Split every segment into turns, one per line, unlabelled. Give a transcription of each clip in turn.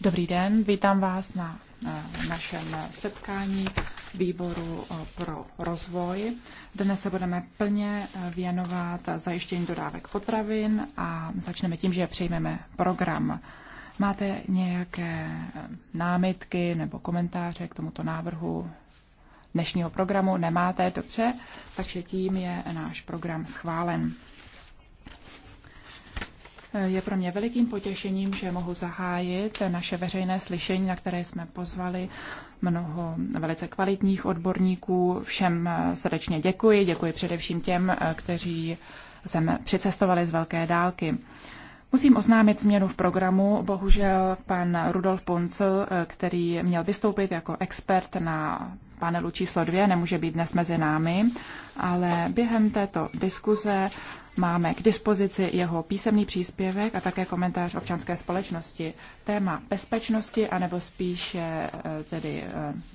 Dobrý den, vítám vás na eh, našem setkání výboru eh, pro rozvoj. Dnes se budeme plně eh, věnovat zajištění dodávek potravin a začneme tím, že přejmeme program. Máte nějaké námitky nebo komentáře k tomuto návrhu dnešního programu? Nemáte, dobře, takže tím je náš program schválen. Je pro mě velikým potěšením, že mohu zahájit naše veřejné slyšení, na které jsme pozvali mnoho velice kvalitních odborníků. Všem srdečně děkuji. Děkuji především těm, kteří sem přicestovali z velké dálky. Musím oznámit změnu v programu. Bohužel pan Rudolf Poncel, který měl vystoupit jako expert na panelu číslo dvě, nemůže být dnes mezi námi, ale během této diskuze Máme k dispozici jeho písemný příspěvek a také komentář občanské společnosti. Téma bezpečnosti, anebo spíše eh, tedy eh,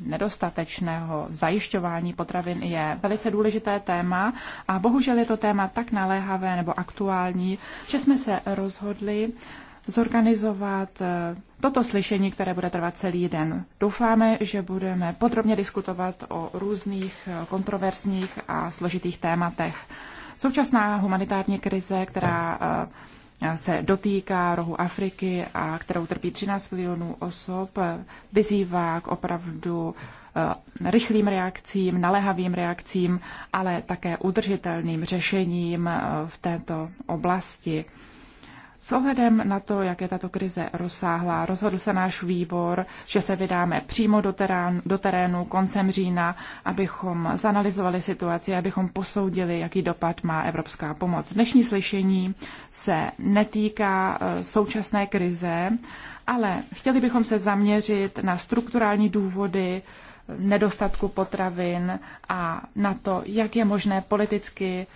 nedostatečného zajišťování potravin je velice důležité téma a bohužel je to téma tak naléhavé nebo aktuální, že jsme se rozhodli zorganizovat eh, toto slyšení, které bude trvat celý den. Doufáme, že budeme podrobně diskutovat o různých kontroverzních a složitých tématech. Současná humanitární krize, která eh, se dotýká rohu Afriky a kterou trpí 13 milionů osob, vyzývá k opravdu eh, rychlým reakcím, naléhavým reakcím, ale také udržitelným řešením eh, v této oblasti. S ohledem na to, jak je tato krize rozsáhlá, rozhodl se náš výbor, že se vydáme přímo do, terénu, do terénu koncem října, abychom zanalizovali situaci, abychom posoudili, jaký dopad má evropská pomoc. Dnešní slyšení se netýká eh, současné krize, ale chtěli bychom se zaměřit na strukturální důvody, nedostatku potravin a na to, jak je možné politicky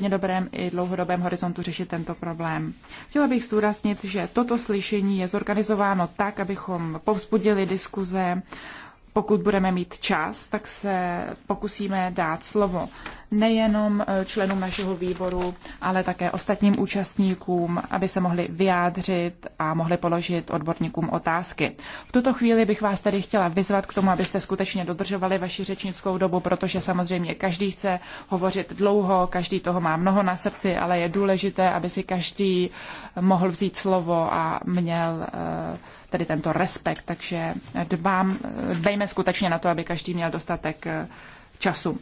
ve dobrém i dlouhodobém horizontu řešit tento problém. Chtěla bych zdůraznit, že toto slyšení je zorganizováno tak, abychom povzbudili diskuze. Pokud budeme mít čas, tak se pokusíme dát slovo nejenom eh, členům našeho výboru, ale také ostatním účastníkům, aby se mohli vyjádřit a mohli položit odborníkům otázky. V tuto chvíli bych vás tedy chtěla vyzvat k tomu, abyste skutečně dodržovali vaši řečnickou dobu, protože samozřejmě každý chce hovořit dlouho, každý toho má mnoho na srdci, ale je důležité, aby si každý mohl vzít slovo a měl eh, tedy tento respekt. Takže dbám, eh, dbejme skutečně na to, aby každý měl dostatek času.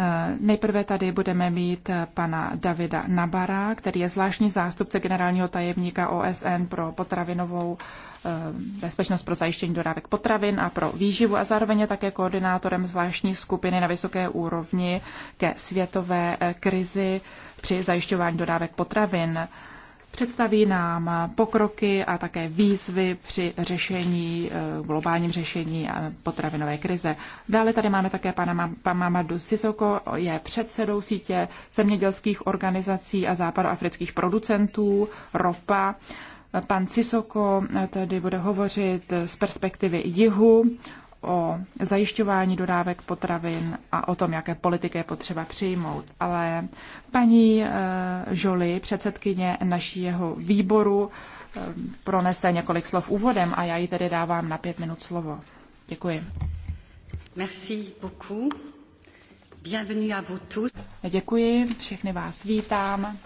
Eh, nejprve tady budeme mít eh, pana Davida Nabara, který je zvláštní zástupce generálního tajemníka OSN pro potravinovou eh, bezpečnost pro zajištění dodávek potravin a pro výživu a zároveň je také koordinátorem zvláštní skupiny na vysoké úrovni ke světové krizi při zajišťování dodávek potravin představí nám pokroky a také výzvy při řešení, eh, globálním řešení potravinové krize. Dále tady máme také pana Mamadu Sisoko, je předsedou sítě zemědělských organizací a západoafrických producentů ROPA. Pan Sisoko eh, tedy bude hovořit z perspektivy jihu o zajišťování dodávek potravin a o tom, jaké politiky je potřeba přijmout. Ale paní Žoli, eh, předsedkyně našího výboru, eh, pronese několik slov úvodem a já ji tedy dávám na pět minut slovo. Děkuji. Merci beaucoup. Bienvenue à vous tous. Děkuji, všechny vás vítám.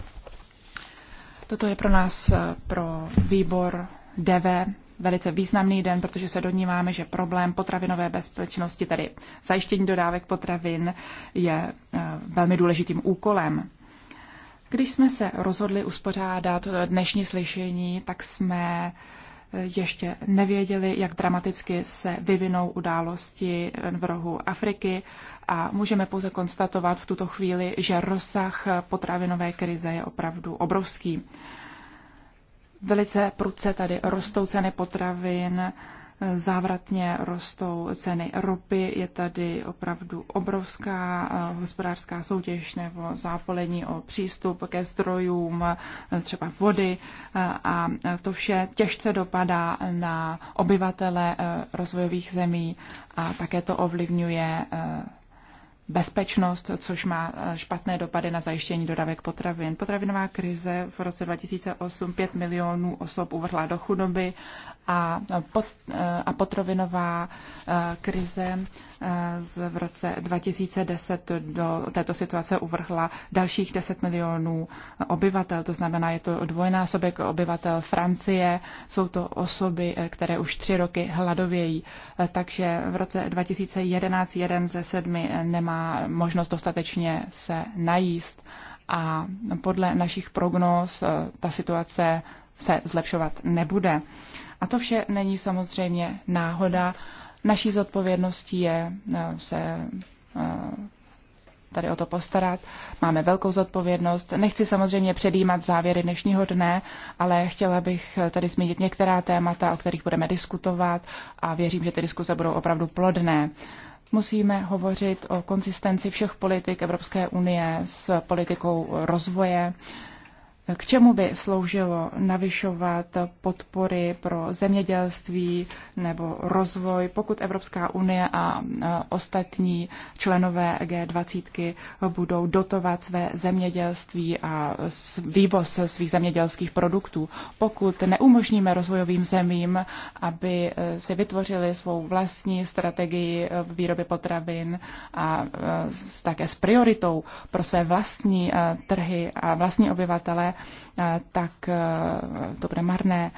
Toto je pro nás, eh, pro výbor DV, velice významný den, protože se domníváme, že problém potravinové bezpečnosti, tedy zajištění dodávek potravin, je eh, velmi důležitým úkolem. Když jsme se rozhodli uspořádat eh, dnešní slyšení, tak jsme eh, ještě nevěděli, jak dramaticky se vyvinou události v rohu Afriky a můžeme pouze konstatovat v tuto chvíli, že rozsah potravinové krize je opravdu obrovský. Velice prudce tady rostou ceny potravin, závratně rostou ceny ropy, je tady opravdu obrovská eh, hospodářská soutěž nebo zápolení o přístup ke zdrojům, eh, třeba vody eh, a to vše těžce dopadá na obyvatele rozvojových zemí a také to ovlivňuje bezpečnost, což má eh, špatné dopady na zajištění dodavek potravin. Potravinová krize v roce 2008 5 milionů osob uvrhla do chudoby a, pot, a potrovinová e, krize e, z v roce 2010 do této situace uvrhla dalších 10 milionů obyvatel, to znamená, je to dvojnásobek obyvatel Francie, jsou to osoby, e, které už tři roky hladovějí. Takže v roce 2011 jeden ze sedmi nemá možnost dostatečně se najíst a podle našich prognóz ta situace se zlepšovat nebude. A to vše není samozřejmě náhoda. Naší zodpovědností je eh, se eh, tady o to postarat. Máme velkou zodpovědnost. Nechci samozřejmě předjímat závěry dnešního dne, ale chtěla bych eh, tady zmínit některá témata, o kterých budeme diskutovat a věřím, že ty diskuse budou opravdu plodné. Musíme hovořit o konsistenci všech politik Evropské unie s politikou rozvoje. K čemu by sloužilo navyšovat podpory pro zemědělství nebo rozvoj, pokud Evropská unie a ostatní členové G20 budou dotovat své zemědělství a vývoz svých zemědělských produktů? Pokud neumožníme rozvojovým zemím, aby e, si vytvořili svou vlastní strategii e, výroby potravin a e, také s prioritou pro své vlastní trhy a vlastní obyvatele, Eh, tak eh, to bude marné.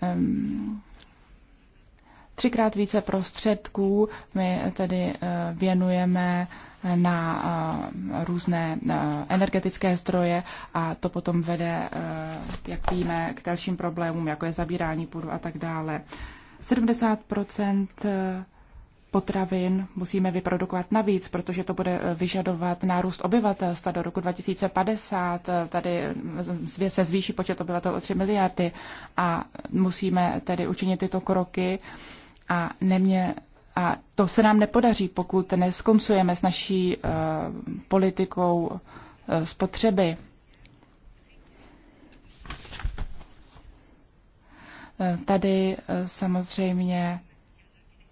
Ehm, třikrát více prostředků my tedy eh, věnujeme na různé energetické zdroje a to potom vede, jak víme, k dalším problémům, jako je zabírání půdu a tak dále. 70 potravin musíme vyprodukovat navíc, protože to bude eh, vyžadovat nárůst obyvatelstva do roku 2050. Eh, tady eh, se zvýší počet obyvatel o 3 miliardy a musíme tedy učinit tyto kroky a nemě, a to se nám nepodaří, pokud neskoncujeme s naší uh, politikou uh, spotřeby. Tady uh, samozřejmě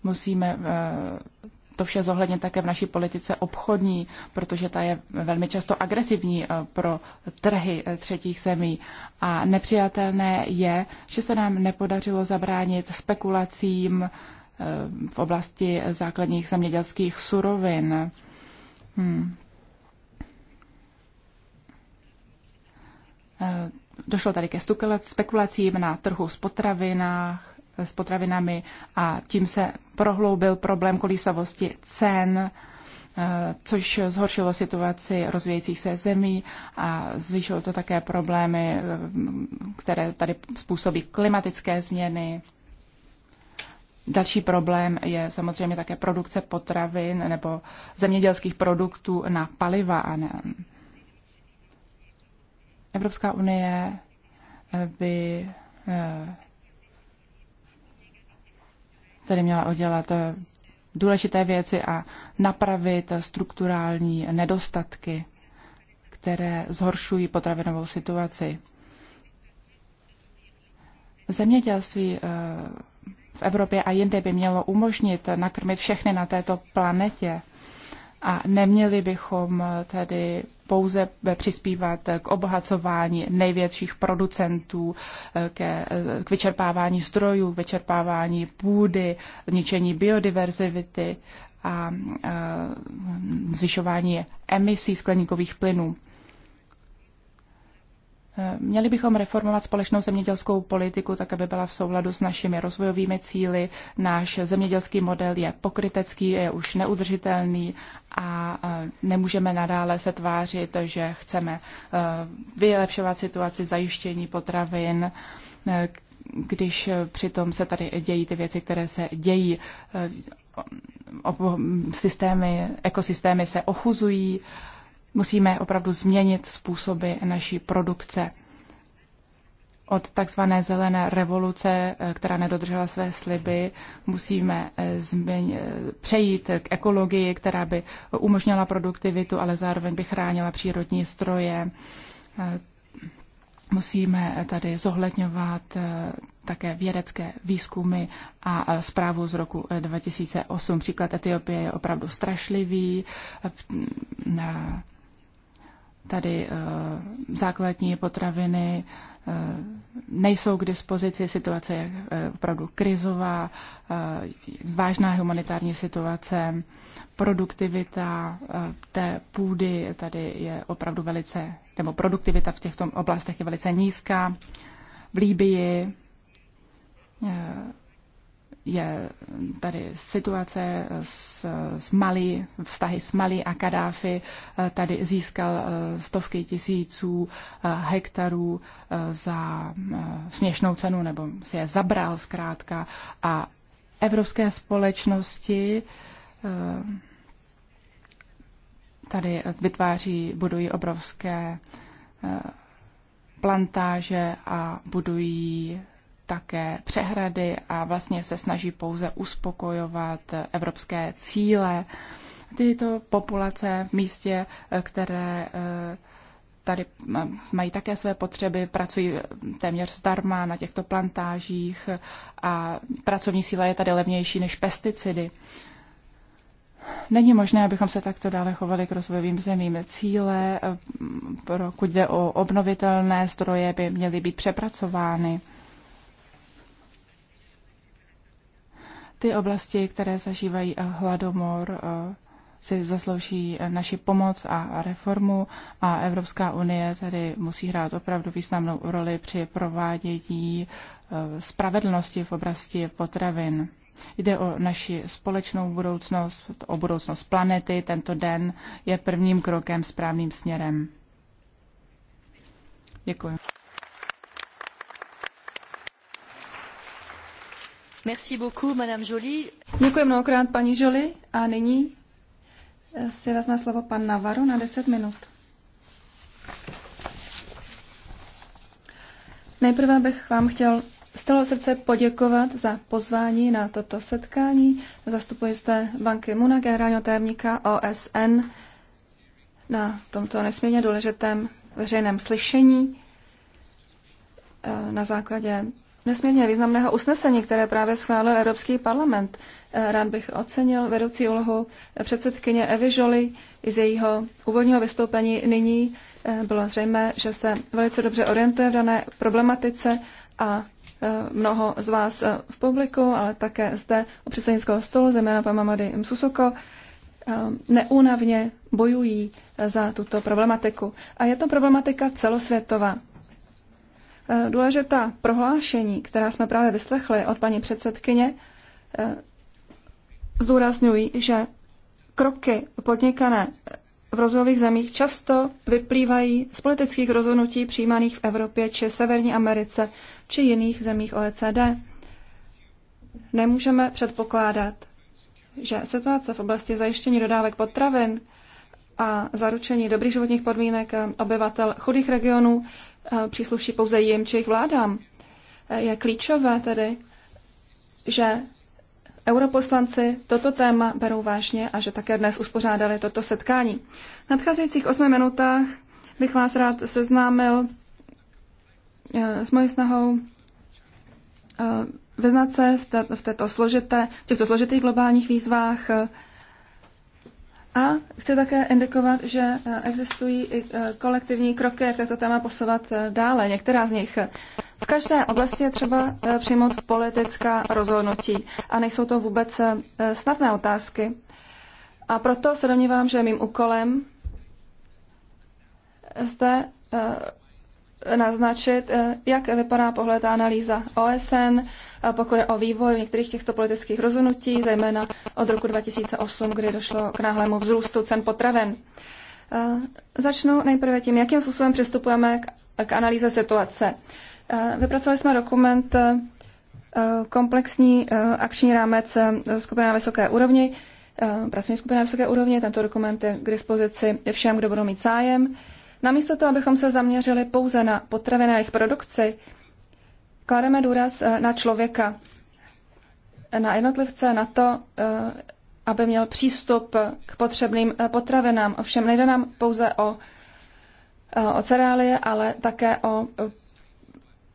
musíme eh, to vše zohlednit také v naší politice obchodní, protože ta je velmi často agresivní eh, pro trhy eh, třetích zemí. A nepřijatelné je, že se nám nepodařilo zabránit spekulacím v oblasti základních zemědělských surovin. Hmm. Došlo tady ke spekulacím na trhu s potravinách, s potravinami a tím se prohloubil problém kolísavosti cen, eh, což zhoršilo situaci rozvíjejících se zemí a zvýšilo to také problémy, eh, které tady způsobí klimatické změny. Další problém je samozřejmě také produkce potravin nebo zemědělských produktů na paliva. A ne. Evropská unie by eh, tedy měla udělat eh, důležité věci a napravit strukturální nedostatky, které zhoršují potravinovou situaci. Zemědělství eh, v Evropě a jinde by mělo umožnit nakrmit všechny na této planetě a neměli bychom tedy pouze přispívat k obohacování největších producentů, ke, k vyčerpávání zdrojů, vyčerpávání půdy, ničení biodiverzity a e, zvyšování emisí skleníkových plynů. Měli bychom reformovat společnou zemědělskou politiku tak, aby byla v souladu s našimi rozvojovými cíly. Náš zemědělský model je pokrytecký, je už neudržitelný a e, nemůžeme nadále se tvářit, že chceme e, vylepšovat situaci zajištění potravin, e, když přitom se tady dějí ty věci, které se dějí. Systémy, ekosystémy se ochuzují musíme opravdu změnit způsoby naší produkce. Od takzvané zelené revoluce, eh, která nedodržela své sliby, musíme eh, eh, přejít k ekologii, která by umožnila produktivitu, ale zároveň by chránila přírodní stroje. Musíme tady zohledňovat také vědecké výzkumy a zprávu z roku 2008. Příklad Etiopie je opravdu strašlivý. Na tady eh, základní potraviny eh, nejsou k dispozici, situace je eh, opravdu krizová, vážná humanitární situace, produktivita té půdy tady je opravdu velice, nebo produktivita v těchto oblastech je velice nízká. V Líbii je tady situace s, s Mali, vztahy s Mali a Kadáfi. Eh, tady získal eh, stovky tisíců eh, hektarů za směšnou cenu, nebo si je zabral zkrátka. A evropské společnosti tady vytváří, budují obrovské plantáže a budují také přehrady a vlastně se snaží pouze uspokojovat evropské cíle. Tyto populace v místě, které eh, tady mají také své potřeby, pracují eh, téměř zdarma na těchto plantážích a pracovní síla je tady levnější než pesticidy. Není možné, abychom se takto dále chovali k rozvojovým zemím. Cíle, eh, pokud jde o obnovitelné zdroje, by měly být přepracovány. Ty oblasti, které zažívají eh, hladomor, eh, si zaslouží eh, naši pomoc a reformu a Evropská unie tedy musí hrát opravdu významnou roli při provádění spravedlnosti v oblasti potravin. Jde o naši společnou budoucnost, o budoucnost planety. Tento den je prvním krokem správným směrem.
Děkuji. Merci beaucoup, Madame Jolie. Děkuji mnohokrát, paní Jolie. A nyní eh, si vezme slovo pan Navaru na 10 minut. Nejprve bych vám chtěl z celého srdce poděkovat za pozvání na toto setkání. Zastupuji zde banky Muna, generálního tajemníka OSN, na tomto nesmírně důležitém veřejném slyšení eh, na základě nesmírně významného usnesení, které právě schválil Evropský parlament. Eh, rád bych ocenil vedoucí úlohu eh, předsedkyně Evy Žoli z jejího úvodního vystoupení. Nyní eh, bylo zřejmé, že se velice dobře orientuje v dané problematice a mnoho z vás v publiku, ale také zde u předsednického stolu, zejména pan Mamady Msusoko, neúnavně bojují za tuto problematiku. A je to problematika celosvětová. Eh, důležitá prohlášení, která jsme právě vyslechli od paní předsedkyně, eh, zdůrazňují, že kroky podnikané v rozvojových zemích často vyplývají z politických rozhodnutí přijímaných v Evropě či Severní Americe či jiných zemích OECD. Nemůžeme předpokládat, že situace v oblasti zajištění dodávek potravin a zaručení dobrých životních podmínek obyvatel chudých regionů e, přísluší pouze jim či jejich vládám. E, je klíčové tedy, že europoslanci toto téma berou vážně a že také dnes uspořádali toto setkání. V nadcházejících osmi minutách bych vás rád seznámil e, s mojí snahou vyznat se v, této složité, v těchto složitých globálních výzvách, a chci také indikovat, že eh, existují i eh, kolektivní kroky, jak tato téma posouvat eh, dále, některá z nich. V každé oblasti je třeba přijmout politická rozhodnutí a nejsou to vůbec snadné otázky. A proto se domnívám, že mým úkolem zde naznačit, eh, jak vypadá pohled a analýza OSN, pokud je o vývoj některých těchto politických rozhodnutí, zejména od roku 2008, kdy došlo k náhlému vzrůstu cen potraven. Eh, začnu nejprve tím, jakým způsobem přistupujeme k, k analýze situace. Eh, vypracovali jsme dokument komplexní akční rámec skupiny na vysoké úrovni, pracovní skupina na vysoké úrovni. Tento dokument je k dispozici všem, kdo budou mít zájem. Namísto toho, abychom se zaměřili pouze na potraviny a jejich produkci, klademe důraz eh, na člověka, na jednotlivce, na to, eh, aby měl přístup k potřebným eh, potravinám. Ovšem nejde nám pouze o, o cereálie, ale také o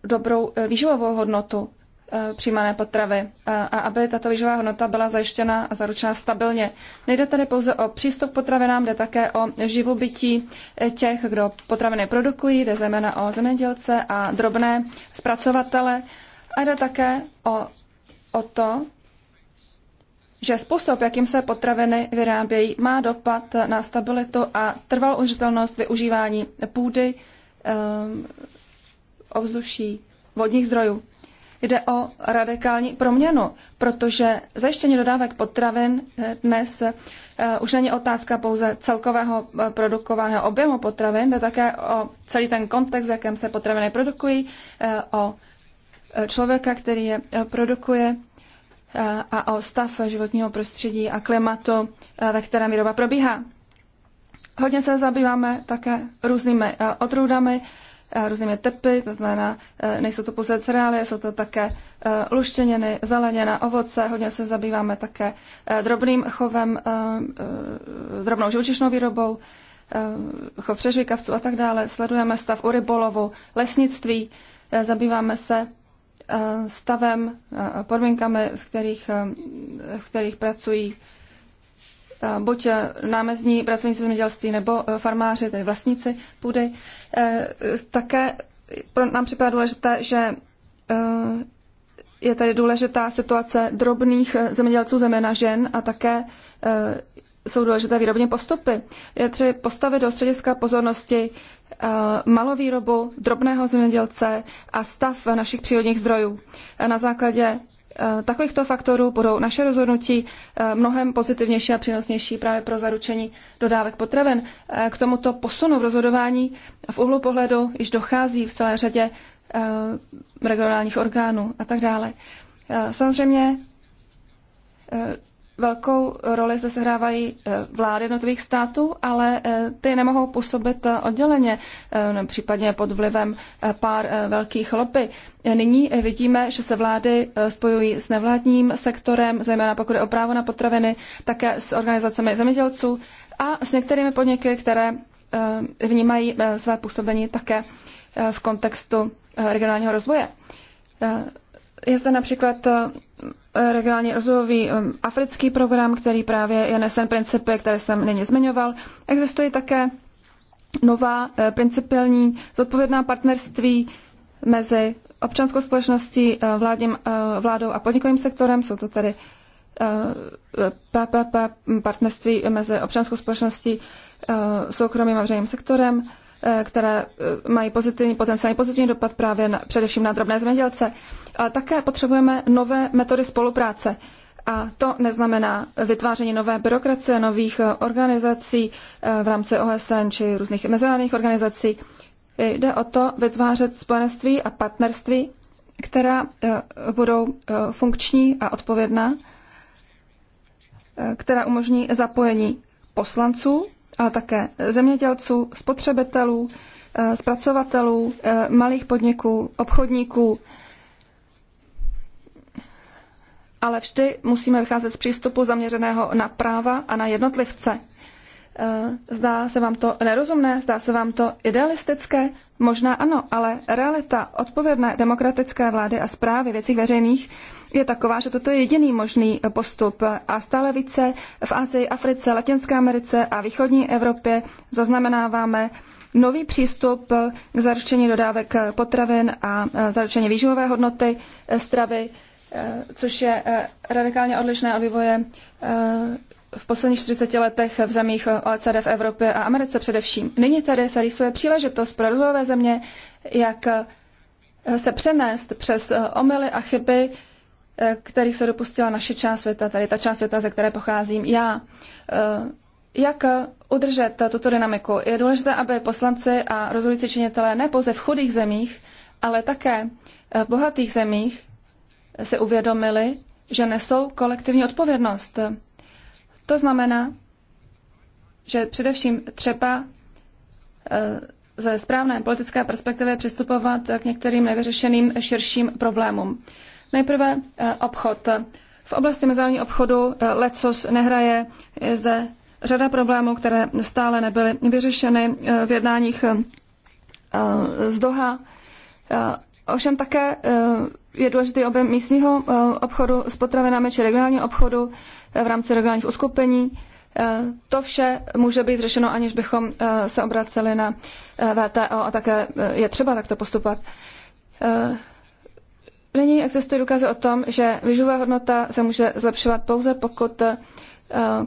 dobrou výživovou hodnotu. Eh, přijímané potravy eh, a aby tato výživová hodnota byla zajištěna a zaručena stabilně. Nejde tady pouze o přístup k potravinám, jde také o živobytí eh, těch, kdo potraviny produkují, jde zejména o zemědělce a drobné zpracovatele a jde také o, o to, že způsob, jakým se potraviny vyrábějí, má dopad na stabilitu a trvalou užitelnost využívání půdy, ovzduší, vodních zdrojů jde o radikální proměnu, protože zajištění dodávek potravin eh, dnes eh, už není otázka pouze celkového eh, produkovaného objemu potravin, jde také o celý ten kontext, v jakém se potraviny produkují, o člověka, který je produkuje a o stav životního prostředí a klimatu, ve kterém výroba probíhá. Hodně se zabýváme také různými odrůdami, Eh, různými typy, to znamená, eh, nejsou to pouze cereálie, jsou to také eh, luštěniny, zeleněna, ovoce, hodně se zabýváme také drobným chovem, drobnou živočišnou výrobou, chov přežvíkavců a tak dále. Sledujeme stav u rybolovu, lesnictví, zabýváme se stavem, podmínkami, v kterých, v kterých pracují Eh, buď eh, námezní pracovníci zemědělství nebo eh, farmáři, tedy vlastníci půdy. Také nám připadá důležité, že je tady důležitá situace drobných zemědělců, zejména žen, a také jsou důležité výrobní postupy. Je třeba postavit do střediska pozornosti malovýrobu drobného zemědělce a stav našich přírodních zdrojů. Na základě Eh, takovýchto faktorů budou naše rozhodnutí eh, mnohem pozitivnější a přínosnější právě pro zaručení dodávek potravin. Eh, k tomuto posunu v rozhodování v úhlu pohledu již dochází v celé řadě regionálních orgánů a tak dále. Samozřejmě Velkou roli zde sehrávají eh, vlády jednotlivých států, ale eh, ty nemohou působit eh, odděleně, no, případně pod vlivem pár velkých lopy. Nyní vidíme, že se vlády spojují s nevládním sektorem, zejména pokud je o právo na potraviny, také s organizacemi zemědělců a s některými podniky, které vnímají své působení také v kontextu regionálního rozvoje. Je zde například regionální rozvojový um, africký program, který právě je nesen principy, které jsem nyní zmiňoval. Existují také nová eh, principiální zodpovědná partnerství mezi občanskou společností, eh, vládním, eh, vládou a podnikovým sektorem. Jsou to tedy PPP partnerství mezi občanskou společností, soukromým a veřejným sektorem Eh, které eh, mají pozitivní, potenciální pozitivní dopad právě na, především na drobné zemědělce. Ale také potřebujeme nové metody spolupráce. A to neznamená vytváření nové byrokracie, nových eh, organizací v rámci OSN či různých mezinárodních organizací. Jde o to vytvářet spojenství a partnerství, která budou funkční a odpovědná, která umožní zapojení poslanců ale také zemědělců, spotřebitelů, eh, zpracovatelů, eh, malých podniků, obchodníků. Ale vždy musíme vycházet z přístupu zaměřeného na práva a na jednotlivce. Eh, zdá se vám to nerozumné, zdá se vám to idealistické, Možná ano, ale realita odpovědné demokratické vlády a zprávy věcí veřejných je taková, že toto je jediný možný postup a stále více v Asii, Africe, Latinské Americe a východní Evropě zaznamenáváme nový přístup k zaručení dodávek potravin a e, zaručení výživové hodnoty e, stravy, e, což je radikálně odlišné od vývoje v posledních 40 letech v zemích OECD v Evropě a Americe především. Nyní tedy se rýsuje příležitost pro rozvojové země, jak se přenést přes omily a chyby, kterých se dopustila naše část světa, tady ta část světa, ze které pocházím já. Jak udržet tuto dynamiku? Je důležité, aby poslanci a rozhodující činitelé ne pouze v chudých zemích, ale také v bohatých zemích se uvědomili, že nesou kolektivní odpovědnost to znamená, že především třeba eh, ze správné politické perspektivy přistupovat k některým nevyřešeným širším problémům. Nejprve eh, obchod. V oblasti mezinárodního obchodu eh, lecos nehraje. Je zde řada problémů, které stále nebyly vyřešeny v jednáních z Doha. Ovšem také je důležitý objem místního eh, obchodu s potravinami či regionálního obchodu eh, v rámci regionálních uskupení. Eh, to vše může být řešeno, aniž bychom se obraceli na VTO a také je třeba takto postupovat. Nyní existují důkazy o tom, že vyživová hodnota se může zlepšovat pouze, pokud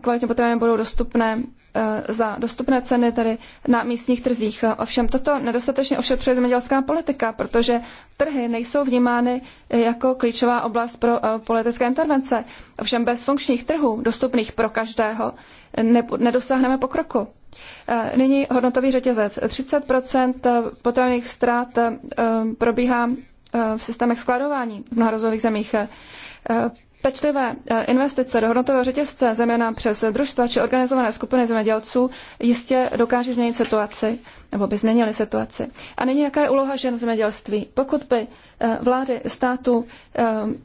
kvalitní potraviny budou dostupné Eh, za dostupné ceny tedy na místních trzích. Ovšem toto nedostatečně ošetřuje zemědělská politika, protože trhy nejsou vnímány jako klíčová oblast pro eh, politické intervence. Ovšem bez funkčních trhů, dostupných pro každého, nedosáhneme pokroku. Eh, nyní hodnotový řetězec. 30 potravinových ztrát probíhá v systémech skladování v mnoha rozvojových zemích. Pečlivé eh, investice do hodnotového řetězce, zejména přes družstva či organizované skupiny zemědělců, jistě dokáží změnit situaci, nebo by změnily situaci. A nyní jaká je úloha žen v zemědělství? Pokud by eh, vlády státu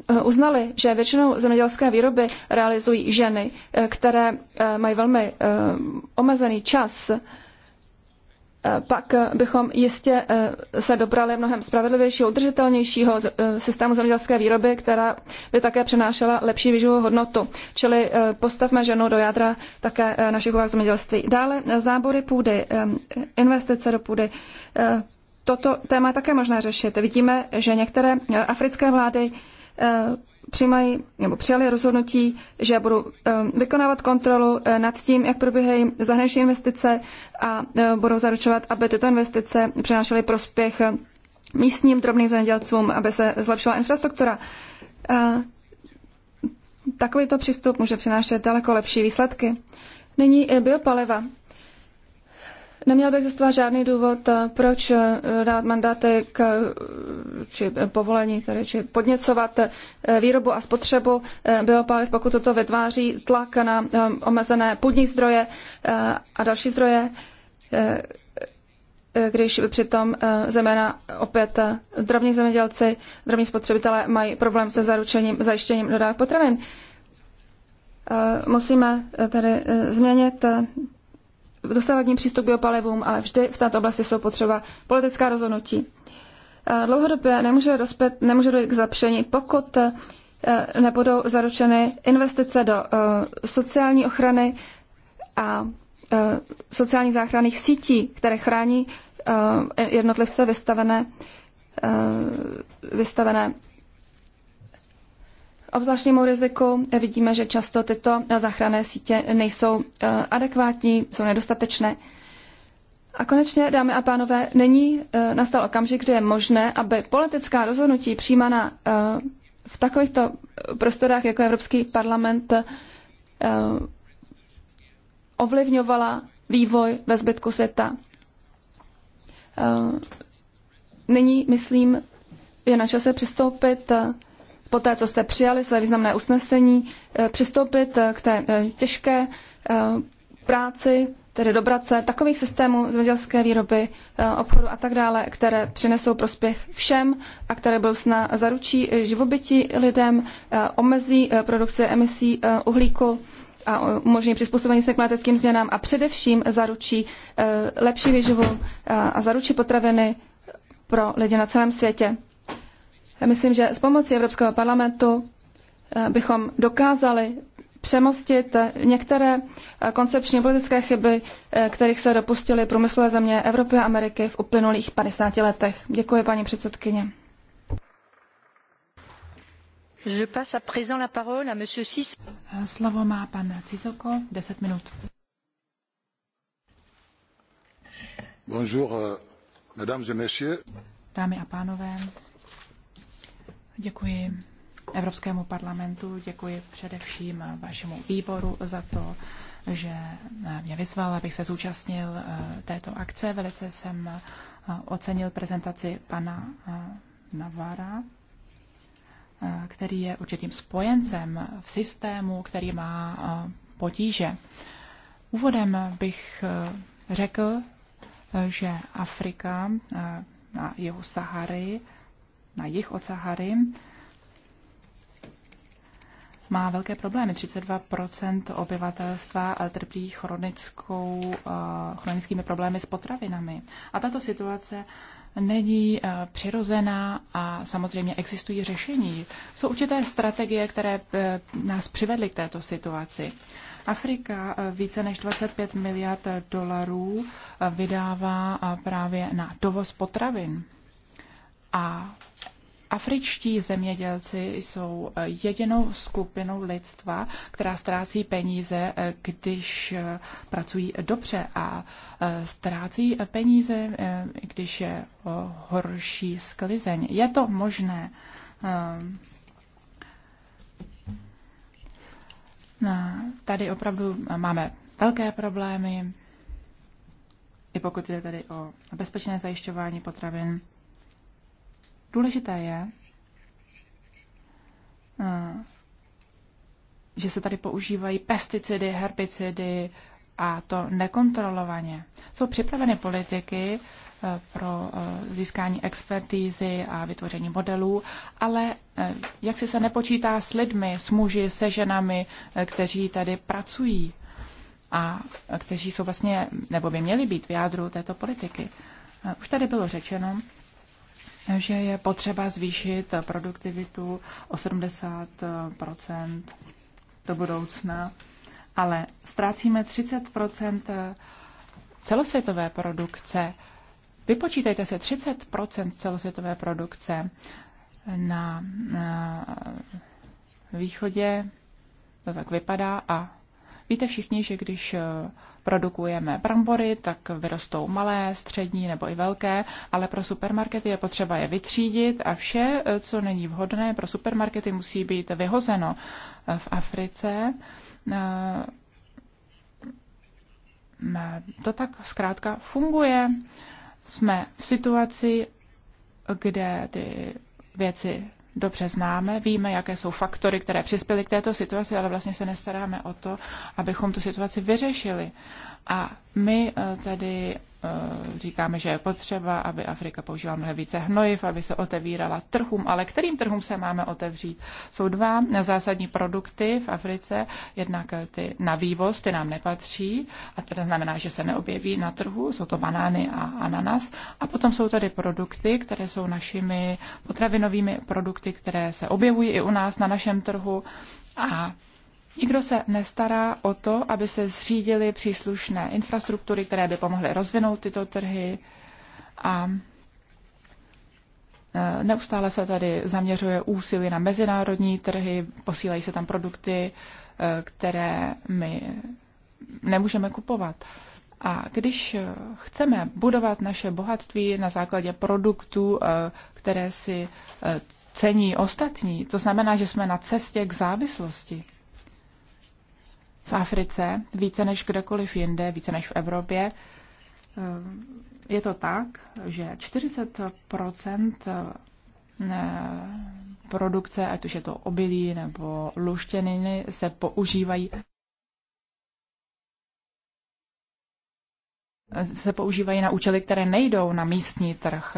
eh, uznaly, že většinou zemědělské výroby realizují ženy, které mají velmi omezený čas, pak bychom jistě eh, se dobrali mnohem spravedlivějšího, udržitelnějšího eh, systému zemědělské výroby, která by také přinášela lepší výživovou hodnotu. Čili eh, postavme ženu do jádra také našich úvah zemědělství. Dále zábory půdy, investice do půdy. Toto téma je také možné řešit. Vidíme, že některé africké vlády přijímají nebo přijali rozhodnutí, že budou eh, vykonávat kontrolu eh, nad tím, jak probíhají zahraniční investice a eh, budou zaručovat, aby tyto investice přinášely prospěch místním drobným zemědělcům, aby se zlepšila infrastruktura. Takovýto přístup může přinášet daleko lepší výsledky. Nyní biopaliva. Neměl by existovat žádný důvod, eh, proč eh, dát mandáty k, eh, či povolení, tedy, či podněcovat výrobu a spotřebu biopaliv, pokud toto vytváří tlak na omezené půdní zdroje a další zdroje, když přitom zeměna opět drobní zemědělci, drobní spotřebitelé mají problém se zaručením, zajištěním dodávek potravin. Musíme tedy změnit dosavadní přístup k biopalivům, ale vždy v této oblasti jsou potřeba politická rozhodnutí. Eh, dlouhodobě nemůže, rozpět, nemůže dojít k zlepšení, pokud eh, nebudou zaručeny investice do eh, sociální ochrany a sociálních záchranných sítí, které chrání jednotlivce vystavené, vystavené obzvláštnímu riziku. Eh, vidíme, že často tyto eh, záchranné sítě nejsou eh, adekvátní, jsou nedostatečné. A konečně, dámy a pánové, není nastal okamžik, kdy je možné, aby politická rozhodnutí přijímaná v takovýchto prostorách jako Evropský parlament ovlivňovala vývoj ve zbytku světa. Nyní, myslím, je na čase přistoupit poté, co jste přijali své významné usnesení, eh, přistoupit eh, k té eh, těžké práci, tedy dobrat se takových systémů zemědělské výroby, obchodu a tak dále, které přinesou prospěch všem a které budou sna zaručí živobytí lidem, omezí produkci emisí uhlíku a umožní přizpůsobení se klimatickým změnám a především zaručí lepší výživu a zaručí potraviny pro lidi na celém světě. Myslím, že s pomocí Evropského parlamentu eh, bychom dokázali přemostit eh, některé eh, koncepční politické chyby, kterých se dopustily průmyslové země Evropy a Ameriky v uplynulých 50 letech. Děkuji, paní předsedkyně.
Je passe à présent la parole à monsieur Sis.
Slovo má pan Cizoko, 10 minut.
Bonjour, euh, mesdames et messieurs.
Dámy a pánové, Děkuji Evropskému parlamentu, děkuji především vašemu výboru za to, že mě vyzval, abych se zúčastnil eh, této akce. Velice jsem eh, ocenil prezentaci pana eh, Navara, který je určitým spojencem v systému, který má potíže. Úvodem bych řekl, že Afrika na jihu Sahary na jih od Sahary, má velké problémy. 32% obyvatelstva eh, trpí chronickou, eh, chronickými problémy s potravinami. A tato situace není eh, přirozená a samozřejmě existují řešení. Jsou určité strategie, které nás přivedly k této situaci. Afrika více než 25 miliard dolarů vydává právě na dovoz potravin. A afričtí zemědělci jsou eh, jedinou skupinou lidstva, která ztrácí peníze, eh, když eh, pracují dobře a ztrácí peníze, když je horší sklizeň. Je to možné. Tady opravdu máme velké problémy, i pokud je tady o bezpečné zajišťování potravin. Důležité je, eh, že se tady používají pesticidy, herbicidy a to nekontrolovaně. Jsou připraveny politiky eh, pro eh, získání expertízy a vytvoření modelů, ale jak si se nepočítá s lidmi, s muži, se ženami, kteří tady pracují a kteří jsou vlastně, nebo by měli být v jádru této politiky. Už tady bylo řečeno, že je potřeba zvýšit produktivitu o 80 do budoucna, ale ztrácíme 30 celosvětové produkce. Vypočítejte se 30 celosvětové produkce na, na východě, to tak vypadá a víte všichni, že když produkujeme brambory, tak vyrostou malé, střední nebo i velké, ale pro supermarkety je potřeba je vytřídit a vše, eh, co není vhodné pro supermarkety, musí být vyhozeno eh, v Africe. Eh, to tak zkrátka funguje. Jsme v situaci, kde ty věci dobře známe, víme, jaké jsou faktory, které přispěly k této situaci, ale vlastně se nestaráme o to, abychom tu situaci vyřešili. A my eh, tedy Eh, říkáme, že je potřeba, aby Afrika používala mnohem více hnojiv, aby se otevírala trhům. Ale kterým trhům se máme otevřít? Jsou dva zásadní produkty v Africe. Jednak eh, ty na vývoz, ty nám nepatří, a to znamená, že se neobjeví na trhu. Jsou to banány a ananas. A potom jsou tady produkty, které jsou našimi potravinovými produkty, které se objevují i u nás na našem trhu. A Nikdo se nestará o to, aby se zřídily příslušné infrastruktury, které by pomohly rozvinout tyto trhy a e, Neustále se tady zaměřuje úsilí na mezinárodní trhy, posílají se tam produkty, e, které my nemůžeme kupovat. A když chceme budovat naše bohatství na základě produktů, e, které si cení ostatní, to znamená, že jsme na cestě k závislosti v Africe, více než kdekoliv jinde, více než v Evropě, eh, je to tak, že 40 eh, produkce, ať už je to obilí nebo luštěniny, se používají se používají na účely, které nejdou na místní trh.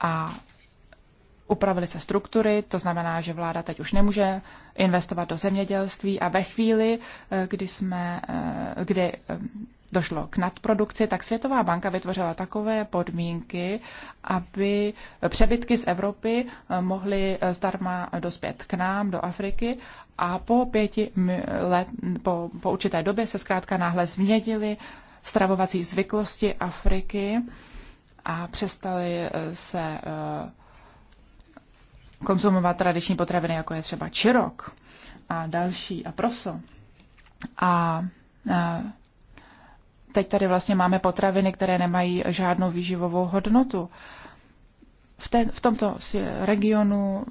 A upravily se struktury, to znamená, že vláda teď už nemůže investovat do zemědělství a ve chvíli, eh, kdy jsme, eh, kdy eh, došlo k nadprodukci, tak Světová banka vytvořila takové podmínky, aby přebytky z Evropy mohly zdarma dospět k nám, do Afriky a po pěti let, po, po určité době se zkrátka náhle změnily stravovací zvyklosti Afriky a přestaly se konzumovat tradiční potraviny, jako je třeba čirok a další a proso. A e, teď tady vlastně máme potraviny, které nemají žádnou výživovou hodnotu. V, ten, v tomto regionu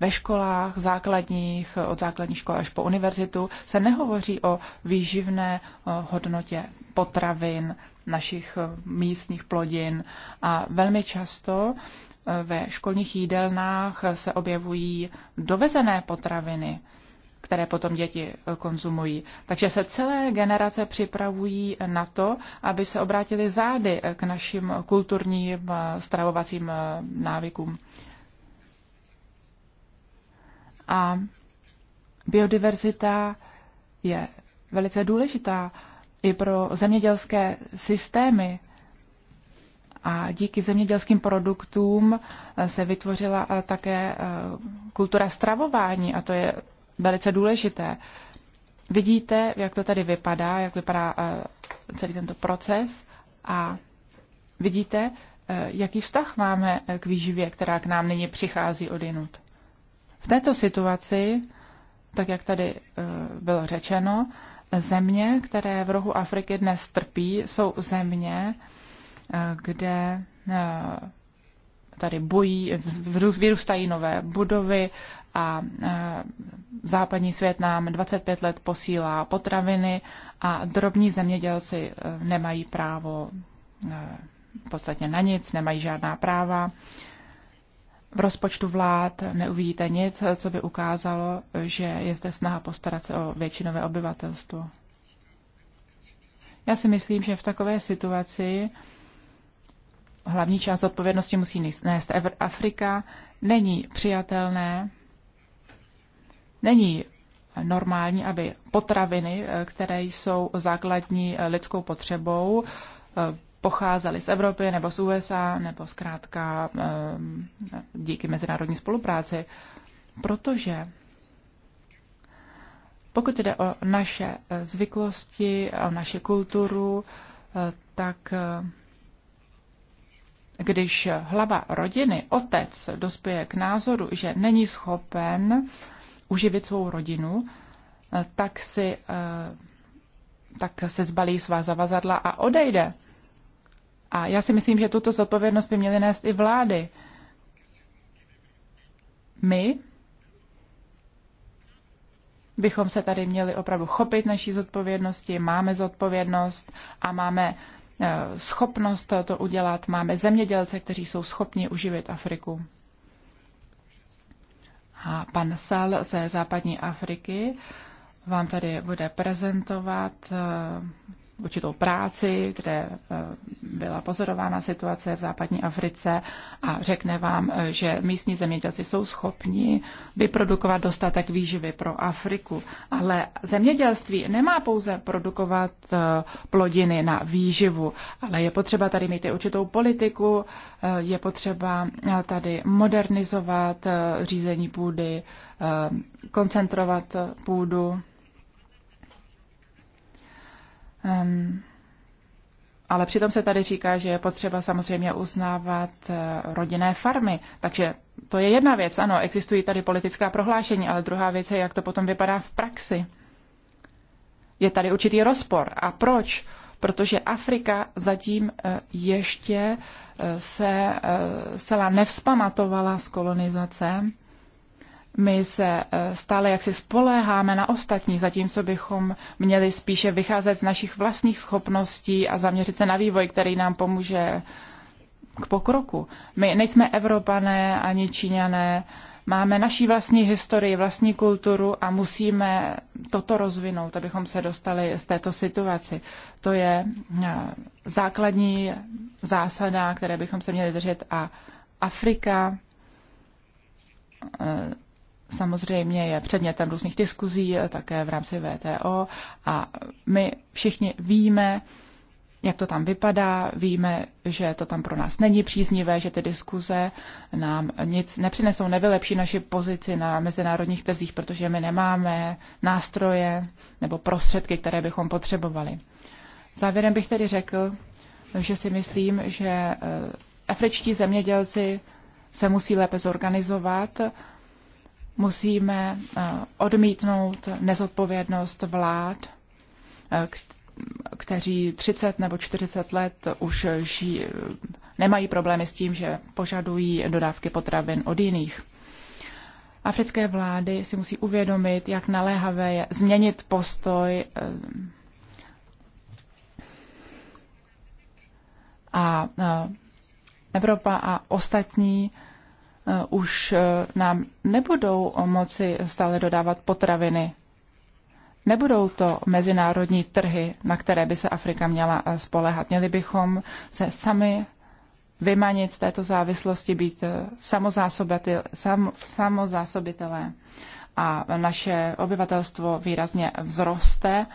ve školách základních, od základní školy až po univerzitu, se nehovoří o výživné hodnotě potravin, našich místních plodin. A velmi často ve školních jídelnách se objevují dovezené potraviny, které potom děti eh, konzumují. Takže se celé generace připravují na to, aby se obrátili zády eh, k našim kulturním eh, stravovacím návykům. A biodiverzita je velice důležitá i pro zemědělské systémy a díky zemědělským produktům eh, se vytvořila eh, také eh, kultura stravování a to je velice důležité. Vidíte, jak to tady vypadá, jak vypadá celý tento proces a vidíte, jaký vztah máme k výživě, která k nám nyní přichází od jinut. V této situaci, tak jak tady bylo řečeno, země, které v rohu Afriky dnes trpí, jsou země, kde eh, tady bojí, vyrůstají nové budovy a eh, západní svět nám 25 let posílá potraviny a drobní zemědělci eh, nemají právo v podstatě na nic, nemají žádná práva. V rozpočtu vlád neuvidíte nic, co by ukázalo, že je zde snaha postarat se o většinové obyvatelstvo. Já si myslím, že v takové situaci hlavní část odpovědnosti musí nést Afrika, není přijatelné, není normální, aby potraviny, eh, které jsou základní eh, lidskou potřebou, eh, pocházely z Evropy nebo z USA, nebo zkrátka díky mezinárodní spolupráci, protože pokud jde o naše zvyklosti, o naši kulturu, tak když hlava rodiny, otec, dospěje k názoru, že není schopen uživit svou rodinu, tak, si, eh, tak se zbalí svá zavazadla a odejde. A já si myslím, že tuto zodpovědnost by měly nést i vlády. My bychom se tady měli opravdu chopit naší zodpovědnosti, máme zodpovědnost a máme uh, Eh, schopnost to udělat, máme zemědělce, kteří jsou schopni uživit Afriku. A pan Sal ze západní Afriky vám tady bude prezentovat eh, určitou práci, kde eh, byla pozorována situace v západní Africe a řekne vám, eh, že místní zemědělci jsou schopni vyprodukovat dostatek výživy pro Afriku. Ale zemědělství nemá pouze produkovat eh, plodiny na výživu, ale je potřeba tady mít i určitou politiku, je potřeba tady modernizovat řízení půdy, koncentrovat půdu Um, ale přitom se tady říká, že je potřeba samozřejmě uznávat eh, rodinné farmy. Takže to je jedna věc. Ano, existují tady politická prohlášení, ale druhá věc je, jak to potom vypadá v praxi. Je tady určitý rozpor. A proč? Protože Afrika zatím eh, ještě eh, se zcela nevzpamatovala z kolonizace my se e, stále jaksi spoléháme na ostatní, zatímco bychom měli spíše vycházet z našich vlastních schopností a zaměřit se na vývoj, který nám pomůže k pokroku. My nejsme Evropané ani Číňané, máme naší vlastní historii, vlastní kulturu a musíme toto rozvinout, abychom se dostali z této situaci. To je e, základní zásada, které bychom se měli držet a Afrika e, samozřejmě je předmětem různých diskuzí eh, také v rámci VTO a my všichni víme, jak to tam vypadá, víme, že to tam pro nás není příznivé, že ty diskuze nám nic nepřinesou, nevylepší naši pozici na mezinárodních trzích, protože my nemáme nástroje nebo prostředky, které bychom potřebovali. Závěrem bych tedy řekl, že si myslím, že eh, afričtí zemědělci se musí lépe zorganizovat, musíme eh, odmítnout nezodpovědnost vlád, eh, kteří 30 nebo 40 let už žijí, nemají problémy s tím, že požadují dodávky potravin od jiných. Africké vlády si musí uvědomit, jak naléhavé je změnit postoj eh, a Evropa a ostatní Eh, už eh, nám nebudou moci stále dodávat potraviny. Nebudou to mezinárodní trhy, na které by se Afrika měla eh, spolehat. Měli bychom se sami vymanit z této závislosti, být sam, samozásobitelé. A naše obyvatelstvo výrazně vzroste.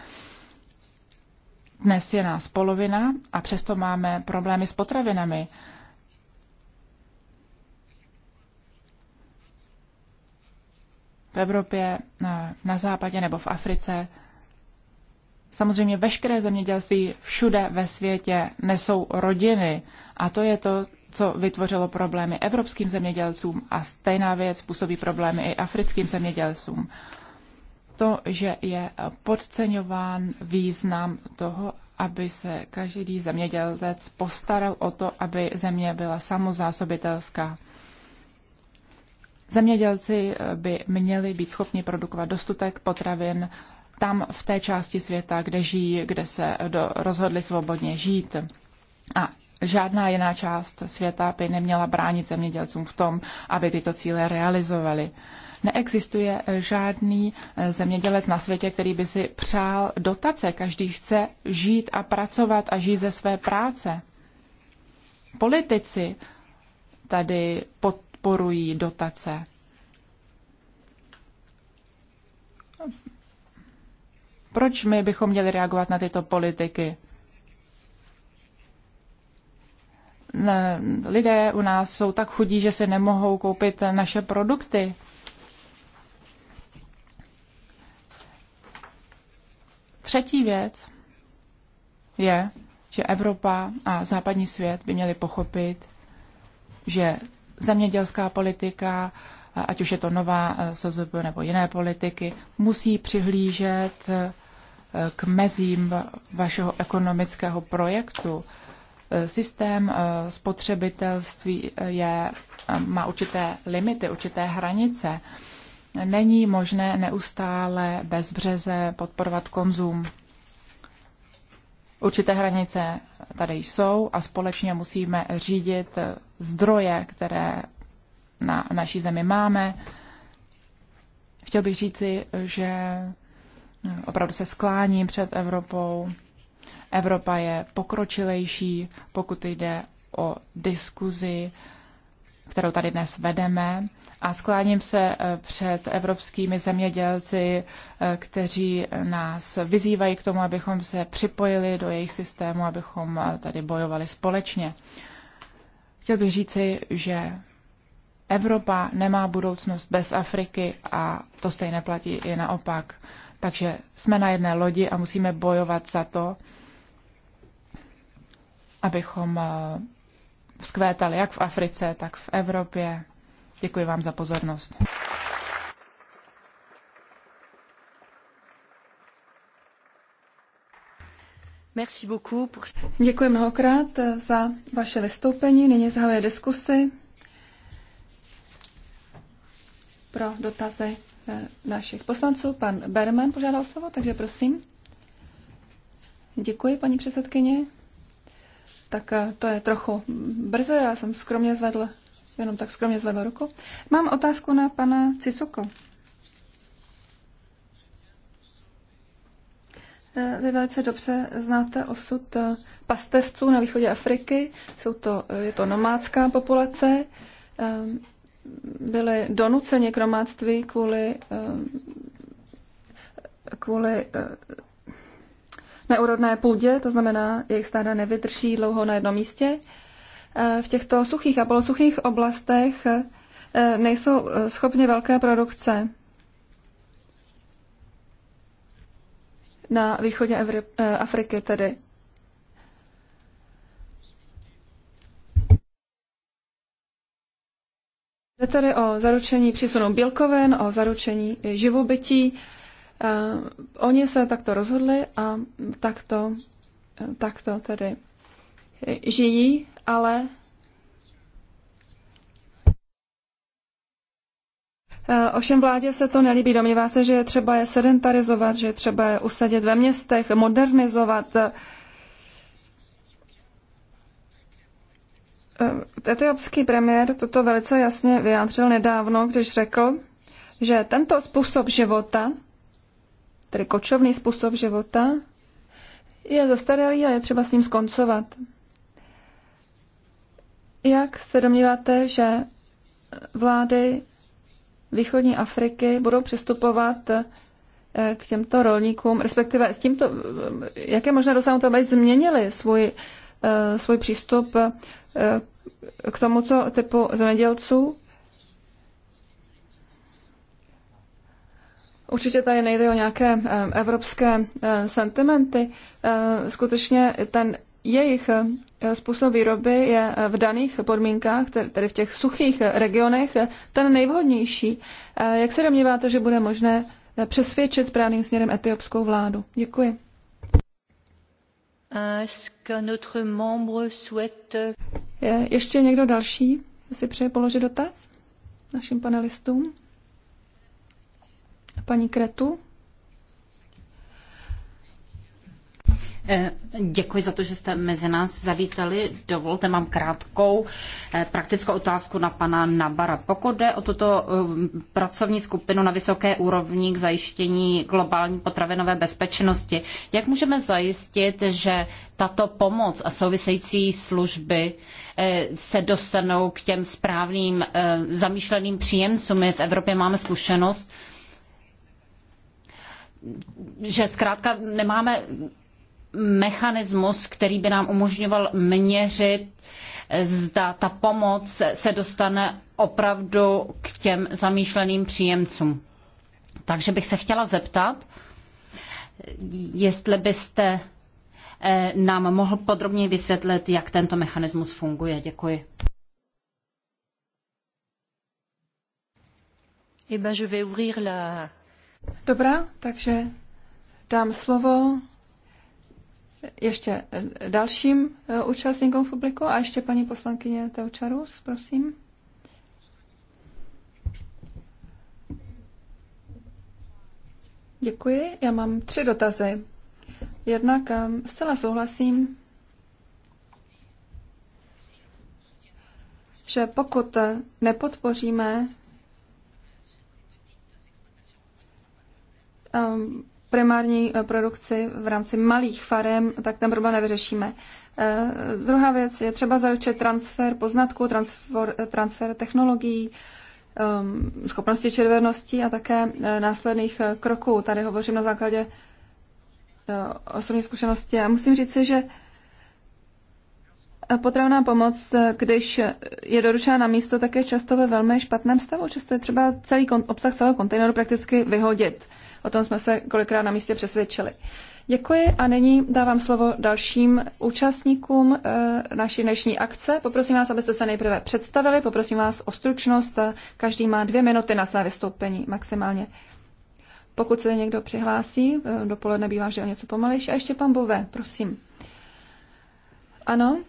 Dnes je nás polovina a přesto máme problémy s potravinami. v Evropě, na západě nebo v Africe. Samozřejmě veškeré zemědělství všude ve světě nesou rodiny a to je to, co vytvořilo problémy evropským zemědělcům a stejná věc působí problémy i africkým zemědělcům. To, že je podceňován význam toho, aby se každý zemědělec postaral o to, aby země byla samozásobitelská. Zemědělci eh, by měli být schopni produkovat dostatek potravin tam v té části světa, kde žijí, kde se eh, do, rozhodli svobodně žít. A žádná jiná část světa by neměla bránit zemědělcům v tom, aby tyto cíle realizovali. Neexistuje eh, žádný zemědělec na světě, který by si přál dotace. Každý chce žít a pracovat a žít ze své práce. Politici tady pod podporují dotace. Proč my bychom měli reagovat na tyto politiky? lidé u nás jsou tak chudí, že si nemohou koupit naše produkty. Třetí věc je, že Evropa a západní svět by měli pochopit, že zemědělská politika, ať už je to nová eh, SZB nebo jiné politiky, musí přihlížet eh, k mezím vašeho ekonomického projektu. Eh, systém spotřebitelství je, má určité limity, určité hranice. Není možné neustále bezbřeze podporovat konzum. Určité hranice tady jsou a společně musíme řídit zdroje, které na naší zemi máme. Chtěl bych říci, že opravdu se skláním před Evropou. Evropa je pokročilejší, pokud jde o diskuzi kterou tady dnes vedeme a skláním se eh, před evropskými zemědělci, eh, kteří nás vyzývají k tomu, abychom se připojili do jejich systému, abychom eh, tady bojovali společně. Chtěl bych říci, že Evropa nemá budoucnost bez Afriky a to stejně platí i naopak. Takže jsme na jedné lodi a musíme bojovat za to, abychom vzkvétaly jak v Africe, tak v Evropě. Děkuji vám za pozornost.
Merci beaucoup Děkuji mnohokrát za vaše vystoupení. Nyní zahajuje diskusy pro dotazy eh, našich poslanců. Pan Berman požádal slovo, takže prosím. Děkuji, paní předsedkyně tak eh, to je trochu brzo, já jsem skromně zvedl, jenom tak skromně zvedl ruku. Mám otázku na pana Cisuko. Eh, vy velice dobře znáte osud eh, pastevců na východě Afriky. Jsou to, je to nomádská populace. Byli donuceni k nomádství kvůli, kvůli neurodné půdě, to znamená, jejich stáda nevydrží dlouho na jednom místě. E, v těchto suchých a polosuchých oblastech e, nejsou e, schopny velké produkce. Na východě Evry, Afriky tedy. Jde tedy o zaručení přísunu bílkovin, o zaručení živobytí Oni se takto rozhodli a takto, takto tedy žijí, ale Ovšem vládě se to nelíbí. Domnívá se, že je třeba je sedentarizovat, že je třeba je usadit ve městech, modernizovat. Etiopský premiér toto velice jasně vyjádřil nedávno, když řekl, že tento způsob života tedy kočovný způsob života, je zastaralý a je třeba s ním skoncovat. Jak se domníváte, že vlády východní Afriky budou přistupovat eh, k těmto rolníkům, respektive s tímto, eh, jaké možné dosáhnout to, aby změnili svůj, eh, svůj přístup k tomuto typu zemědělců, Určitě tady nejde o nějaké eh, evropské eh, sentimenty. Eh, skutečně ten jejich způsob výroby je v daných podmínkách, tedy v těch suchých regionech, ten nejvhodnější. Jak se domníváte, že bude možné přesvědčit správným směrem etiopskou vládu? Děkuji. ještě někdo další si přeje položit dotaz našim panelistům? Paní Kretu?
Eh, děkuji za to, že jste mezi nás zavítali. Dovolte, mám krátkou eh, praktickou otázku na pana Nabara. Pokud jde o tuto eh, pracovní skupinu na vysoké úrovni k zajištění globální potravinové bezpečnosti, jak můžeme zajistit, že tato pomoc a související služby se dostanou k těm správným zamýšleným příjemcům? My v Evropě máme zkušenost, že zkrátka nemáme mechanismus, který by nám umožňoval měřit, zda ta pomoc se dostane opravdu k těm zamýšleným příjemcům. Takže bych se chtěla zeptat, jestli byste eh, nám mohl podrobněji vysvětlit, jak tento mechanismus funguje. Děkuji.
Eh ben, je vais ouvrir la, Dobrá, takže dám slovo ještě dalším eh, účastníkům v publiku a ještě paní poslankyně Teočarus, prosím. Děkuji. Já mám tři dotazy. Jednak eh, zcela souhlasím, že pokud nepodpoříme Um, primární eh, produkci v rámci malých farem, tak ten problém nevyřešíme. Eh, druhá věc je třeba zaručit transfer poznatků, transfer, eh, transfer technologií, um, schopnosti červenosti a také následných kroků. Tady hovořím na základě osobní zkušenosti. A musím říct si, že potravná pomoc, když je doručena na místo, tak je často ve velmi špatném stavu. Často je třeba celý obsah celého kontejneru prakticky vyhodit. O tom jsme se kolikrát na místě přesvědčili. Děkuji a nyní dávám slovo dalším účastníkům eh, naší dnešní akce. Poprosím vás, abyste se nejprve představili, poprosím vás o stručnost. Každý má dvě minuty na své vystoupení maximálně. Pokud se někdo přihlásí, eh, dopoledne bývá, že o něco pomalejší. A ještě pan Bové, prosím. Ano,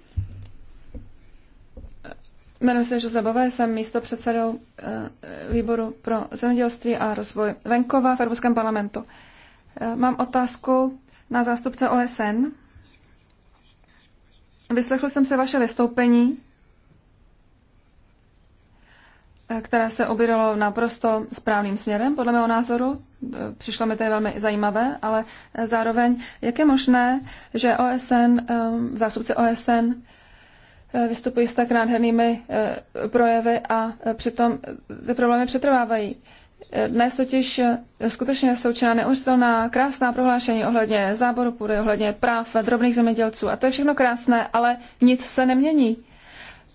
Jmenuji se Žuzebové, jsem místo předsedou eh, výboru pro zemědělství a rozvoj venkova v Evropském parlamentu. Eh, mám otázku na zástupce OSN. Vyslechl jsem se vaše vystoupení, eh, které se ubíralo naprosto správným směrem, podle mého názoru. Přišlo mi to velmi zajímavé, ale zároveň, jak je možné, že OSN, zástupce OSN Eh, vystupují s tak nádhernými eh, projevy a eh, přitom ty problémy přetrvávají. Dnes totiž skutečně jsou činná neuřitelná krásná prohlášení ohledně záboru půdy, ohledně práv drobných zemědělců. A to je všechno krásné, ale nic se nemění.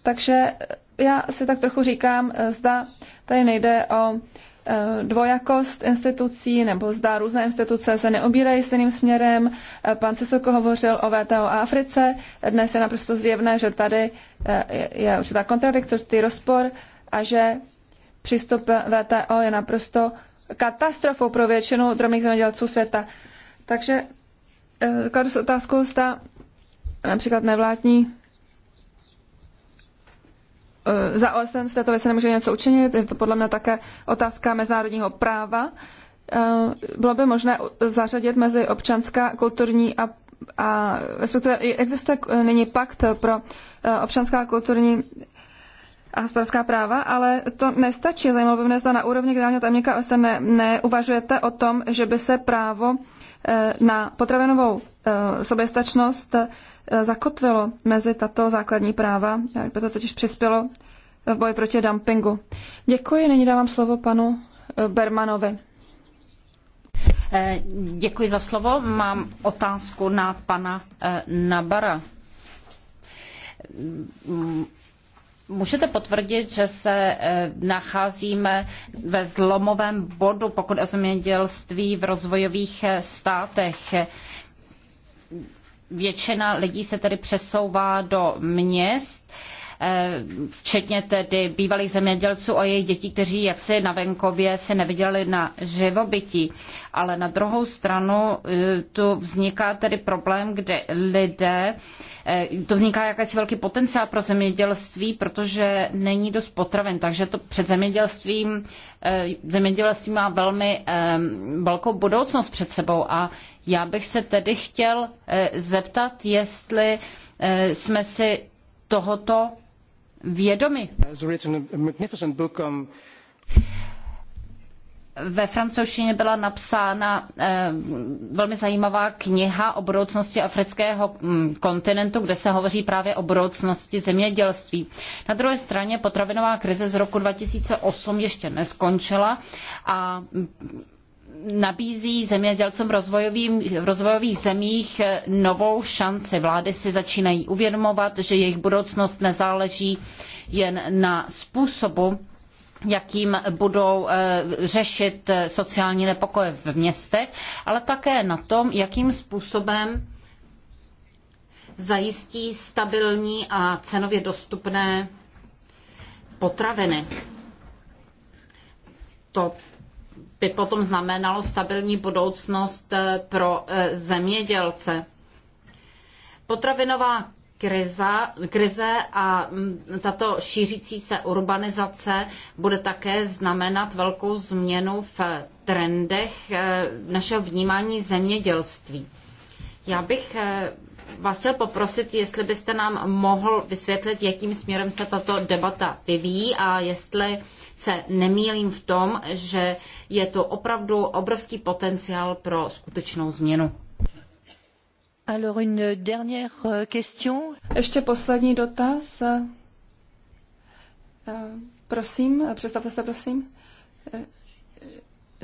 Takže já si tak trochu říkám, zda tady nejde o Eh, dvojakost institucí nebo zda různé instituce se neobírají stejným směrem. Eh, pan Sisoko hovořil o VTO a Africe. Dnes je naprosto zjevné, že tady eh, je určitá kontradikce, určitý rozpor a že přístup VTO je naprosto katastrofou pro většinu drobných zemědělců světa. Takže kladu si otázku, zda například nevládní za OSN v této věci nemůže něco učinit. Je to podle mě také otázka mezinárodního práva. Eh, bylo by možné zařadit mezi občanská, kulturní a, a respektive existuje nyní pakt pro eh, občanská, kulturní a hospodářská práva, ale to nestačí. Zajímalo by mě, zda na úrovni generálního tajemníka OSN ne, neuvažujete o tom, že by se právo Eh, na potravinovou eh, soběstačnost eh, zakotvilo mezi tato základní práva, by to totiž přispělo v boji proti dumpingu. Děkuji, nyní dávám slovo panu
Bermanovi. Děkuji za slovo. Mám otázku na pana Nabara Můžete potvrdit, že se eh, nacházíme ve zlomovém bodu, pokud o zemědělství v rozvojových eh, státech. Většina lidí se tedy přesouvá do měst Eh, včetně tedy bývalých zemědělců a jejich dětí, kteří jaksi na venkově se neviděli na živobytí. Ale na druhou stranu eh, tu vzniká tedy problém, kde lidé, eh, to vzniká jakýsi velký potenciál pro zemědělství, protože není dost potravin, takže to před zemědělstvím, zemědělství má velmi velkou budoucnost před sebou a já bych se tedy chtěl zeptat, jestli jsme si tohoto vědomi. Um, Ve francouzštině byla napsána eh, velmi zajímavá kniha o budoucnosti afrického mm, kontinentu, kde se hovoří právě o budoucnosti zemědělství. Na druhé straně potravinová krize z roku 2008 ještě neskončila a nabízí zemědělcům v rozvojových zemích eh, novou šanci. Vlády si začínají uvědomovat, že jejich budoucnost nezáleží jen na způsobu, jakým budou eh, řešit eh, sociální nepokoje v městech, ale také na tom, jakým způsobem zajistí stabilní a cenově dostupné potraviny. To by potom znamenalo stabilní budoucnost eh, pro eh, zemědělce. Potravinová kriza, krize a mm, tato šířící se urbanizace bude také znamenat velkou změnu v trendech eh, našeho vnímání zemědělství. Já bych vás chtěl poprosit, jestli byste nám mohl vysvětlit, jakým směrem se tato debata vyvíjí a jestli se nemýlím v tom, že je to opravdu obrovský potenciál pro skutečnou změnu.
Alors une dernière euh, question. Ještě poslední dotaz. Eh, prosím, představte se, prosím. Eh,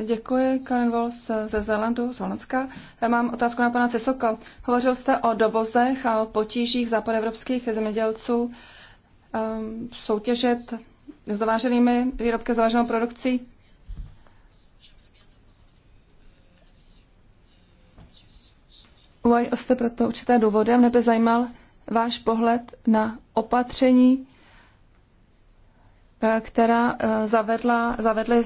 Děkuji, Karin Vols ze Zelandu, z Holandska. Já mám otázku na pana Cesoko. Hovořil jste o dovozech a o potížích západoevropských zemědělců um, ehm, soutěžit s dováženými výrobky s dováženou produkcí. Uvaj jste proto určité důvody a mě by zajímal váš pohled na opatření, Eh, která eh, zavedla, zavedly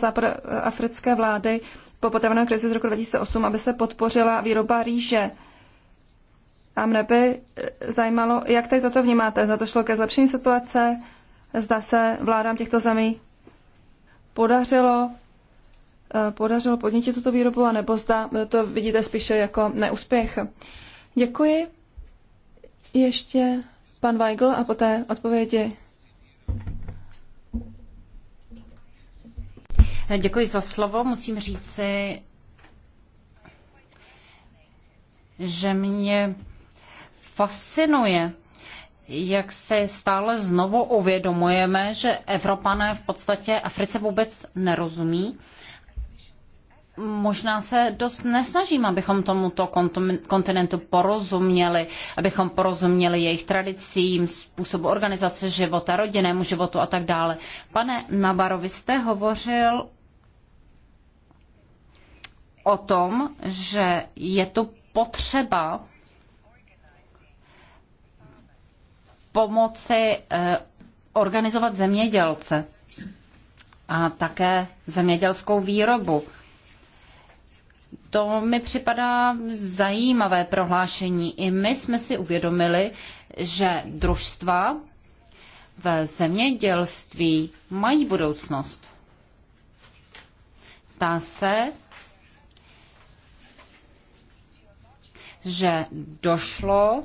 africké vlády po potravinové krizi z roku 2008, aby se podpořila výroba rýže. A mne by eh, zajímalo, jak tady toto vnímáte. Za to šlo ke zlepšení situace? Zda se vládám těchto zemí podařilo, podařilo podnítit tuto výrobu, anebo zda to vidíte spíše jako neúspěch. Děkuji. Ještě pan Weigl a poté odpovědi
Děkuji za slovo. Musím říci, že mě fascinuje, jak se stále znovu uvědomujeme, že Evropané v podstatě Africe vůbec nerozumí. Možná se dost nesnažím, abychom tomuto kontinentu porozuměli, abychom porozuměli jejich tradicím, způsobu organizace života, rodinnému životu a tak dále. Pane Navarovi, jste hovořil o tom, že je tu potřeba pomoci eh, organizovat zemědělce a také zemědělskou výrobu. To mi připadá zajímavé prohlášení. I my jsme si uvědomili, že družstva v zemědělství mají budoucnost. Zdá se, že došlo,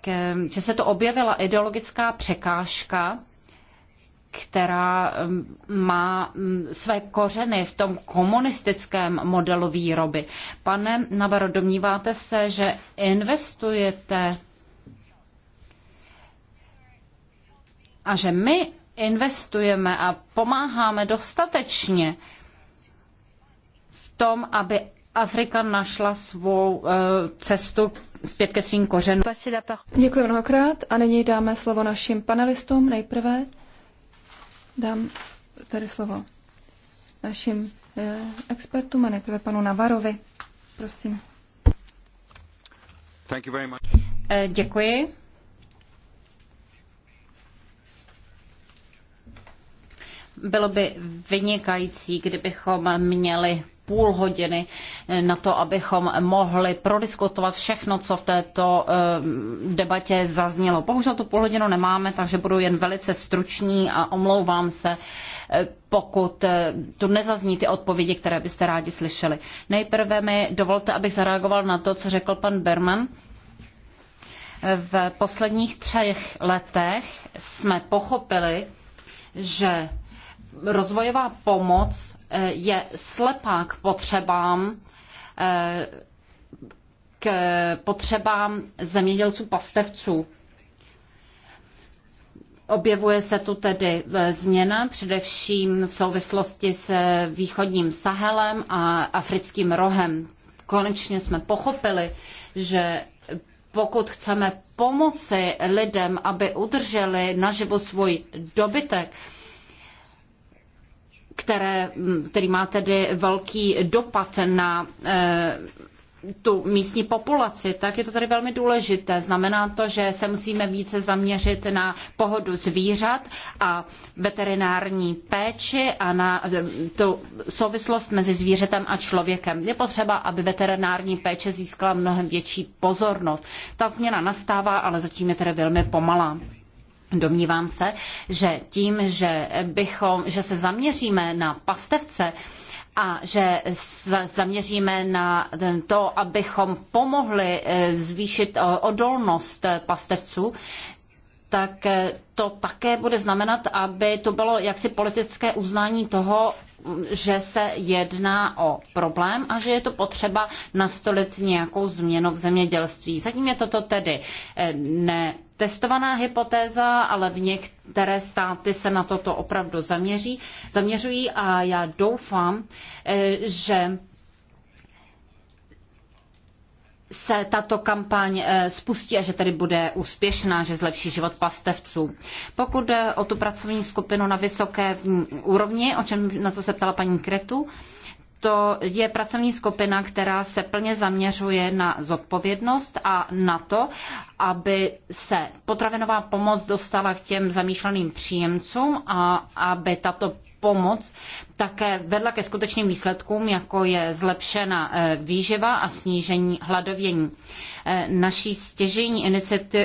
ke, že se to objevila ideologická překážka, která mm, má mm, své kořeny v tom komunistickém modelu výroby. Pane Nabaro, domníváte se, že investujete a že my investujeme a pomáháme dostatečně v tom, aby Afrika našla svou eh, cestu zpět ke svým kořenům.
Děkuji mnohokrát a nyní dáme slovo našim panelistům. Nejprve dám tady slovo našim eh, expertům a nejprve panu Navarovi. Prosím.
Eh, děkuji. Bylo by vynikající, kdybychom měli půl hodiny eh, na to, abychom mohli prodiskutovat všechno, co v této eh, debatě zaznělo. Bohužel tu půl hodinu nemáme, takže budu jen velice stručný a omlouvám se, eh, pokud tu nezazní ty odpovědi, které byste rádi slyšeli. Nejprve mi dovolte, abych zareagoval na to, co řekl pan Berman. V posledních třech letech jsme pochopili, že rozvojová pomoc je slepá k potřebám, eh, k potřebám zemědělců pastevců. Objevuje se tu tedy eh, změna, především v souvislosti s východním Sahelem a africkým rohem. Konečně jsme pochopili, že pokud chceme pomoci lidem, aby udrželi naživu svůj dobytek, které, který má tedy velký dopad na e, tu místní populaci, tak je to tady velmi důležité. Znamená to, že se musíme více zaměřit na pohodu zvířat a veterinární péči a na e, tu souvislost mezi zvířetem a člověkem. Je potřeba, aby veterinární péče získala mnohem větší pozornost. Ta změna nastává, ale zatím je tedy velmi pomalá. Domnívám se, že tím, že, bychom, že se zaměříme na pastevce, a že zaměříme na to, abychom pomohli eh, zvýšit eh, odolnost eh, pastevců, tak to také bude znamenat, aby to bylo jaksi politické uznání toho, že se jedná o problém a že je to potřeba nastolit nějakou změnu v zemědělství. Zatím je toto tedy ne testovaná hypotéza, ale v některé státy se na toto opravdu zaměří, zaměřují a já doufám, eh, že se tato kampaň eh, spustí a že tedy bude úspěšná, že zlepší život pastevců. Pokud jde o tu pracovní skupinu na vysoké mm, úrovni, o čem na co se ptala paní Kretu, to je pracovní skupina, která se plně zaměřuje na zodpovědnost a na to, aby se potravinová pomoc dostala k těm zamýšleným příjemcům a aby tato pomoc také vedla ke skutečným výsledkům, jako je zlepšena e, výživa a snížení hladovění. E, naší stěžení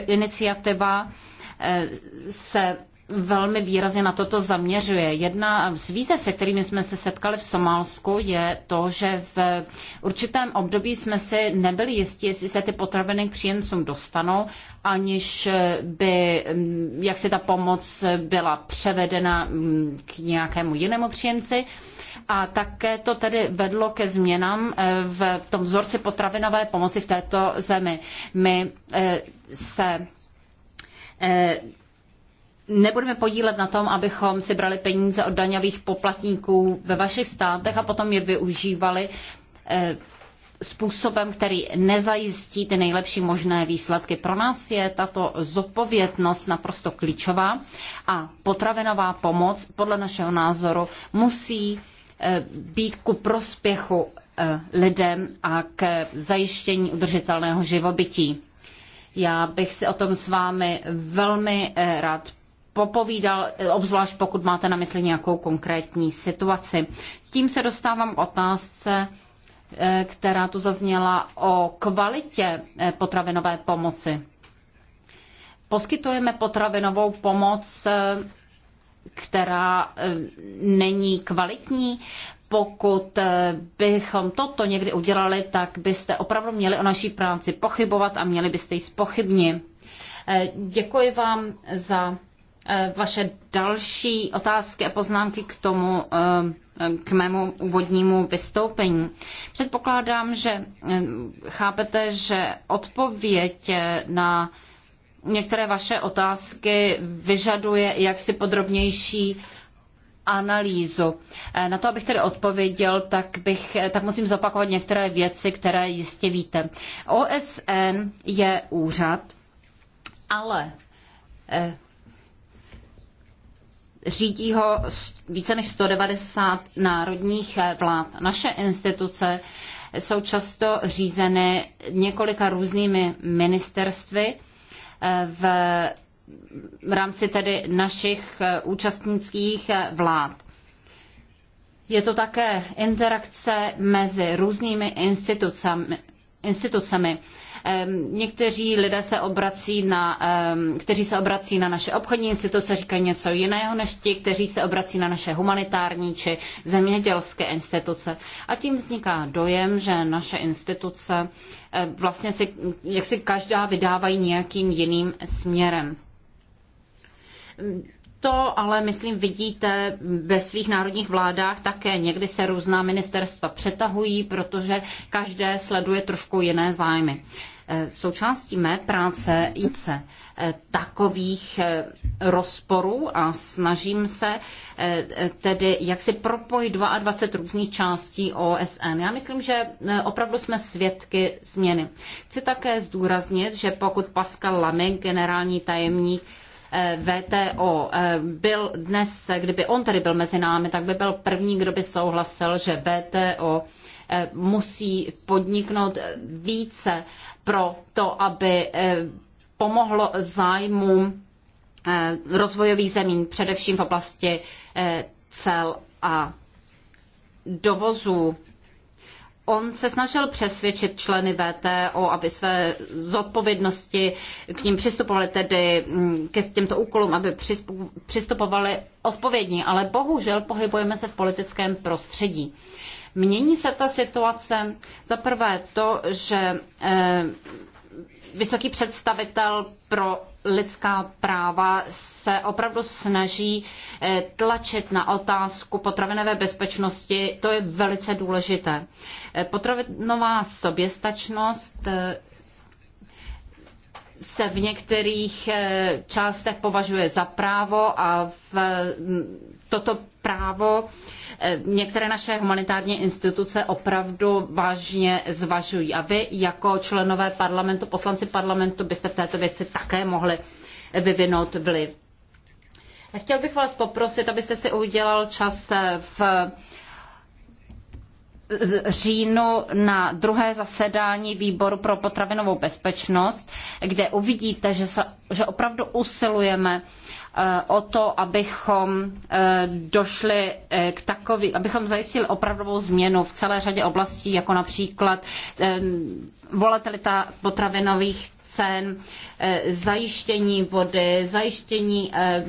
iniciativa e, se velmi výrazně na toto zaměřuje. Jedna z výzev, se kterými jsme se setkali v Somálsku, je to, že v určitém období jsme si nebyli jistí, jestli se ty potraviny k příjemcům dostanou, aniž by mm, jak si ta pomoc byla převedena mm, k nějakému jinému příjemci. A také to tedy vedlo ke změnám eh, v tom vzorci potravinové pomoci v této zemi. My eh, se eh, nebudeme podílet na tom, abychom si brali peníze od daňových poplatníků ve vašich státech a potom je využívali eh, způsobem, který nezajistí ty nejlepší možné výsledky. Pro nás je tato zodpovědnost naprosto klíčová a potravinová pomoc podle našeho názoru musí eh, být ku prospěchu eh, lidem a k zajištění udržitelného živobytí. Já bych si o tom s vámi velmi rád popovídal, obzvlášť pokud máte na mysli nějakou konkrétní situaci. Tím se dostávám k otázce, eh, která tu zazněla o kvalitě eh, potravinové pomoci. Poskytujeme potravinovou pomoc, eh, která není kvalitní. Pokud bychom toto někdy udělali, tak byste opravdu měli o naší práci pochybovat a měli byste ji spochybnit. Děkuji vám za Eh, vaše další otázky a poznámky k tomu, eh, k mému úvodnímu vystoupení. Předpokládám, že eh, chápete, že odpověď na některé vaše otázky vyžaduje jaksi podrobnější analýzu. Na to, abych tedy odpověděl, tak, bych, tak musím zopakovat některé věci, které jistě víte. OSN je úřad, ale Řídí ho více než 190 národních vlád. Naše instituce jsou často řízeny několika různými ministerstvy v rámci tedy našich účastnických vlád. Je to také interakce mezi různými institucemi. institucemi. Někteří lidé se obrací na, kteří se obrací na naše obchodní instituce, říkají něco jiného než ti, kteří se obrací na naše humanitární či zemědělské instituce. A tím vzniká dojem, že naše instituce vlastně si, jak si každá vydávají nějakým jiným směrem to ale, myslím, vidíte ve svých národních vládách také. Někdy se různá ministerstva přetahují, protože každé sleduje trošku jiné zájmy. E, součástí mé práce je e, takových e, rozporů a snažím se tedy jak si propojit 22 různých částí OSN. Já myslím, že opravdu jsme svědky změny. Chci také zdůraznit, že pokud Pascal Lamy, generální tajemník Eh, VTO eh, byl dnes, kdyby on tady byl mezi námi, tak by byl první, kdo by souhlasil, že VTO eh, musí podniknout více pro to, aby pomohlo zájmům rozvojových zemí, především v oblasti cel a dovozu on se snažil přesvědčit členy VTO, aby své zodpovědnosti k ním přistupovali tedy mm, ke těmto úkolům, aby přistupovali odpovědní, ale bohužel pohybujeme se v politickém prostředí. Mění se ta situace za prvé to, že eh, vysoký představitel pro lidská práva se opravdu snaží eh, tlačit na otázku potravinové bezpečnosti. To je velice důležité. Eh, potravinová soběstačnost eh, se v některých eh, částech považuje za právo a v toto právo eh, některé naše humanitární instituce opravdu vážně zvažují. A vy jako členové parlamentu, poslanci parlamentu, byste v této věci také mohli vyvinout vliv. Chtěl bych vás poprosit, abyste si udělal čas eh, v říjnu na druhé zasedání výboru pro potravinovou bezpečnost, kde uvidíte, že, se, že opravdu usilujeme eh, o to, abychom eh, došli eh, k takový, abychom zajistili opravdovou změnu v celé řadě oblastí, jako například volatilita potravinových cen, eh, zajištění vody, zajištění eh,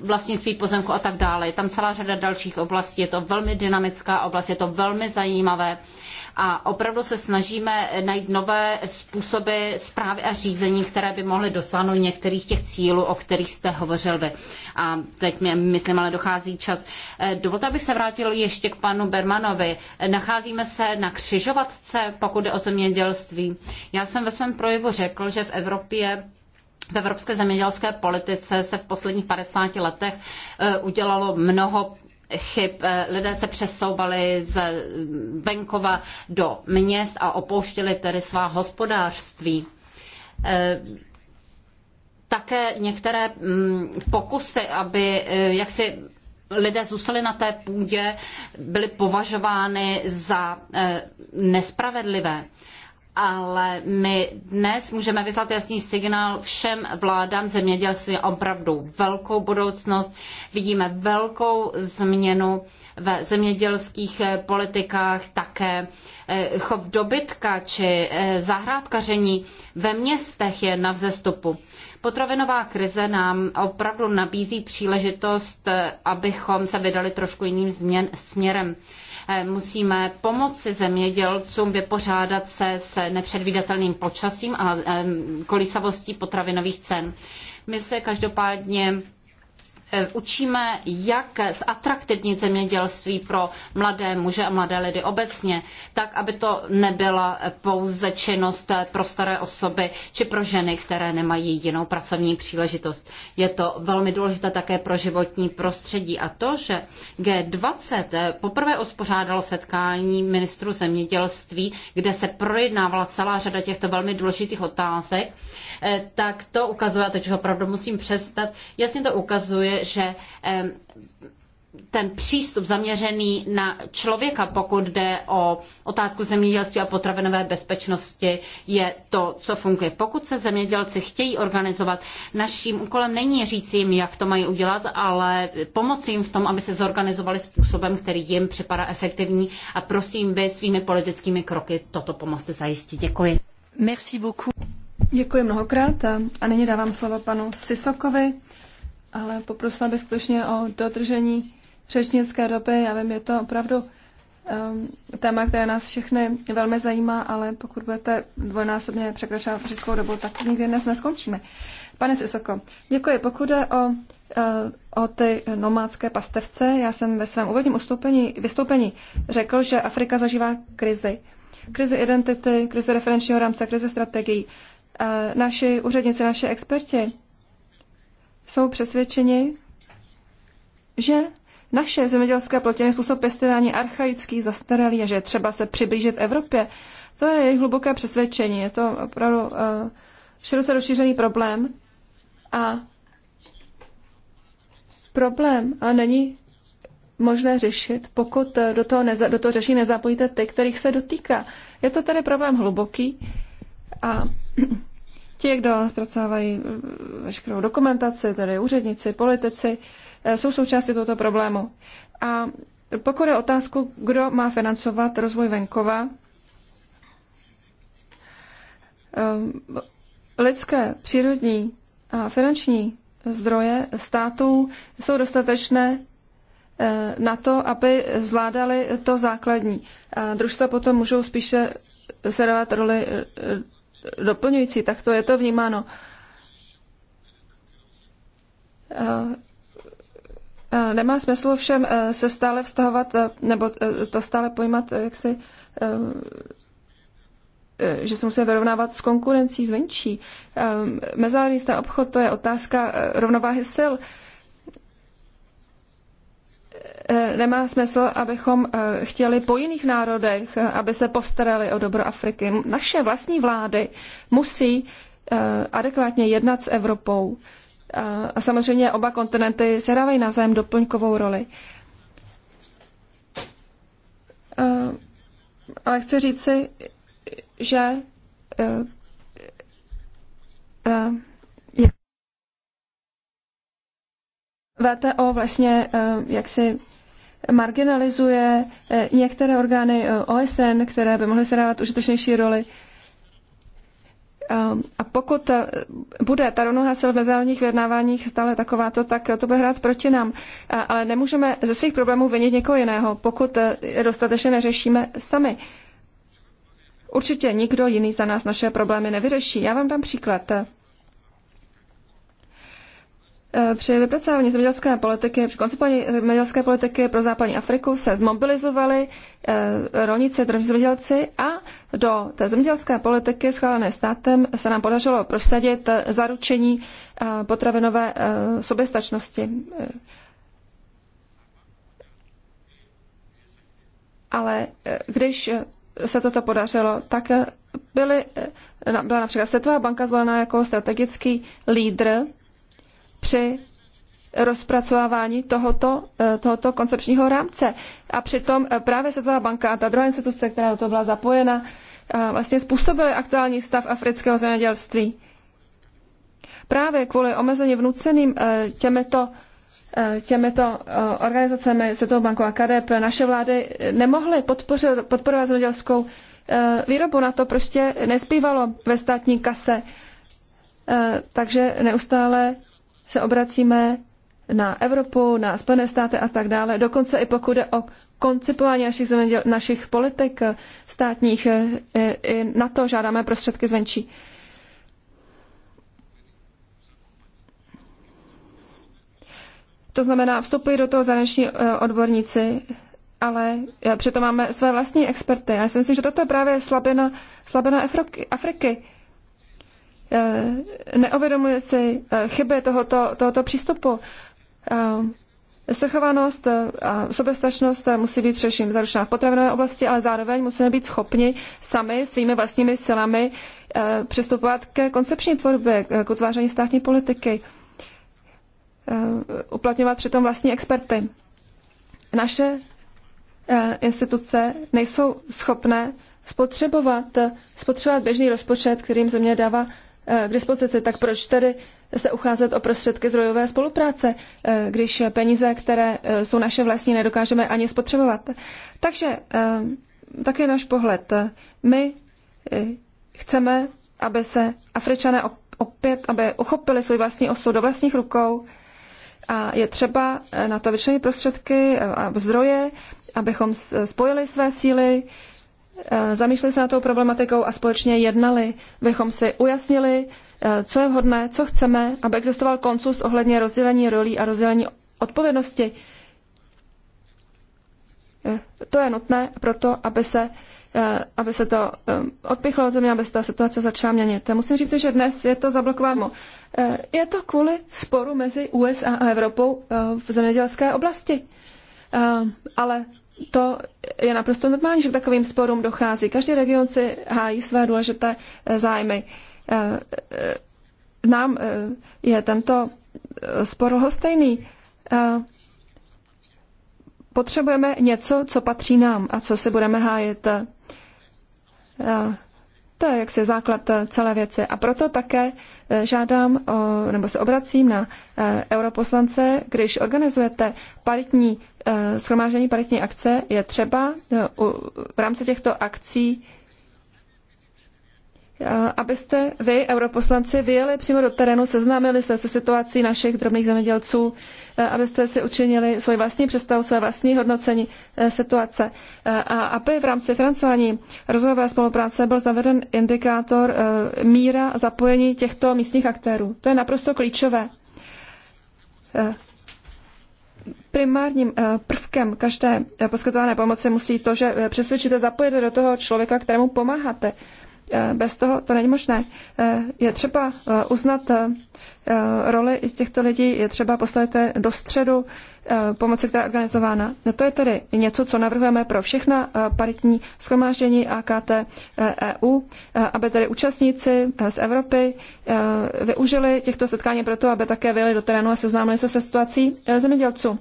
vlastnictví pozemku a tak dále. Je tam celá řada dalších oblastí. Je to velmi dynamická oblast, je to velmi zajímavé a opravdu se snažíme najít nové způsoby správy a řízení, které by mohly dosáhnout některých těch cílů, o kterých jste hovořil vy. A teď mi, myslím, ale dochází čas. Eh, dovolte, abych se vrátil ještě k panu Bermanovi. Nacházíme se na křižovatce, pokud jde o zemědělství. Já jsem ve svém projevu řekl, že v Evropě v evropské zemědělské politice se v posledních 50 letech eh, udělalo mnoho chyb. Eh, lidé se přesouvali z venkova do měst a opouštěli tedy svá hospodářství. Eh, také některé mm, pokusy, aby eh, jaksi lidé zůstali na té půdě, byly považovány za nespravedlivé ale my dnes můžeme vyslat jasný signál všem vládám zemědělství opravdu velkou budoucnost. Vidíme velkou změnu ve zemědělských eh, politikách, také eh, chov dobytka či eh, zahrádkaření ve městech je na vzestupu. Potravinová krize nám opravdu nabízí příležitost, abychom se vydali trošku jiným změn, směrem. Eh, musíme pomoci zemědělcům vypořádat se s nepředvídatelným počasím a eh, kolísavostí potravinových cen. My se každopádně Eh, učíme, jak zatraktivnit zemědělství pro mladé muže a mladé lidi obecně, tak, aby to nebyla pouze činnost eh, pro staré osoby či pro ženy, které nemají jinou pracovní příležitost. Je to velmi důležité také pro životní prostředí a to, že G20 eh, poprvé uspořádalo setkání ministrů zemědělství, kde se projednávala celá řada těchto velmi důležitých otázek, tak to ukazuje, a teď už opravdu musím přestat, jasně to ukazuje, že ten přístup zaměřený na člověka, pokud jde o otázku zemědělství a potravinové bezpečnosti, je to, co funguje. Pokud se zemědělci chtějí organizovat, naším úkolem není říct jim, jak to mají udělat, ale pomoci jim v tom, aby se zorganizovali způsobem, který jim připadá efektivní a prosím vy svými politickými kroky toto pomozte zajistit. Děkuji. Merci beaucoup.
Děkuji mnohokrát a, a nyní dávám slovo panu Sisokovi ale poprosila bych skutečně o dodržení řečnické doby. Já vím, je to opravdu um, téma, které nás všechny velmi zajímá, ale pokud budete dvojnásobně překračovat řečnickou dobu, tak nikdy dnes neskončíme. Pane Sisoko, děkuji. Pokud je o, eh, o ty nomádské pastevce, já jsem ve svém úvodním ustoupení, vystoupení řekl, že Afrika zažívá krizi. Krizi identity, krizi referenčního rámce, krizi strategií. Eh, naši úředníci, naši experti jsou přesvědčeni, že naše zemědělské plotiny způsob pěstování archaický, zastaralý a že je třeba se přiblížit Evropě. To je jejich hluboké přesvědčení. Je to opravdu uh, široce rozšířený problém. A problém ale není možné řešit, pokud eh, do toho, neza, do toho řeší nezapojíte ty, kterých se dotýká. Je to tady problém hluboký a Ti, kdo zpracovávají eh, veškerou dokumentaci, tedy úředníci, politici, eh, jsou součástí tohoto problému. A pokud je otázku, kdo má financovat rozvoj venkova, eh, lidské, přírodní a finanční zdroje států jsou dostatečné na to, aby zvládali to základní. Družstva potom můžou spíše sledovat roli doplňující, tak to je to vnímáno. Eh, eh, nemá smysl všem eh, se stále vztahovat, nebo to stále pojímat, jak si, že se musíme vyrovnávat s konkurencí zvenčí. Mezinárodní obchod, to je otázka rovnováhy sil. Eh, nemá smysl, abychom eh, chtěli po jiných národech, eh, aby se postarali o dobro Afriky. Naše vlastní vlády musí adekvátně jednat s Evropou. A samozřejmě oba kontinenty sehrávají navzájem doplňkovou roli. Ale chci říci, že VTO vlastně eh, jaksi marginalizuje eh, některé orgány eh, OSN, které by mohly sehrávat užitečnější roli. A pokud bude ta rovnoha sil v mezinárodních vyjednáváních stále takováto, tak to bude hrát proti nám. Ale nemůžeme ze svých problémů vinit někoho jiného, pokud je dostatečně neřešíme sami. Určitě nikdo jiný za nás naše problémy nevyřeší. Já vám dám příklad. Eh, při vypracování zemědělské politiky, při koncipování zemědělské politiky pro západní Afriku se zmobilizovali eh, rolníci, drobní zemědělci a do té zemědělské politiky schválené státem se nám podařilo prosadit eh, zaručení potravinové soběstačnosti. Ale když se toto podařilo, tak byly, byla například Světová banka zvolena jako strategický lídr při rozpracovávání tohoto, eh, tohoto koncepčního rámce. A přitom eh, právě Světová banka a ta druhá instituce, která do toho byla zapojena, eh, vlastně způsobily aktuální stav afrického zemědělství. Právě kvůli omezení vnuceným těmito, těmito organizacemi Světovou banku a KDP naše vlády nemohly podporovat zemědělskou výrobu. Na to prostě nespívalo ve státní kase. Takže neustále se obracíme na Evropu, na Spojené státy a tak dále. Dokonce i pokud jde o koncipování našich, zeměděl, našich politik státních, eh, eh, i na to žádáme prostředky zvenčí. To znamená, vstupují do toho zahraniční eh, odborníci, ale přitom máme své vlastní experty. Já si myslím, že toto je právě slabina, slabina Afriky. Eh, neuvědomuje si eh, chyby tohoto, tohoto přístupu. Eh, svrchovanost a soběstačnost musí být především zaručená v potravinové oblasti, ale zároveň musíme být schopni sami svými vlastními silami přistupovat ke koncepční tvorbě, k utváření státní politiky, uplatňovat přitom vlastní experty. Naše instituce nejsou schopné spotřebovat, spotřebovat běžný rozpočet, kterým země dává Eh, k dispozici, tak proč tedy se ucházet o prostředky zdrojové spolupráce, eh, když peníze, které eh, jsou naše vlastní, nedokážeme ani spotřebovat. Takže taky náš pohled. My chceme, aby se Afričané opět, aby uchopili svůj vlastní osud do vlastních rukou a je třeba na to vyčlenit prostředky a zdroje, abychom spojili své síly, Eh, zamýšleli se na tou problematikou a společně jednali, bychom si ujasnili, eh, co je vhodné, co chceme, aby existoval koncus ohledně rozdělení rolí a rozdělení odpovědnosti. Eh, to je nutné proto, aby se, aby se to odpichlo od země, aby se ta situace začala měnit. Musím říct, že dnes je to zablokováno. Je to kvůli sporu mezi USA a Evropou v zemědělské oblasti. Ale to je naprosto normální, že k takovým sporům dochází. Každý region si hájí své důležité eh, zájmy. Eh, eh, nám je tento spor lhostejný. Potřebujeme něco, co patří nám a co si budeme hájit. To je jaksi základ eh, celé věci. A proto také eh, žádám, nebo se obracím na eh, europoslance, když organizujete paritní, schromáždění paritní akce, je třeba v rámci těchto akcí abyste vy, europoslanci, vyjeli přímo do terénu, seznámili se se situací našich drobných zemědělců, e, abyste si učinili svoji vlastní představu, své vlastní hodnocení e, situace. E, a aby v rámci financování rozvojové spolupráce byl zaveden indikátor míra zapojení těchto místních aktérů. To je naprosto klíčové. Primárním prvkem každé poskytované pomoci musí to, že přesvědčíte, zapojíte do toho člověka, kterému pomáháte. Eh, bez toho to není možné. Eh, je třeba eh, uznat roli těchto lidí, je třeba postavit do středu pomoci, která je organizována. No to je tedy něco, co navrhujeme pro všechna paritní schromáždění AKT EU, e aby tedy účastníci z Evropy využili těchto setkání pro to, aby také vyjeli do terénu a seznámili se se situací zemědělců.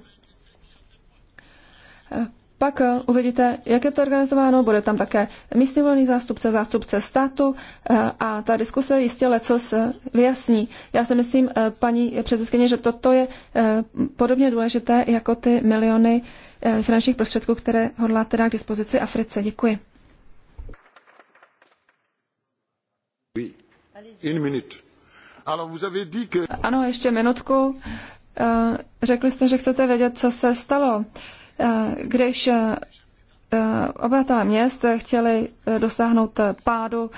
Pak eh, uvidíte, jak je to organizováno, bude tam také místní volný zástupce, zástupce státu eh, a ta diskuse jistě lecos eh, vyjasní. Já si myslím, paní předsedkyně, že toto je podobně důležité jako ty miliony finančních prostředků, které hodláte dát k dispozici Africe. Děkuji. Ano, ještě minutku. Řekli jste, že chcete vědět, co se stalo když eh, obyvatelé měst chtěli eh, dosáhnout eh, pádu,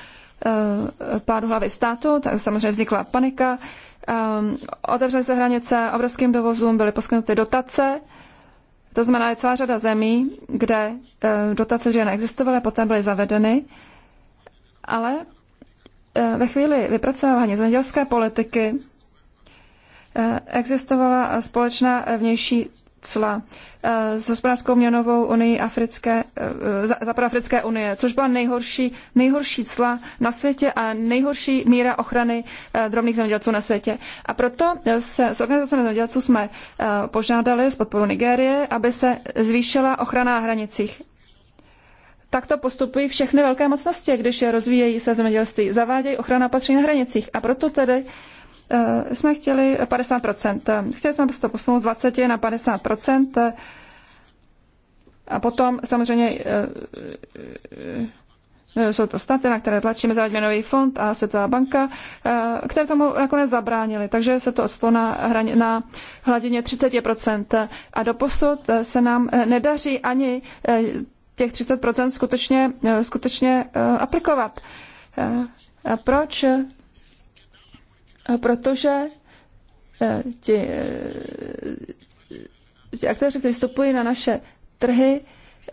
pádu hlavy státu, tak samozřejmě vznikla panika. Otevřely se hranice obrovským dovozům, byly poskytnuty dotace. To znamená, je celá řada zemí, kde dotace že neexistovaly, poté byly zavedeny. Ale ve chvíli vypracování zemědělské politiky existovala společná vnější cla z eh, hospodářskou měnovou unii Africké, eh, Západoafrické unie, což byla nejhorší, nejhorší cla na světě a nejhorší míra ochrany eh, drobných zemědělců na světě. A proto se s organizacemi zemědělců jsme požádali s podporou Nigérie, aby se zvýšila ochrana na hranicích. Takto postupují všechny velké mocnosti, když je rozvíjejí se zemědělství. Zavádějí ochrana opatření na hranicích. A proto tedy Eh, jsme chtěli 50%. Chtěli jsme to posunout z 20 na 50%. A potom samozřejmě eh, eh, jsou to státy, na které tlačí Mezinárodní fond a Světová banka, které tomu nakonec zabránili. Takže se to odstalo na, hraně, na hladině 30%. A doposud se nám nedaří ani těch 30% skutečně, skutečně aplikovat. A proč protože eh, ti, eh, ti aktéři, kteří vstupují na naše trhy,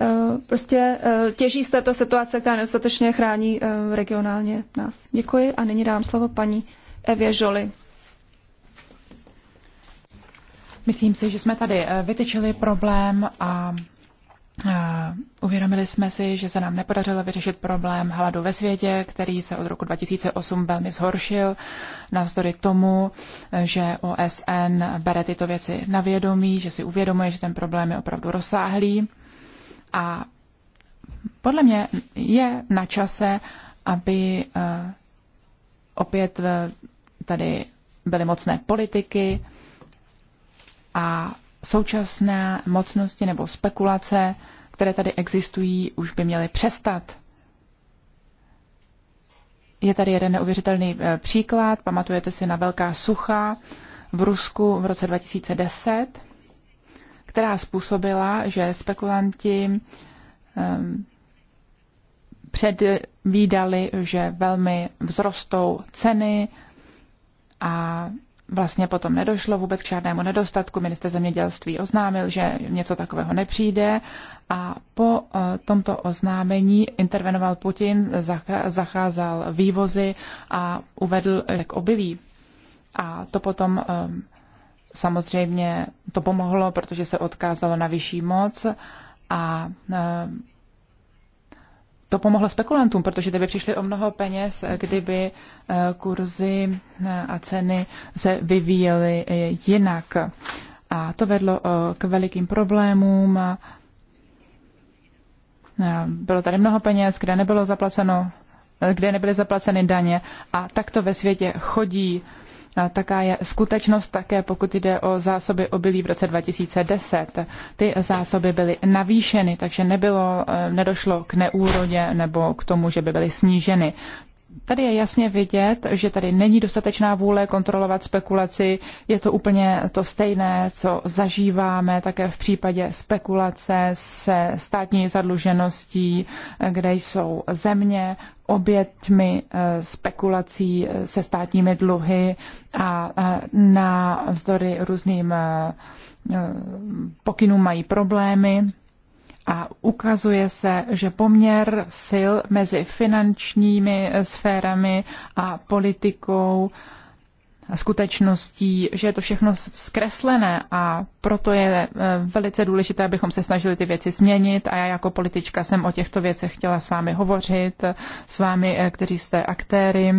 eh, prostě těží z této situace, která nedostatečně chrání regionálně nás. Děkuji a nyní dám slovo paní Evě Žoli.
Myslím si, že jsme tady vytyčili problém a Uvědomili jsme si, že se nám nepodařilo vyřešit problém hladu ve světě, který se od roku 2008 velmi zhoršil, navzdory tomu, že OSN bere tyto věci na vědomí, že si uvědomuje, že ten problém je opravdu rozsáhlý. A podle mě je na čase, aby eh, opět eh, tady byly mocné politiky a současné mocnosti nebo spekulace které tady existují, už by měly přestat. Je tady jeden neuvěřitelný eh, příklad. Pamatujete si na velká sucha v Rusku v roce 2010, která způsobila, že spekulanti ehm, předvídali, že velmi vzrostou ceny a vlastně potom nedošlo vůbec k žádnému nedostatku. Minister zemědělství oznámil, že něco takového nepřijde a po eh, tomto oznámení intervenoval Putin, zacházal vývozy a uvedl k obilí. A to potom eh, samozřejmě to pomohlo, protože se odkázalo na vyšší moc a eh, to pomohlo spekulantům, protože kdyby přišli o mnoho peněz, kdyby eh, kurzy eh, a ceny se vyvíjely eh, jinak. A to vedlo k velikým problémům. Bylo tady mnoho peněz, kde nebylo zaplaceno, kde nebyly zaplaceny daně a tak to ve světě chodí taká je skutečnost také, pokud jde o zásoby obilí v roce 2010. Ty zásoby byly navýšeny, takže nebylo, eh, nedošlo k neúrodě nebo k tomu, že by byly sníženy. Tady je jasně vidět, že tady není dostatečná vůle kontrolovat spekulaci. Je to úplně to stejné, co zažíváme také v případě spekulace se státní zadlužeností, kde jsou země oběťmi eh, spekulací eh, se státními dluhy a eh, na vzdory různým pokynům mají problémy a ukazuje se, že poměr sil mezi finančními sférami a politikou a skutečností, že je to všechno zkreslené a proto je e, velice důležité, abychom se snažili ty věci změnit a já jako politička jsem o těchto věcech chtěla s vámi hovořit, s vámi, e, kteří jste aktéry.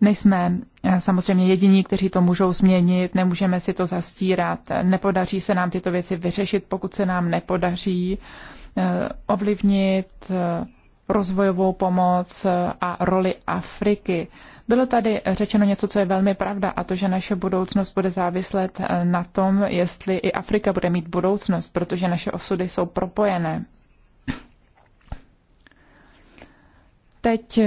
Nejsme e, samozřejmě jediní, kteří to můžou změnit, nemůžeme si to zastírat, nepodaří se nám tyto věci vyřešit, pokud se nám nepodaří uh, Eh, ovlivnit eh, rozvojovou pomoc eh, a roli Afriky. Bylo tady řečeno něco, co je velmi pravda, a to, že naše budoucnost bude záviset na tom, jestli i Afrika bude mít budoucnost, protože naše osudy jsou propojené. Teď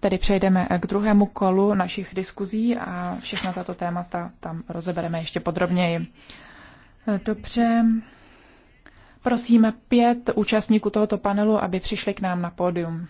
tedy přejdeme k druhému kolu našich diskuzí a všechna tato témata tam rozebereme ještě podrobněji. Dobře, Prosím pět účastníků tohoto panelu, aby přišli k nám na pódium.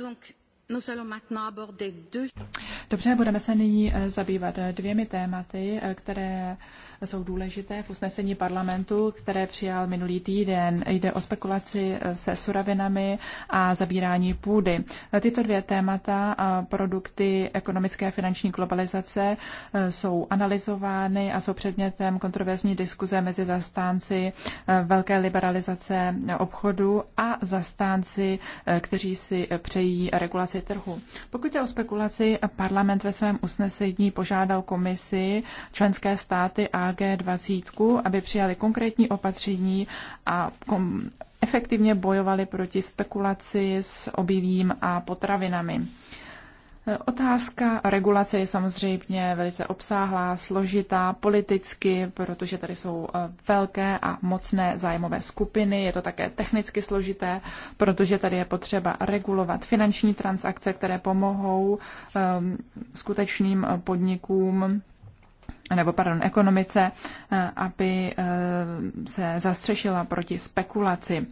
Donc, nous allons maintenant aborder deux...
Dobře, budeme se nyní eh, zabývat eh, dvěmi tématy, eh, které jsou důležité v usnesení parlamentu, které přijal minulý týden. Jde o spekulaci se surovinami a zabírání půdy. Tyto dvě témata, produkty ekonomické a finanční globalizace, jsou analyzovány a jsou předmětem kontroverzní diskuze mezi zastánci velké liberalizace obchodu a zastánci, kteří si přejí regulaci trhu. Pokud je o spekulaci, parlament parlament ve svém usnesení požádal komisi, členské státy a G20, aby přijali konkrétní opatření a kom- efektivně bojovali proti spekulaci s obilím a potravinami. Otázka regulace je samozřejmě velice obsáhlá, složitá politicky, protože tady jsou eh, velké a mocné zájmové skupiny. Je to také technicky složité, protože tady je potřeba regulovat finanční transakce, které pomohou um, skutečným eh, podnikům nebo pardon, ekonomice, eh, aby se zastřešila proti spekulaci.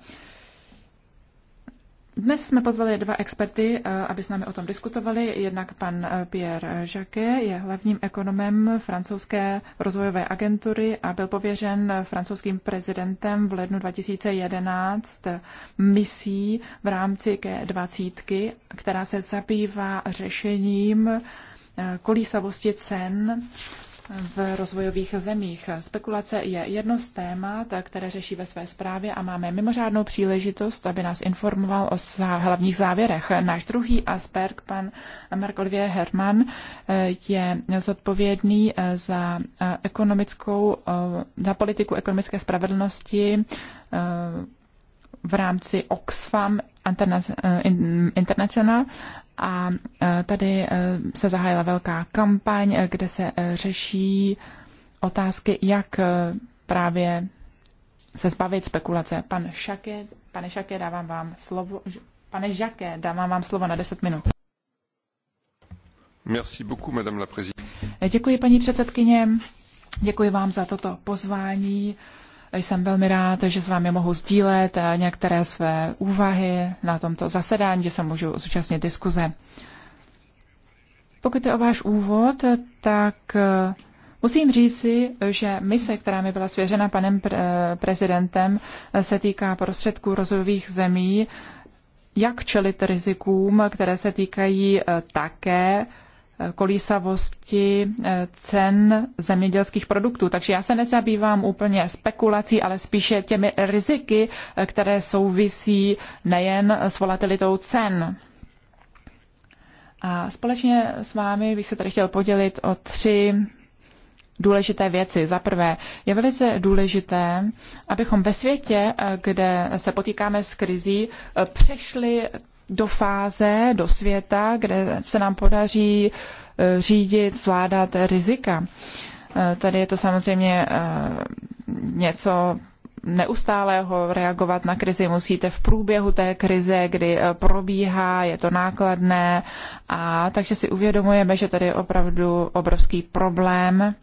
Dnes jsme pozvali dva experty, eh, aby s námi o tom diskutovali. Jednak pan eh, Pierre Jacquet je hlavním ekonomem francouzské rozvojové agentury a byl pověřen eh, francouzským prezidentem v lednu 2011 misí v rámci G20, která se zabývá řešením kolísavosti cen v rozvojových zemích. Spekulace je jedno z témat, které řeší ve své zprávě a máme mimořádnou příležitost, aby nás informoval o hlavních závěrech. Náš druhý aspekt, pan Mark Olivier Herman, je zodpovědný za ekonomickou, za politiku ekonomické spravedlnosti eh, v rámci Oxfam eh, International a e, tady e, se zahájila velká kampaň, e, kde se řeší otázky, jak právě se zbavit spekulace. Pan Šake, pane Šake, dávám vám slovo. Pane Žake, dávám vám slovo na 10 minut.
Merci beaucoup, madame la
Děkuji, paní předsedkyně. Děkuji vám za toto pozvání. Jsem velmi rád, že s vámi mohu sdílet eh, některé své úvahy na tomto zasedání, že se můžu zúčastnit diskuze. Pokud je o váš úvod, tak eh, musím říci, že mise, která mi byla svěřena panem eh, prezidentem, se týká prostředků rozvojových zemí, jak čelit rizikům, které se týkají také kolísavosti eh, cen zemědělských produktů. Takže já se nezabývám úplně spekulací, ale spíše těmi riziky, eh, které souvisí nejen s volatilitou cen. A společně s vámi bych se tady chtěl podělit o tři důležité věci. Za prvé, je velice důležité, abychom ve světě, eh, kde se potýkáme s krizí, přešli do fáze, do světa, kde se nám podaří eh, řídit, zvládat rizika. Eh, tady je to samozřejmě eh, něco neustálého reagovat na krizi musíte v průběhu té krize, kdy probíhá, je to nákladné a takže si uvědomujeme, že tady je opravdu obrovský problém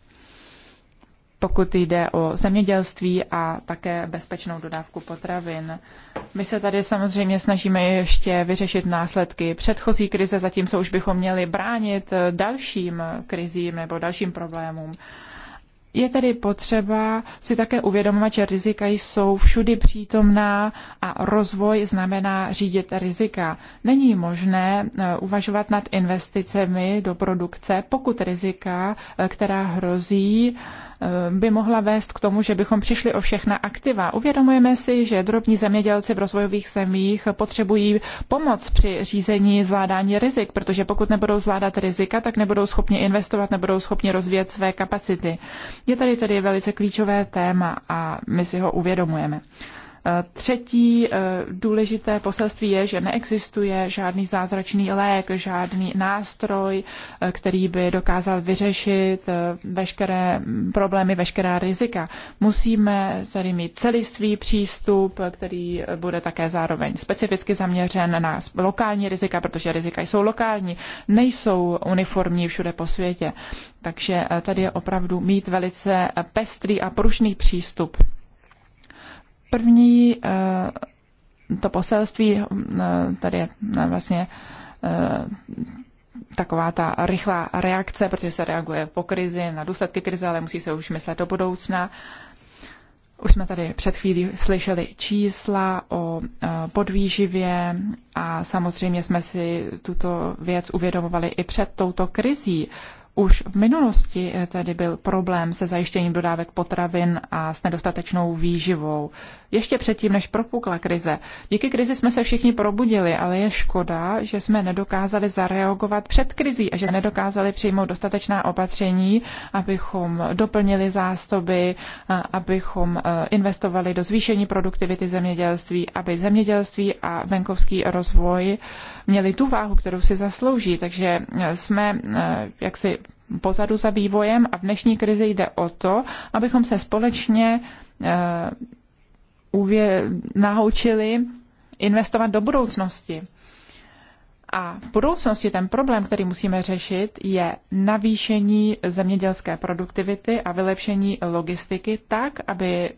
pokud jde o zemědělství a také bezpečnou dodávku potravin. My se tady samozřejmě snažíme ještě vyřešit následky předchozí krize, zatímco už bychom měli bránit dalším krizím nebo dalším problémům. Je tedy potřeba si také uvědomovat, že rizika jsou všudy přítomná a rozvoj znamená řídit rizika. Není možné eh, uvažovat nad investicemi do produkce, pokud rizika, eh, která hrozí, Eh, by mohla vést k tomu, že bychom přišli o všechna aktiva. Uvědomujeme si, že drobní zemědělci v rozvojových zemích potřebují pomoc při řízení zvládání rizik, protože pokud nebudou zvládat rizika, tak nebudou schopni investovat, nebudou schopni rozvíjet své kapacity. Je tady tedy velice klíčové téma a my si ho uvědomujeme. Eh, třetí eh, důležité poselství je, že neexistuje žádný zázračný lék, žádný nástroj, eh, který by dokázal vyřešit veškeré problémy, veškerá rizika. Musíme tady mít celistvý přístup, který bude také zároveň specificky zaměřen na lokální rizika, protože rizika jsou lokální, nejsou uniformní všude po světě. Takže tady je opravdu mít velice pestrý a prušný přístup. První eh, to poselství, eh, tady je eh, vlastně taková ta rychlá reakce, protože se reaguje po krizi, na důsledky krize, ale musí se už myslet do budoucna. Už jsme tady před chvílí slyšeli čísla o podvýživě a samozřejmě jsme si tuto věc uvědomovali i před touto krizí. Už v minulosti eh, tedy byl problém se zajištěním dodávek potravin a s nedostatečnou výživou. Ještě předtím, než propukla krize. Díky krizi jsme se všichni probudili, ale je škoda, že jsme nedokázali zareagovat před krizí a že nedokázali přijmout dostatečná opatření, abychom doplnili zásoby, eh, abychom eh, investovali do zvýšení produktivity zemědělství, aby zemědělství a venkovský rozvoj měli tu váhu, kterou si zaslouží. Takže jsme jaksi pozadu za vývojem a v dnešní krizi jde o to, abychom se společně eh, uvě- naučili investovat do budoucnosti. A v budoucnosti ten problém, který musíme řešit, je navýšení zemědělské produktivity a vylepšení logistiky tak, aby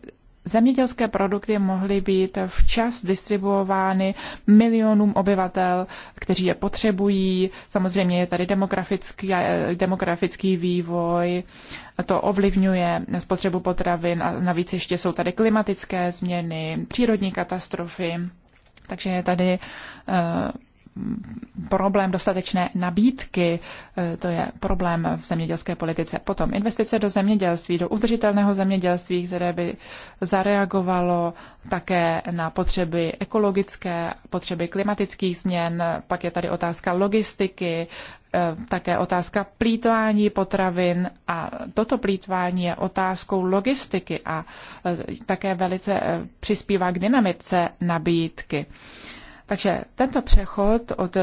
zemědělské produkty mohly být včas distribuovány milionům obyvatel, kteří je potřebují. Samozřejmě je tady demografický, demografický vývoj, to ovlivňuje spotřebu potravin a navíc ještě jsou tady klimatické změny, přírodní katastrofy. Takže je tady eh, problém dostatečné nabídky, e, to je problém v zemědělské politice. Potom investice do zemědělství, do udržitelného zemědělství, které by zareagovalo také na potřeby ekologické, potřeby klimatických změn, pak je tady otázka logistiky, e, také otázka plítvání potravin a toto plítvání je otázkou logistiky a e, také velice přispívá k dynamice nabídky. Takže tento přechod od eh,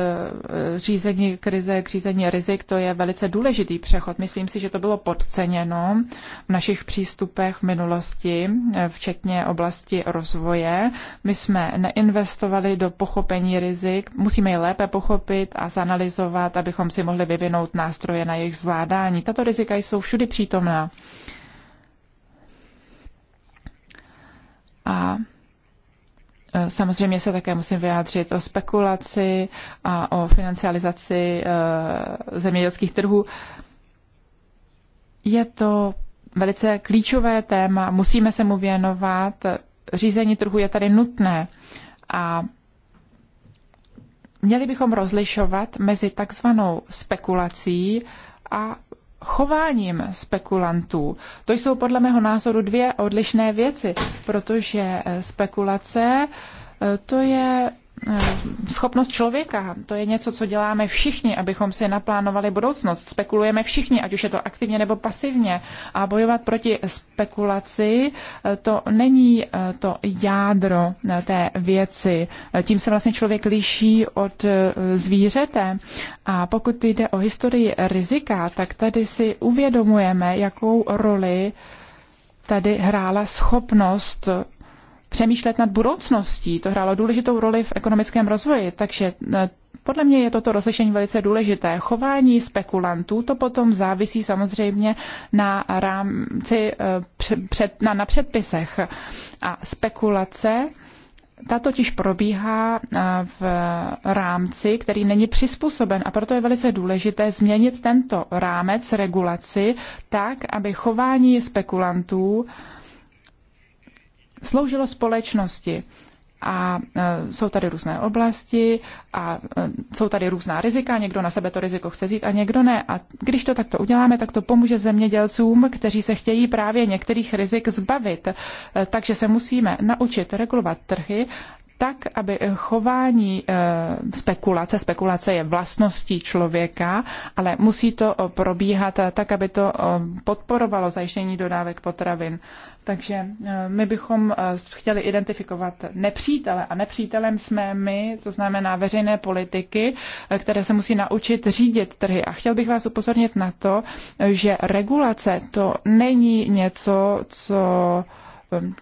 řízení krize k řízení rizik, to je velice důležitý přechod. Myslím si, že to bylo podceněno v našich přístupech v minulosti, eh, včetně oblasti rozvoje. My jsme neinvestovali do pochopení rizik, musíme je lépe pochopit a zanalizovat, abychom si mohli vyvinout nástroje na jejich zvládání. Tato rizika jsou všudy přítomná. A Samozřejmě se také musím vyjádřit o spekulaci a o financializaci eh, zemědělských trhů. Je to velice klíčové téma, musíme se mu věnovat. Řízení trhu je tady nutné a měli bychom rozlišovat mezi takzvanou spekulací a chováním spekulantů. To jsou podle mého názoru dvě odlišné věci, protože spekulace eh, to je Eh, schopnost člověka. To je něco, co děláme všichni, abychom si naplánovali budoucnost. Spekulujeme všichni, ať už je to aktivně nebo pasivně. A bojovat proti spekulaci, eh, to není eh, to jádro té věci. Tím se vlastně člověk liší od zvířete. A pokud jde o historii rizika, tak tady si uvědomujeme, jakou roli tady hrála schopnost přemýšlet nad budoucností. To hrálo důležitou roli v ekonomickém rozvoji, takže eh, podle mě je toto rozlišení velice důležité. Chování spekulantů to potom závisí samozřejmě na rámci, eh, před, na, na předpisech. A spekulace ta totiž probíhá eh, v rámci, který není přizpůsoben a proto je velice důležité změnit tento rámec regulaci tak, aby chování spekulantů sloužilo společnosti. A e, jsou tady různé oblasti a e, jsou tady různá rizika, někdo na sebe to riziko chce vzít a někdo ne. A když to takto uděláme, tak to pomůže zemědělcům, kteří se chtějí právě některých rizik zbavit. E, takže se musíme naučit regulovat trhy tak, aby chování eh, spekulace, spekulace je vlastností člověka, ale musí to eh, probíhat eh, tak, aby to podporovalo zajištění dodávek potravin. Takže my bychom chtěli identifikovat nepřítele a nepřítelem jsme my, to znamená veřejné politiky, které se musí naučit řídit trhy. A chtěl bych vás upozornit na to, že regulace to není něco, co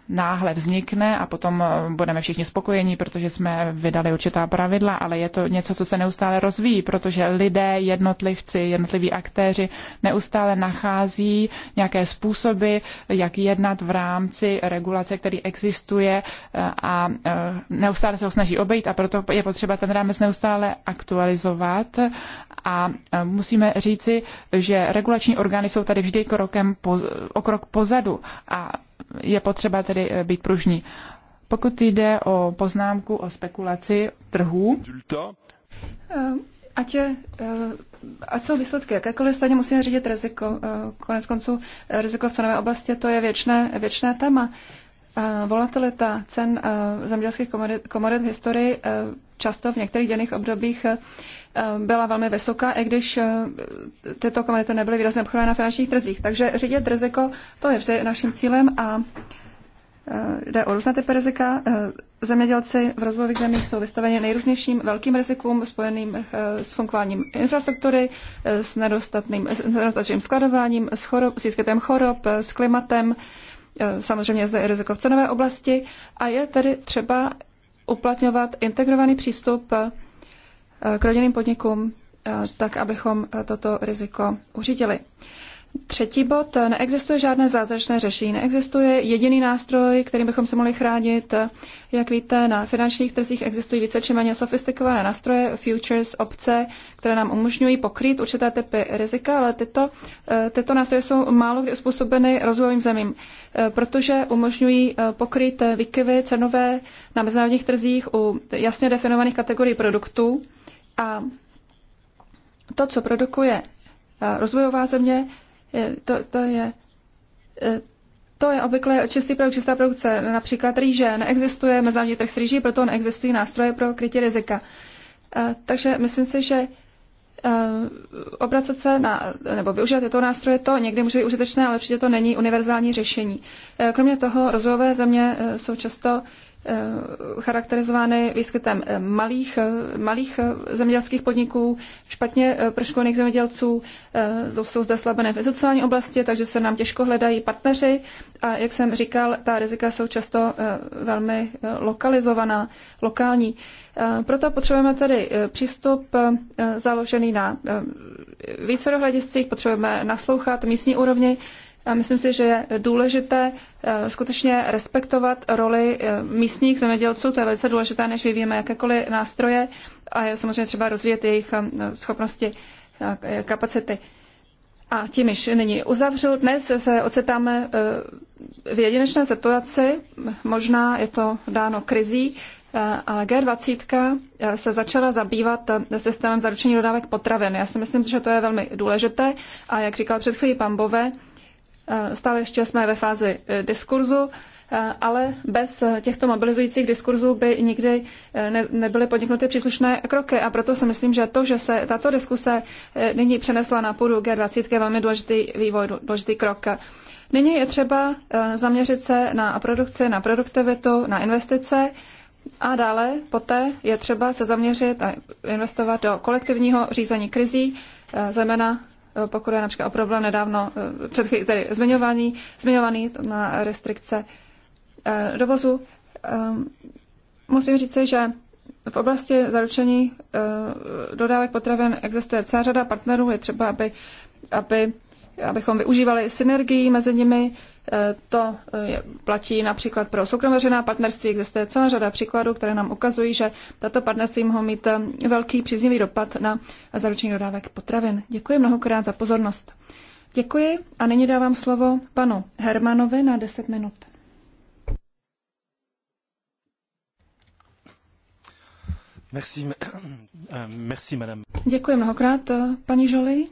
náhle vznikne a potom eh, budeme všichni spokojení, protože jsme vydali určitá pravidla, ale je to něco, co se neustále rozvíjí, protože lidé, jednotlivci, jednotliví aktéři neustále nachází nějaké způsoby, jak jednat v rámci regulace, který existuje eh, a eh, neustále se ho snaží obejít a proto je potřeba ten rámec neustále aktualizovat a musíme říci, že regulační orgány jsou tady vždy krokem po, o krok pozadu a je potřeba tedy eh, být pružní. Pokud jde o poznámku o spekulaci trhů, eh,
ať, je, eh, ať jsou výsledky jakékoliv, stejně musíme řídit riziko. Konec konců riziko v cenové oblasti to je věčné, věčné téma. Volatilita cen zemědělských komodit, komodit v historii často v některých děných obdobích Eh, byla velmi vysoká, i když eh, tyto komodity nebyly výrazně obchodované na finančních trzích. Takže řídit riziko, to je vždy naším cílem a eh, jde o různé typy rizika. Zemědělci v rozvojových zemích jsou vystaveni nejrůznějším velkým rizikům spojeným s fungováním infrastruktury, s nedostatným, s nedostatečným skladováním, s, chorob, s výskytem chorob, s klimatem, samozřejmě zde i riziko v cenové oblasti a je tedy třeba uplatňovat integrovaný přístup Eh, k rodinným podnikům, eh, tak abychom eh, toto riziko uřídili. Třetí bod. Neexistuje žádné zázračné řešení. Neexistuje jediný nástroj, kterým bychom se mohli chránit. Jak víte, na finančních trzích existují více či méně sofistikované nástroje, futures, obce, které nám umožňují pokrýt určité typy rizika, ale tyto, tyto nástroje jsou málo kdy způsobeny rozvojovým zemím, protože umožňují pokrýt výkyvy cenové na mezinárodních trzích u jasně definovaných kategorií produktů, a to, co produkuje eh, rozvojová země, to, to je eh, to je obvykle čistý produkt, čistá produkce. Například rýže. Neexistuje mezinárodní trh s rýží, proto neexistují nástroje pro krytí rizika. Eh, takže myslím si, že obracet se na, nebo využívat tyto nástroje, to někdy může být užitečné, ale určitě to není univerzální řešení. Kromě toho rozvojové země jsou často Eh, charakterizovány výskytem eh, malých, eh, malých zemědělských podniků, špatně proškolených zemědělců, jsou zde slabené v sociální oblasti, takže se nám těžko hledají partneři a jak jsem říkal, ta rizika jsou často velmi lokalizovaná, lokální. Proto potřebujeme tedy přístup založený na více hlediscích, potřebujeme naslouchat místní úrovni, a myslím si, že je důležité eh, skutečně respektovat roli eh, místních zemědělců. To je velice důležité, než vyvíjeme jakékoliv nástroje a je samozřejmě třeba rozvíjet jejich eh, schopnosti, kapacity. A tím již nyní uzavřu. Dnes se ocitáme v jedinečné situaci, možná je to dáno krizí, ale G20 se začala zabývat systémem zaručení dodávek potravin. Já si myslím, že to je velmi důležité a jak říkal před chvílí pan Bove, Eh, stále ještě jsme ve fázi eh, diskurzu, eh, ale bez těchto mobilizujících diskurzů by nikdy nebyly podniknuty příslušné kroky. A proto si myslím, že to, že se tato diskuse nyní přenesla na půdu G20, je velmi důležitý vývoj, důležitý krok. Nyní je třeba zaměřit se na produkci, na produktivitu, na investice a dále poté je třeba se zaměřit a investovat do kolektivního řízení krizí, zejména pokud je například o problém nedávno eh, před chvíli, tedy zmiňovaný, zmiňovaný na restrikce eh, dovozu. Eh, musím říct, že v oblasti zaručení dodávek potravin existuje celá řada partnerů. Je třeba, aby, aby abychom využívali synergii mezi nimi. E, to e, platí například pro soukromořená partnerství. Existuje celá řada příkladů, které nám ukazují, že tato partnerství mohou mít e, velký příznivý dopad na zaručení dodávek potravin. Děkuji mnohokrát za pozornost. Děkuji a nyní dávám slovo panu Hermanovi na 10 minut.
Merci, euh, merci, madame. Děkuji mnohokrát, paní Jolie.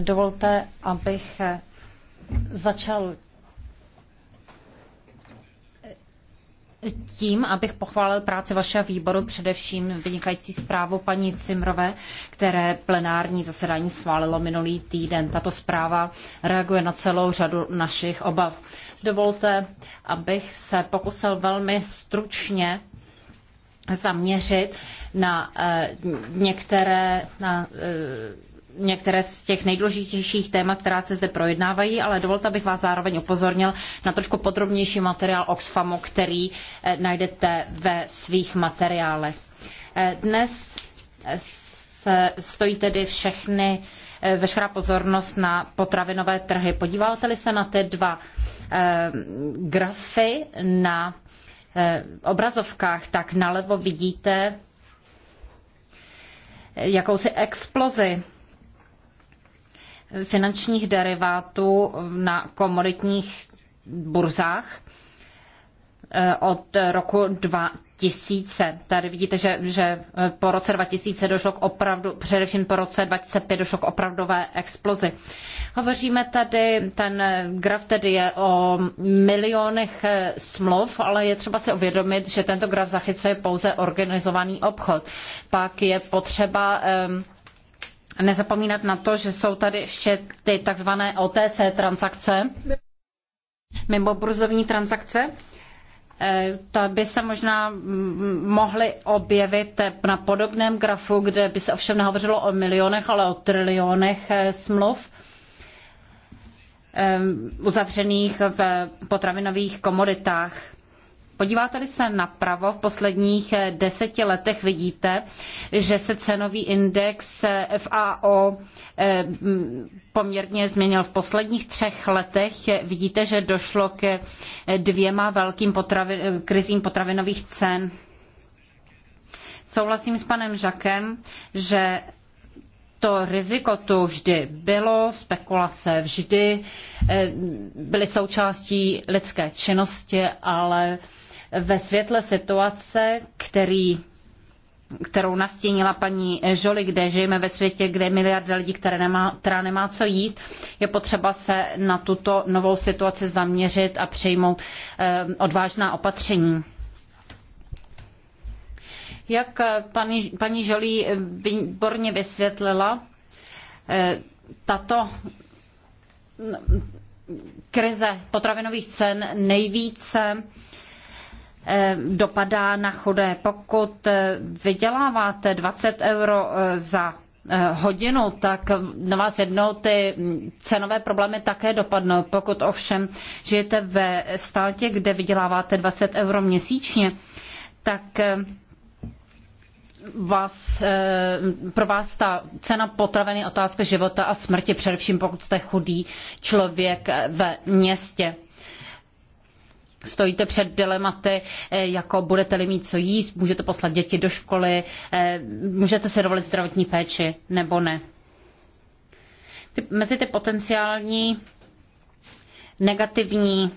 Dovolte, abych začal tím, abych pochválil práci vašeho výboru, především vynikající zprávu paní Cimrové, které plenární zasedání schválilo minulý týden. Tato zpráva reaguje na celou řadu našich obav. Dovolte, abych se pokusil velmi stručně zaměřit na eh, některé na, eh, některé z těch nejdůležitějších témat, která se zde projednávají, ale dovolte, abych vás zároveň upozornil na trošku podrobnější materiál Oxfamu, který eh, najdete ve svých materiálech. Eh, dnes eh, stojí tedy všechny, veškerá pozornost na potravinové trhy. Podíváte-li se na ty dva grafy na obrazovkách, tak nalevo vidíte jakousi explozi finančních derivátů na komoditních burzách eh, od roku 2000. Tady vidíte, že, že eh, po roce 2000 došlo k opravdu, především po roce 2005 došlo k opravdové explozi. Hovoříme tady, ten eh, graf tedy je o milionech smluv, ale je třeba si uvědomit, že tento graf zachycuje pouze organizovaný obchod. Pak je potřeba um, nezapomínat na to, že jsou tady ještě ty takzvané OTC transakce, mimo burzovní transakce. Eh, to by se možná mm, mohly objevit eh, na podobném grafu, kde by se ovšem nehovořilo o milionech, ale o trilionech eh, smluv uzavřených v potravinových komoditách. Podíváte-li se napravo, v posledních eh, deseti letech vidíte, že se cenový index eh, FAO eh, poměrně změnil. V posledních třech letech vidíte, že došlo ke dvěma velkým potravi, krizím potravinových cen. Souhlasím s panem Žakem, že to riziko tu vždy bylo, spekulace vždy byly součástí lidské činnosti, ale ve světle situace, který kterou nastínila paní Žoli, kde žijeme ve světě, kde je miliarda lidí, které nemá, která nemá co jíst, je potřeba se na tuto novou situaci zaměřit a přijmout eh, odvážná opatření. Jak paní, paní Žolí výborně vysvětlila, eh, tato mm, krize potravinových cen nejvíce eh, Eh, dopadá na chudé. Pokud eh, vyděláváte 20 euro eh, za hodinu, tak na vás jednou ty mm, cenové problémy také dopadnou. Pokud ovšem žijete ve státě, kde vyděláváte 20 euro měsíčně, tak vás, pro vás ta cena potraviny otázka života a smrti, především pokud jste chudý člověk ve městě stojíte před dilematy, eh, jako budete-li mít co jíst, můžete poslat děti do školy, eh, můžete si dovolit zdravotní péči nebo ne. Ty, mezi ty potenciální negativní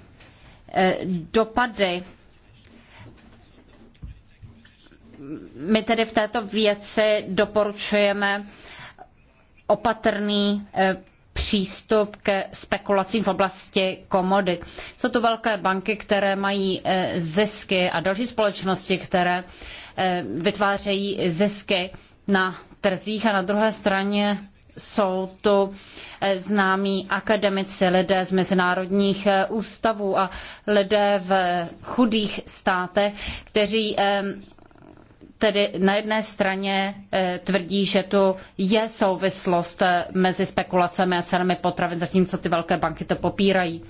eh, dopady my tedy v této věci doporučujeme opatrný přístup ke spekulacím v oblasti komodit. Jsou to velké banky, které mají eh, zisky a další společnosti, které eh, vytvářejí zisky na trzích a na druhé straně jsou tu eh, známí akademici, lidé z mezinárodních ústavů a lidé v chudých státech, kteří tedy na jedné straně eh, tvrdí, že tu je souvislost eh, mezi spekulacemi a cenami potravin, zatímco ty velké banky to popírají.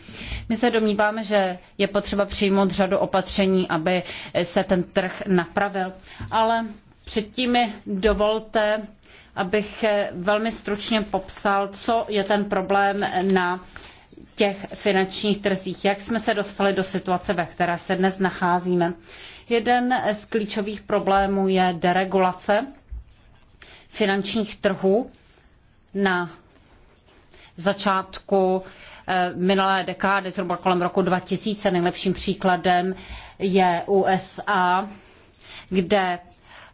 My se domníváme, že je potřeba přijmout řadu opatření, aby eh, se ten trh napravil. Ale předtím mi dovolte, abych velmi stručně popsal, co je ten problém na těch finančních trzích, jak jsme se dostali do situace, ve které se dnes nacházíme. Jeden z klíčových problémů je deregulace finančních trhů na začátku eh, minulé dekády, zhruba kolem roku 2000. Nejlepším příkladem je USA, kde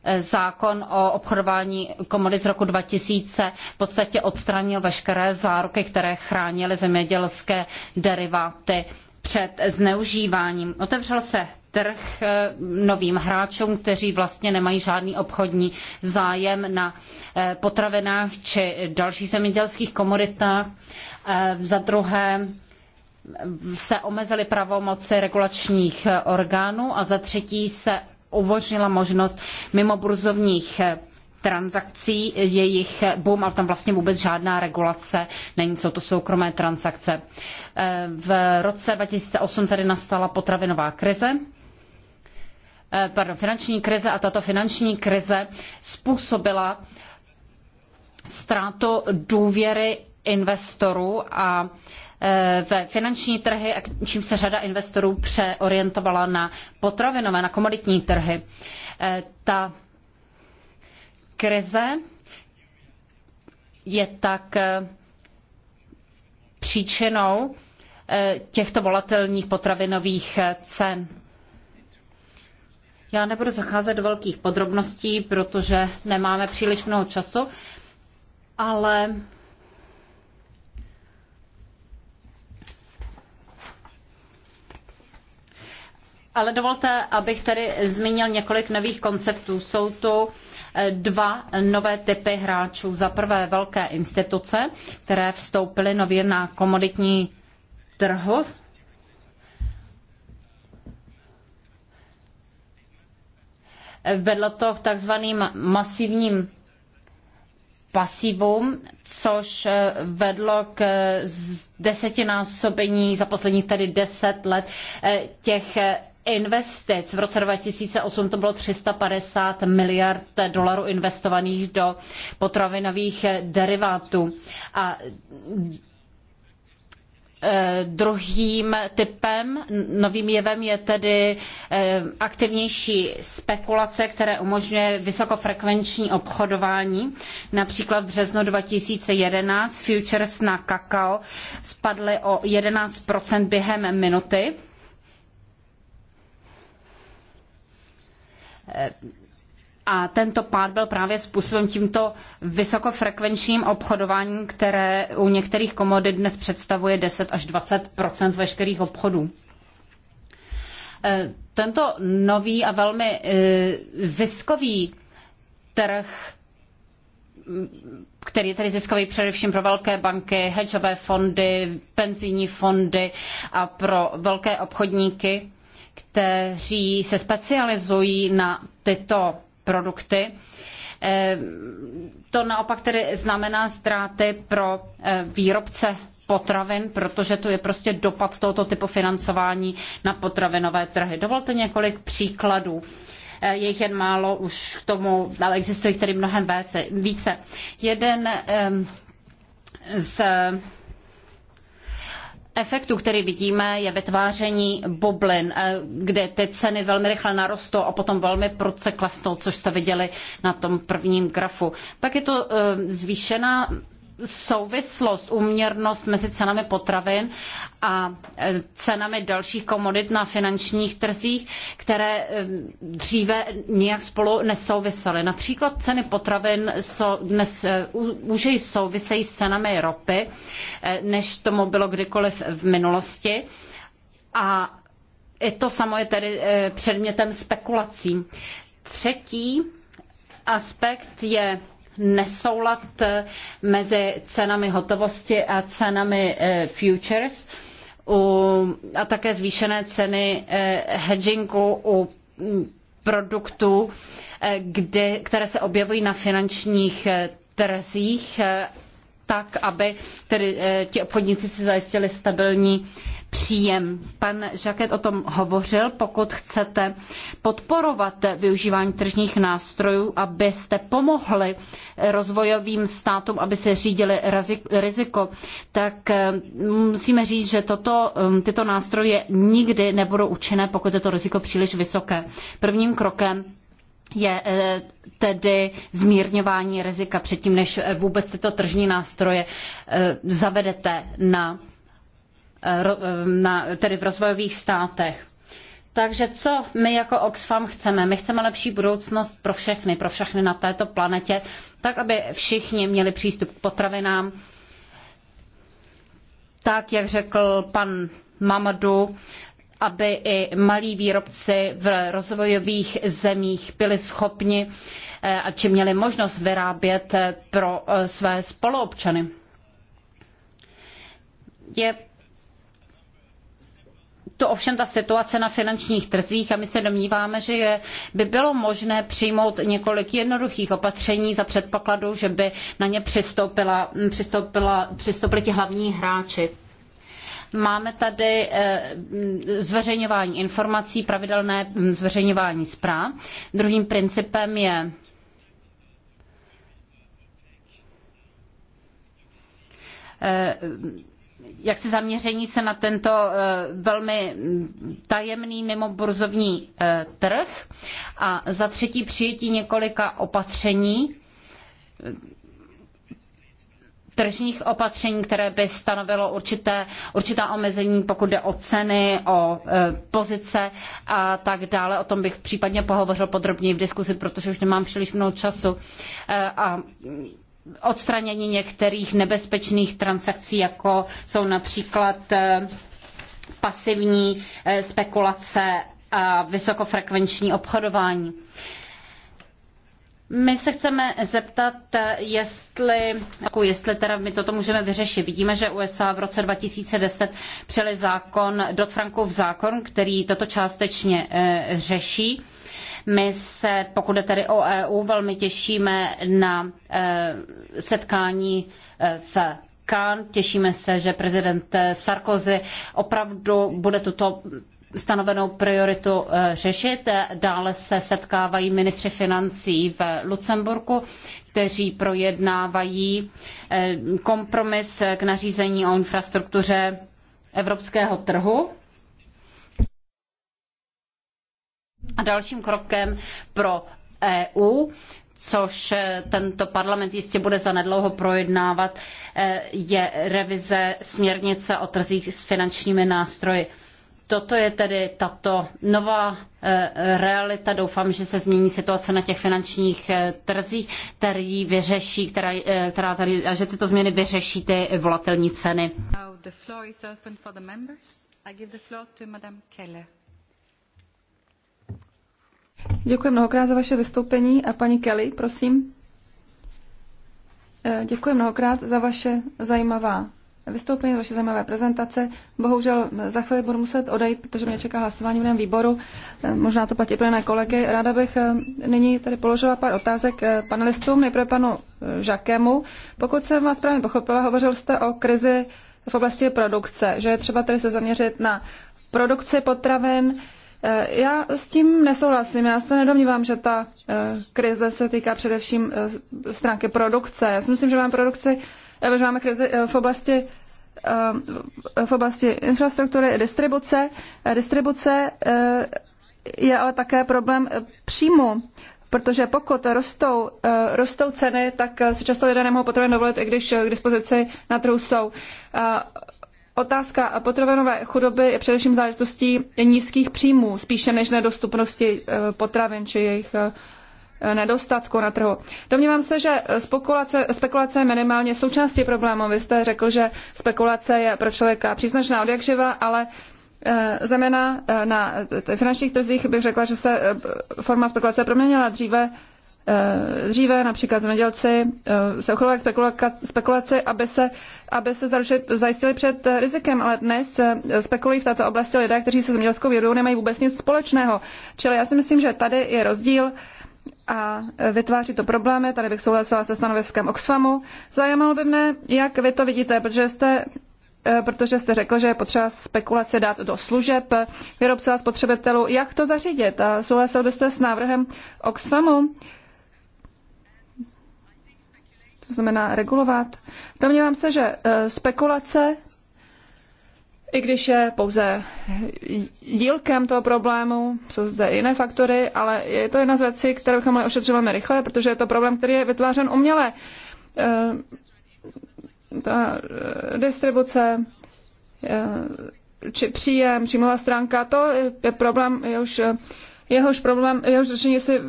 eh, zákon o obchodování komodit z roku 2000 v podstatě odstranil veškeré záruky, které chránily zemědělské deriváty před zneužíváním. Otevřel se trh eh, novým hráčům, kteří vlastně nemají žádný obchodní zájem na eh, potravinách či dalších zemědělských komoditách. Eh, za druhé se omezily pravomoci regulačních orgánů a za třetí se umožnila možnost mimo transakcí, jejich boom, ale tam vlastně vůbec žádná regulace není, jsou to soukromé transakce. V roce 2008 tedy nastala potravinová krize Eh, pardon, finanční krize a tato finanční krize způsobila ztrátu důvěry investorů a eh, ve finanční trhy, čím se řada investorů přeorientovala na potravinové, na komoditní trhy. Eh, ta krize je tak příčinou těchto volatilních potravinových cen. Já nebudu zacházet do velkých podrobností, protože nemáme příliš mnoho času, ale Ale dovolte, abych tady zmínil několik nových konceptů. Jsou tu eh, dva nové typy hráčů. Za prvé velké instituce, které vstoupily nově na komoditní trhu, Vedlo to k takzvaným masivním pasivům, což eh, vedlo k eh, desetinásobení za posledních tedy deset let eh, těch investic. V roce 2008 to bylo 350 miliard dolarů investovaných do potravinových derivátů. A Eh, druhým typem, novým jevem je tedy eh, aktivnější spekulace, které umožňuje vysokofrekvenční obchodování. Například v březnu 2011 futures na kakao spadly o 11% během minuty eh, a tento pád byl právě způsoben tímto vysokofrekvenčním obchodováním, které u některých komodit dnes představuje 10 až 20 veškerých obchodů. E, tento nový a velmi e, ziskový trh který je tedy ziskový především pro velké banky, hedžové fondy, penzijní fondy a pro velké obchodníky, kteří se specializují na tyto produkty. Eh, to naopak tedy znamená ztráty pro eh, výrobce potravin, protože tu je prostě dopad tohoto typu financování na potravinové trhy. Dovolte několik příkladů eh, je jich jen málo už k tomu, ale existuje jich tedy mnohem více. Jeden ehm, z efektu, který vidíme, je vytváření bublin, eh, kde ty ceny velmi rychle narostou a potom velmi prudce klesnou, což jste viděli na tom prvním grafu. Pak je to eh, zvýšená souvislost, uměrnost mezi cenami potravin a e, cenami dalších komodit na finančních trzích, které e, dříve nijak spolu nesouvisely. Například ceny potravin jsou dnes e, už souvisejí s cenami ropy, než tomu bylo kdykoliv v minulosti. A i to samo je tedy předmětem spekulací. Třetí aspekt je nesoulad eh, mezi cenami hotovosti a cenami eh, futures a také zvýšené ceny eh, hedgingu u mm, produktů, kde, které se objevují na finančních trzích, tak aby tedy ti obchodníci si zajistili stabilní příjem. Pan Žaket o tom hovořil, pokud chcete podporovat využívání tržních nástrojů, abyste pomohli rozvojovým státům, aby se řídili riziko, tak eh, musíme říct, že toto, eh, tyto nástroje nikdy nebudou účinné, pokud je to riziko příliš vysoké. Prvním krokem je eh, tedy zmírňování rizika předtím, než vůbec tyto tržní nástroje zavedete na Eh, eh, na, tedy v rozvojových státech. Takže co my jako Oxfam chceme? My chceme lepší budoucnost pro všechny, pro všechny na této planetě, tak aby všichni měli přístup k potravinám. Tak, jak řekl pan Mamadu, aby i malí výrobci v rozvojových zemích byli schopni eh, a či měli možnost vyrábět pro své spoluobčany. Je to ovšem ta situace na finančních trzích a my se domníváme, že je, by bylo možné přijmout několik jednoduchých opatření za předpokladu, že by na ně přistoupila, přistoupila, přistoupili ti hlavní hráči. Máme tady eh, zveřejňování informací, pravidelné hm, zveřejňování zpráv. Druhým principem je eh, jaksi zaměření se na tento eh, velmi tajemný mimoburzovní eh, trh a za třetí přijetí několika opatření, eh, tržních opatření, které by stanovilo určité, určitá omezení, pokud jde o ceny, o pozice a tak dále. O tom bych případně pohovořil podrobněji v diskusi, protože už nemám příliš mnoho času. a odstranění některých nebezpečných transakcí, jako jsou například eh, pasivní eh, spekulace a vysokofrekvenční obchodování. My se chceme zeptat, eh, jestli, jako jestli teda my toto můžeme vyřešit. Vidíme, že USA v roce 2010 přijeli zákon, Dodd-Frankův zákon, který toto částečně řeší. My se, pokud je tedy o EU, velmi těšíme na e, setkání e, v Cannes. Těšíme se, že prezident e, Sarkozy opravdu bude tuto stanovenou prioritu řešit. Dále se setkávají ministři financí v Lucemburku, kteří projednávají kompromis k nařízení o infrastruktuře evropského trhu a dalším krokem pro EU což tento parlament jistě bude zanedlouho projednávat, eh, je revize směrnice o trzích s finančními nástroji. Toto je tedy tato nová eh, realita. Doufám, že se změní situace na těch finančních eh, trzích, který vyřeší, která, která tady, a že tyto změny vyřeší ty volatilní ceny.
Děkuji mnohokrát za vaše vystoupení a paní Kelly, prosím. Eh, děkuji mnohokrát za vaše zajímavá vystoupení, za vaše zajímavé prezentace. Bohužel eh, za chvíli budu muset odejít, protože mě čeká hlasování v jiném výboru. Eh, možná to platí pro jiné kolegy. Ráda bych nyní tady položila pár otázek panelistům, nejprve panu Žakému. Pokud jsem vás správně pochopila, hovořil jste o krizi v oblasti produkce, že je třeba tady se zaměřit na produkci potravin, Eh, já s tím nesouhlasím. Já se nedomnívám, že ta eh, krize se týká především eh, stránky produkce. Já si myslím, že máme produkci, že máme krizi v oblasti v oblasti infrastruktury distribuce. Distribuce je ale také problém příjmu, protože pokud rostou, rostou ceny, tak se často lidé nemohou potřebovat dovolit, i když k dispozici na trhu jsou. Otázka potravinové chudoby je především záležitostí nízkých příjmů, spíše než nedostupnosti eh, potravin či jejich eh, nedostatku na trhu. Domnívám se, že spekulace, spekulace je minimálně součástí problému. Vy jste řekl, že spekulace je pro člověka příznačná od jak živa, ale eh, zejména na finančních trzích bych řekla, že se forma spekulace proměnila. Dříve Eh, dříve například zemědělci eh, se uchylovali spekulaci, aby se, aby se zaručili, zajistili před eh, rizikem, ale dnes spekulují v této oblasti lidé, kteří se zemědělskou vědou nemají vůbec nic společného. Čili já si myslím, že tady je rozdíl a vytváří to problémy. Tady bych souhlasila se stanoviskem Oxfamu. Zajímalo by mne, jak vy to vidíte, protože jste protože jste řekl, že je potřeba spekulace dát do služeb výrobce a spotřebitelů. Jak to zařídit? A souhlasil byste s návrhem Oxfamu? to znamená regulovat. Domnívám se, že eh, spekulace, i když je pouze dílkem toho problému, jsou zde jiné faktory, ale je to jedna z věcí, které bychom mohli ošetřit velmi rychle, protože je to problém, který je vytvářen uměle. Eh, ta eh, distribuce či příjem, příjmová stránka, to je problém, je už jehož problém, jehož řešení si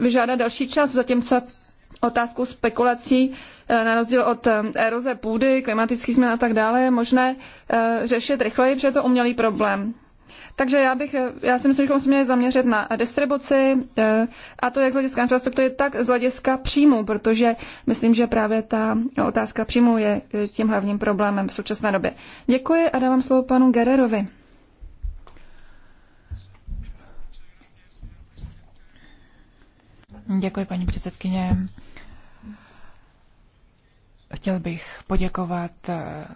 vyžádá další čas, zatímco otázku spekulací, eh, na rozdíl od eh, eroze půdy, klimatických změn a tak dále, je možné eh, řešit rychleji, protože je to umělý problém. Takže já, bych, já si myslím, že bychom se měli zaměřit na distribuci a to jak z hlediska infrastruktury, tak z hlediska příjmu, protože myslím, že právě ta otázka příjmu je tím hlavním problémem v současné době. Děkuji a dávám slovo panu Gererovi.
Děkuji,
paní předsedkyně. Chtěl bych poděkovat eh,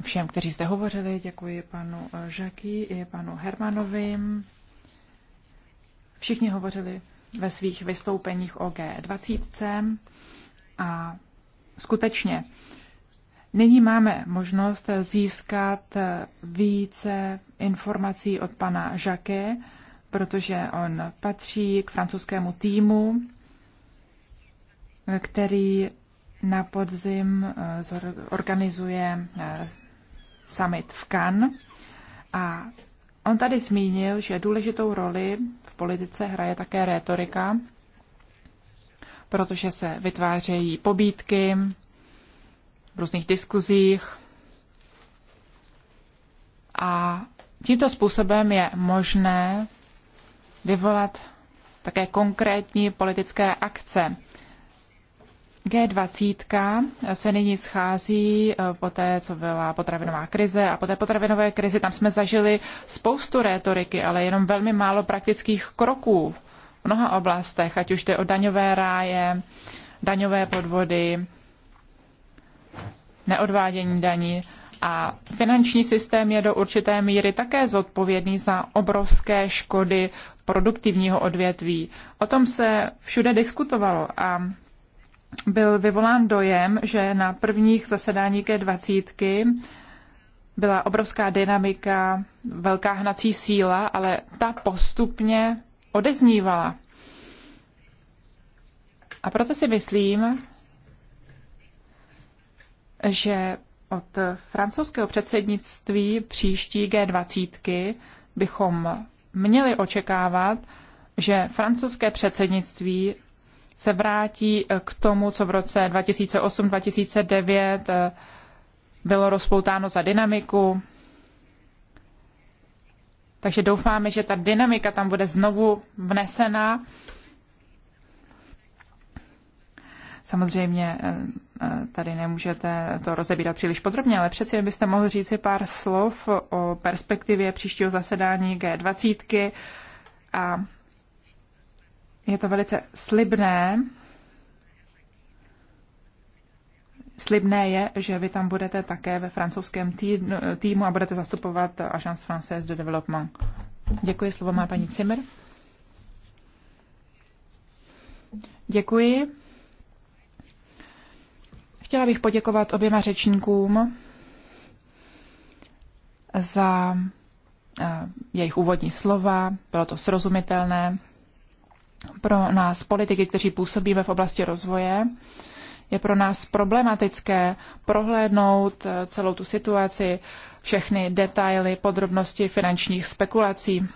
všem, kteří zde hovořili. Děkuji panu eh, Žaky i panu Hermanovi. Všichni hovořili ve svých vystoupeních o G20 a skutečně nyní máme možnost získat eh, více informací od pana Žaké, protože on patří k francouzskému týmu, který na podzim eh, organizuje eh, summit v Cannes a on tady zmínil, že důležitou roli v politice hraje také rétorika, protože se vytvářejí pobídky v různých diskuzích a tímto způsobem je možné vyvolat také konkrétní politické akce. G20 se nyní schází eh, po té, co byla potravinová krize a po té potravinové krizi tam jsme zažili spoustu rétoriky, ale jenom velmi málo praktických kroků v mnoha oblastech, ať už jde o daňové ráje, daňové podvody, neodvádění daní. A finanční systém je do určité míry také zodpovědný za obrovské škody produktivního odvětví. O tom se všude diskutovalo a byl vyvolán dojem, že na prvních zasedání G20 byla obrovská dynamika, velká hnací síla, ale ta postupně odeznívala. A proto si myslím, že od francouzského předsednictví příští G20 bychom měli očekávat, že francouzské předsednictví se vrátí eh, k tomu, co v roce 2008-2009 eh, bylo rozpoutáno za dynamiku. Takže doufáme, že ta dynamika tam bude znovu vnesena. Samozřejmě eh, tady nemůžete to rozebírat příliš podrobně, ale přeci byste mohli říci pár slov o perspektivě příštího zasedání G20 a je to velice slibné. Slibné je, že vy tam budete také ve francouzském týmu a budete zastupovat Agence Française de Développement. Děkuji, slovo má paní Cimer. Děkuji. Chtěla bych poděkovat oběma řečníkům za eh, jejich úvodní slova. Bylo to srozumitelné pro nás politiky, kteří působíme v oblasti rozvoje, je pro nás problematické prohlédnout eh, celou tu situaci, všechny detaily, podrobnosti finančních spekulací.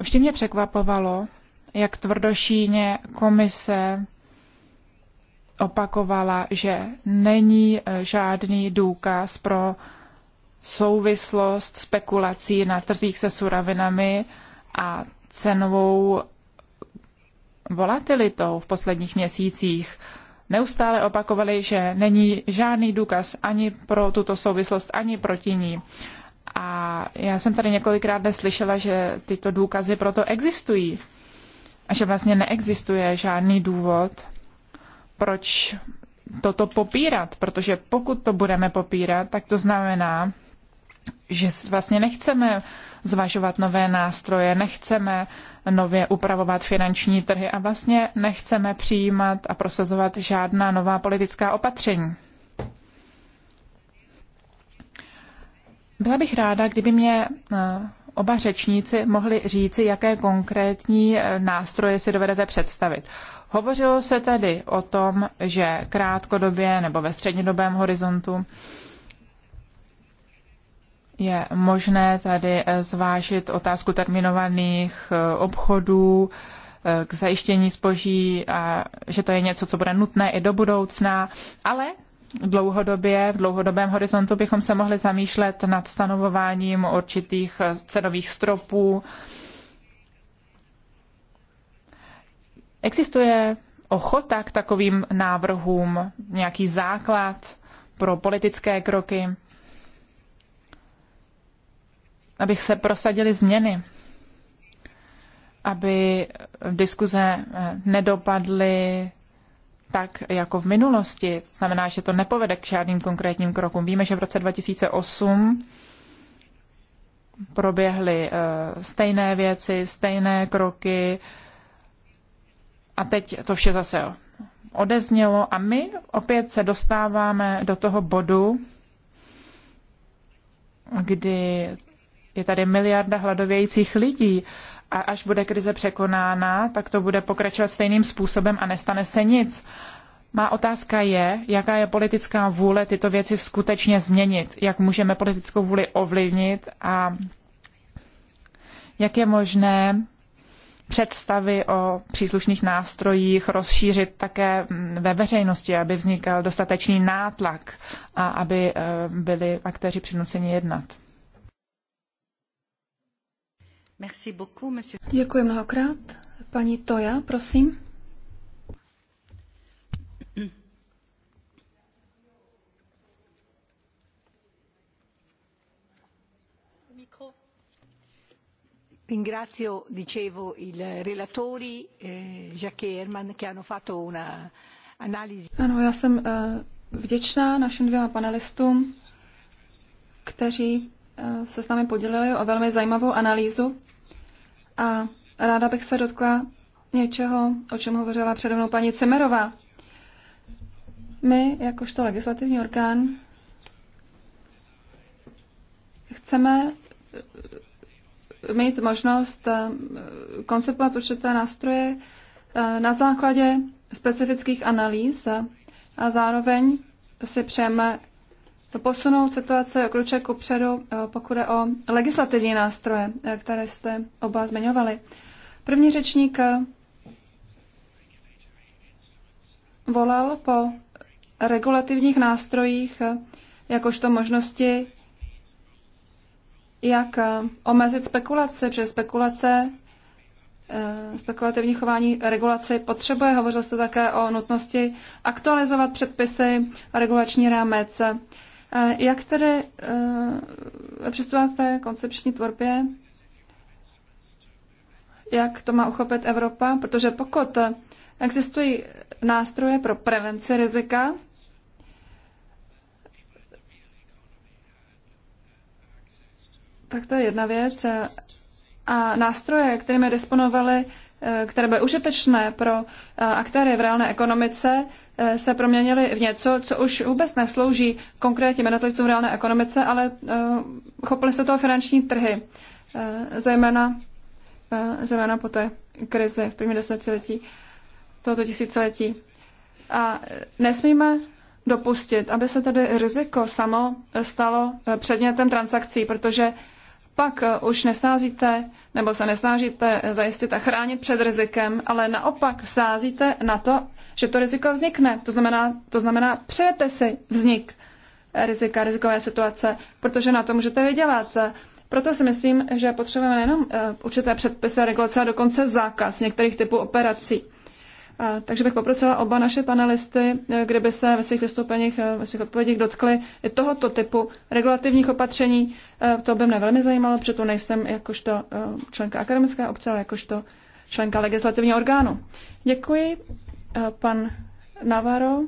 Vždy mě překvapovalo, jak tvrdošíně komise opakovala, že není eh, žádný důkaz pro souvislost spekulací na trzích se surovinami a cenovou volatilitou v posledních měsících. Neustále opakovali, že není žádný důkaz ani pro tuto souvislost, ani proti ní. A já jsem tady několikrát neslyšela, že tyto důkazy proto existují. A že vlastně neexistuje žádný důvod, proč toto popírat, protože pokud to budeme popírat, tak to znamená, že vlastně nechceme zvažovat nové nástroje, nechceme nově upravovat finanční trhy a vlastně nechceme přijímat a prosazovat žádná nová politická opatření. Byla bych ráda, kdyby mě eh, oba řečníci mohli říci, jaké konkrétní eh, nástroje si dovedete představit. Hovořilo se tedy o tom, že krátkodobě nebo ve střednědobém horizontu je možné tady eh, zvážit otázku terminovaných eh, obchodů eh, k zajištění zboží a že to je něco, co bude nutné i do budoucna, ale dlouhodobě, v dlouhodobém horizontu bychom se mohli zamýšlet nad stanovováním určitých cenových stropů. Existuje ochota k takovým návrhům, nějaký základ pro politické kroky? abych se prosadili změny, aby diskuze eh, nedopadly tak jako v minulosti. To znamená, že to nepovede k žádným konkrétním krokům. Víme, že v roce 2008 proběhly eh, stejné věci, stejné kroky a teď to vše zase odeznělo a my opět se dostáváme do toho bodu, kdy je tady miliarda hladovějících lidí a až bude krize překonána, tak to bude pokračovat stejným způsobem a nestane se nic. Má otázka je, jaká je politická vůle tyto věci skutečně změnit, jak můžeme politickou vůli ovlivnit a jak je možné představy o příslušných nástrojích rozšířit také ve veřejnosti, aby vznikal dostatečný nátlak a aby eh, byli aktéři přinuceni jednat.
Děkuji mnohokrát. Paní Toja, prosím.
ringrazio dicevo i relatori eh, jacquet herman che hanno fatto un'analisi.
Ano, já jsem eh, vděčná našim dvěma panelistům, kteří eh, se s námi podělili o velmi zajímavou analýzu a ráda bych se dotkla něčeho, o čem hovořila přede mnou paní Cimerová. My, jakožto legislativní orgán, chceme eh, mít možnost eh, koncipovat určité nástroje eh, na základě specifických analýz a zároveň si přejeme posunout situace kluče ku předu, eh, pokud je o legislativní nástroje, eh, které jste oba zmiňovali. První řečník eh, volal po regulativních nástrojích jakožto možnosti, jak omezit spekulace, protože spekulace spekulativní chování regulaci potřebuje. Hovořil se také o nutnosti aktualizovat předpisy a regulační rámec. Jak tedy eh, přistupujete koncepční tvorbě? Jak to má uchopit Evropa? Protože pokud existují nástroje pro prevenci rizika, tak to je jedna věc. A nástroje, kterými disponovali, eh, které byly užitečné pro eh, aktéry v reálné ekonomice, Eh, se proměnily v něco, co už vůbec neslouží konkrétně jednotlivcům reálné ekonomice, ale eh, chopily se toho finanční trhy, eh, zejména, zejména po té krizi v první desetiletí tohoto tisíciletí. A nesmíme dopustit, aby se tedy riziko samo stalo předmětem transakcí, protože pak už nesázíte nebo se nesnážíte zajistit a chránit před rizikem, ale naopak sázíte na to, že to riziko vznikne. To znamená, to znamená přejete si vznik rizika, rizikové situace, protože na to můžete vydělat. Proto si myslím, že potřebujeme nejenom eh, určité předpisy, regulace a dokonce zákaz některých typů operací. Eh, takže bych poprosila oba naše panelisty, eh, kdyby se ve svých vystoupeních, ve svých odpovědích dotkli tohoto typu regulativních opatření. To by mě velmi zajímalo, protože tu nejsem jakožto členka akademické obce, ale jakožto členka legislativního orgánu. Děkuji. Eh, pan Navarro.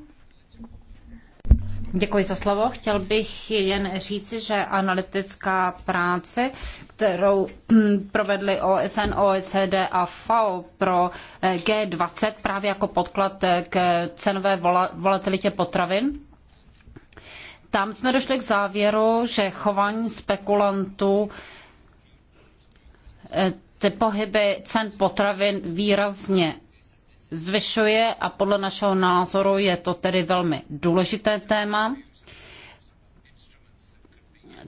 Děkuji za slovo. Chtěl bych jen říci, že analytická práce, kterou provedly OSN, OECD a FAO pro eh, G20 právě jako podklad eh, k cenové volatilitě potravin, tam jsme došli k závěru, že chování spekulantů ty pohyby cen potravin výrazně zvyšuje a podle našeho názoru je to tedy velmi důležité téma.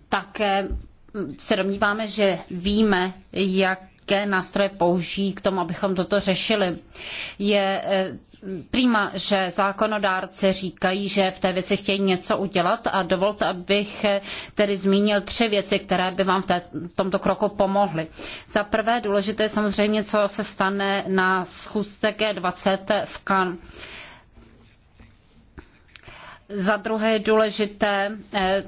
Také se domníváme, že víme, jaké nástroje použijí k tomu, abychom toto řešili. Je eh, Prima, že zákonodárci říkají, že v té věci chtějí něco udělat a dovolte, abych tedy zmínil tři věci, které by vám v té, tomto kroku pomohly. Za prvé důležité je samozřejmě, co se stane na schůzce G20 v Cannes. Za druhé je důležité eh,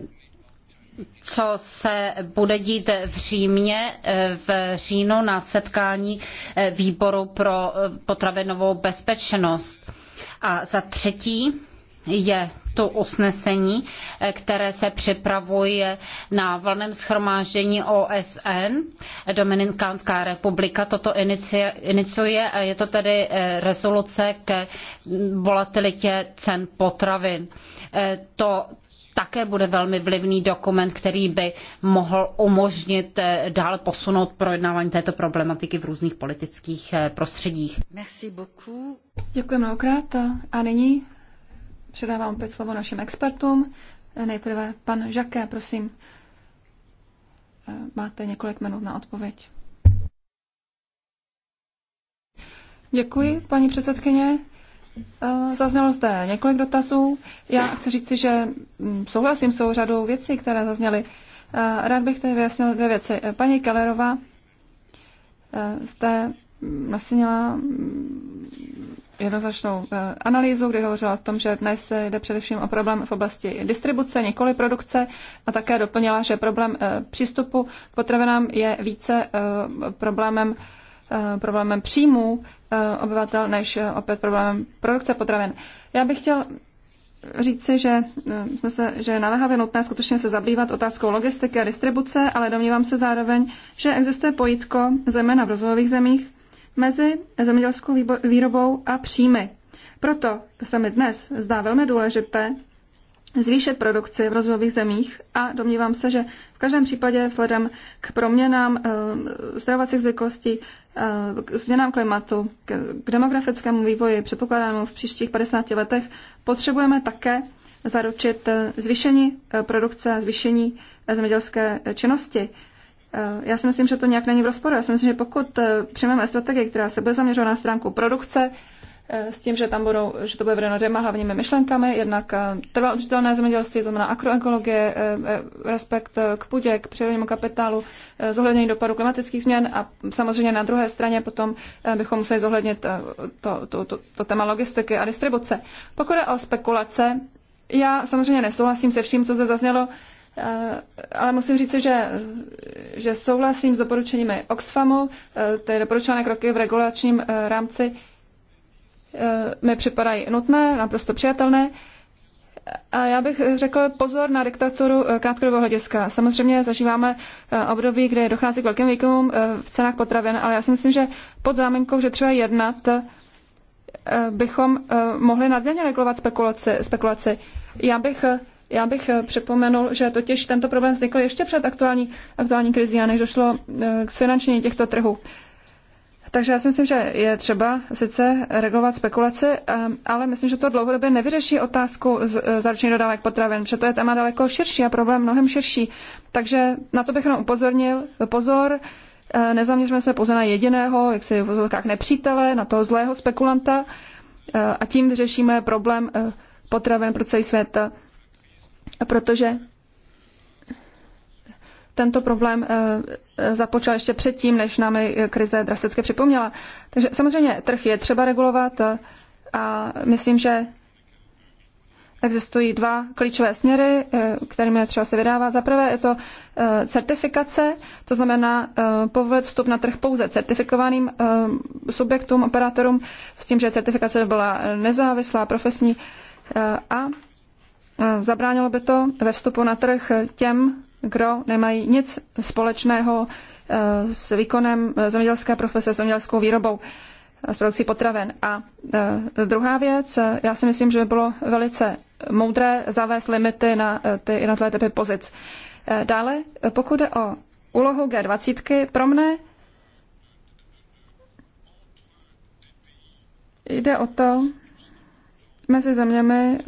co se bude dít v Římě eh, v říjnu na setkání eh, výboru pro eh, potravinovou bezpečnost. A za třetí je to usnesení, které se připravuje na valném schromáždění OSN. Dominikánská republika toto iniciuje a je to tedy rezoluce ke volatilitě cen potravin. To také bude velmi vlivný dokument, který by mohl umožnit eh, dále posunout projednávání této problematiky v různých politických eh, prostředích.
Merci beaucoup. Děkuji mnohokrát a nyní předávám opět slovo našim expertům. Nejprve pan Žaké, prosím, eh, máte několik minut na odpověď. Děkuji, paní předsedkyně. Eh, zaznělo zde několik dotazů. Já chci říci, že mm, souhlasím s řadou věcí, které zazněly. Eh, rád bych tady vyjasnil dvě věci. Eh, paní Kellerová jste mm, nasinila mm, jednoznačnou analýzu, kdy hovořila o tom, že dnes jde především o problém v oblasti distribuce, nikoli produkce a také doplnila, že problém přístupu k potravinám je více problémem Eh, problémem příjmů eh, obyvatel než eh, opět problémem produkce potravin. Já bych chtěl říct si, že, jsme se, že je naléhavě nutné skutečně se zabývat otázkou logistiky a distribuce, ale domnívám se zároveň, že existuje pojítko, zejména v rozvojových zemích, mezi zemědělskou výrobou a příjmy. Proto se mi dnes zdá velmi důležité zvýšit produkci v rozvojových zemích a domnívám se, že v každém případě vzhledem k proměnám e, stravovacích zvyklostí k změnám klimatu, k demografickému vývoji předpokládanému v příštích 50 letech, potřebujeme také zaručit eh, zvýšení eh, produkce, zvýšení eh, zemědělské činnosti. Já si myslím, že to nějak není v rozporu. Já si myslím, že pokud přijmeme strategii, která se bude zaměřovat na stránku produkce, s tím, že tam budou, že to bude vedeno dvěma hlavními myšlenkami, jednak eh, trvá udržitelné zemědělství, to znamená agroekologie, eh, eh, respekt k půdě, k přírodnímu kapitálu, zohlednění dopadu klimatických změn a samozřejmě na druhé straně potom bychom museli zohlednit to, to, to, to téma logistiky a distribuce. Pokud je o spekulace, já samozřejmě nesouhlasím se vším, co zde zaznělo, ale musím říct, že, že souhlasím s doporučeními Oxfamu, ty doporučované kroky v regulačním rámci Eh, mi připadají nutné, naprosto přijatelné. A já bych řekl pozor na diktaturu eh, krátkodobého hlediska. Samozřejmě zažíváme eh, období, kde dochází k velkým výkyvům v cenách potravin, ale já si myslím, že pod záminkou, že třeba jednat, bychom mohli nadměrně regulovat spekulaci. spekulaci. Já bych já bych připomenul, že totiž tento problém vznikl ještě před aktuální, aktuální krizí a než došlo k finančení těchto trhů. Takže já si myslím, že je třeba sice regulovat spekulaci, ehm, ale myslím, že to dlouhodobě nevyřeší otázku e, zaručení dodávek potravin, protože to je téma daleko širší a problém mnohem širší. Takže na to bych jenom upozornil. Pozor, e, nezaměřme se pouze na jediného, jak se v vozovkách nepřítele, na toho zlého spekulanta e, a tím vyřešíme problém potravin pro celý svět. Protože tento problém eh, eh, započal ještě předtím, než nám krize drasticky připomněla. Takže samozřejmě trh je třeba regulovat eh, a myslím, že existují dva klíčové směry, kterými je třeba se vydávat. Za prvé je to certifikace, to znamená povolit vstup na trh pouze certifikovaným subjektům, operátorům, s tím, že certifikace byla nezávislá, profesní a zabránilo by to ve vstupu na trh těm gro nemají nic společného eh, s výkonem eh, zemědělské profese, s zemědělskou výrobou eh, s produkcí potraven. A druhá věc, já si myslím, že by bylo velice moudré zavést limity na ty jednotlivé typy pozic. Dále, pokud jde o úlohu G20, pro mne jde o to mezi zeměmi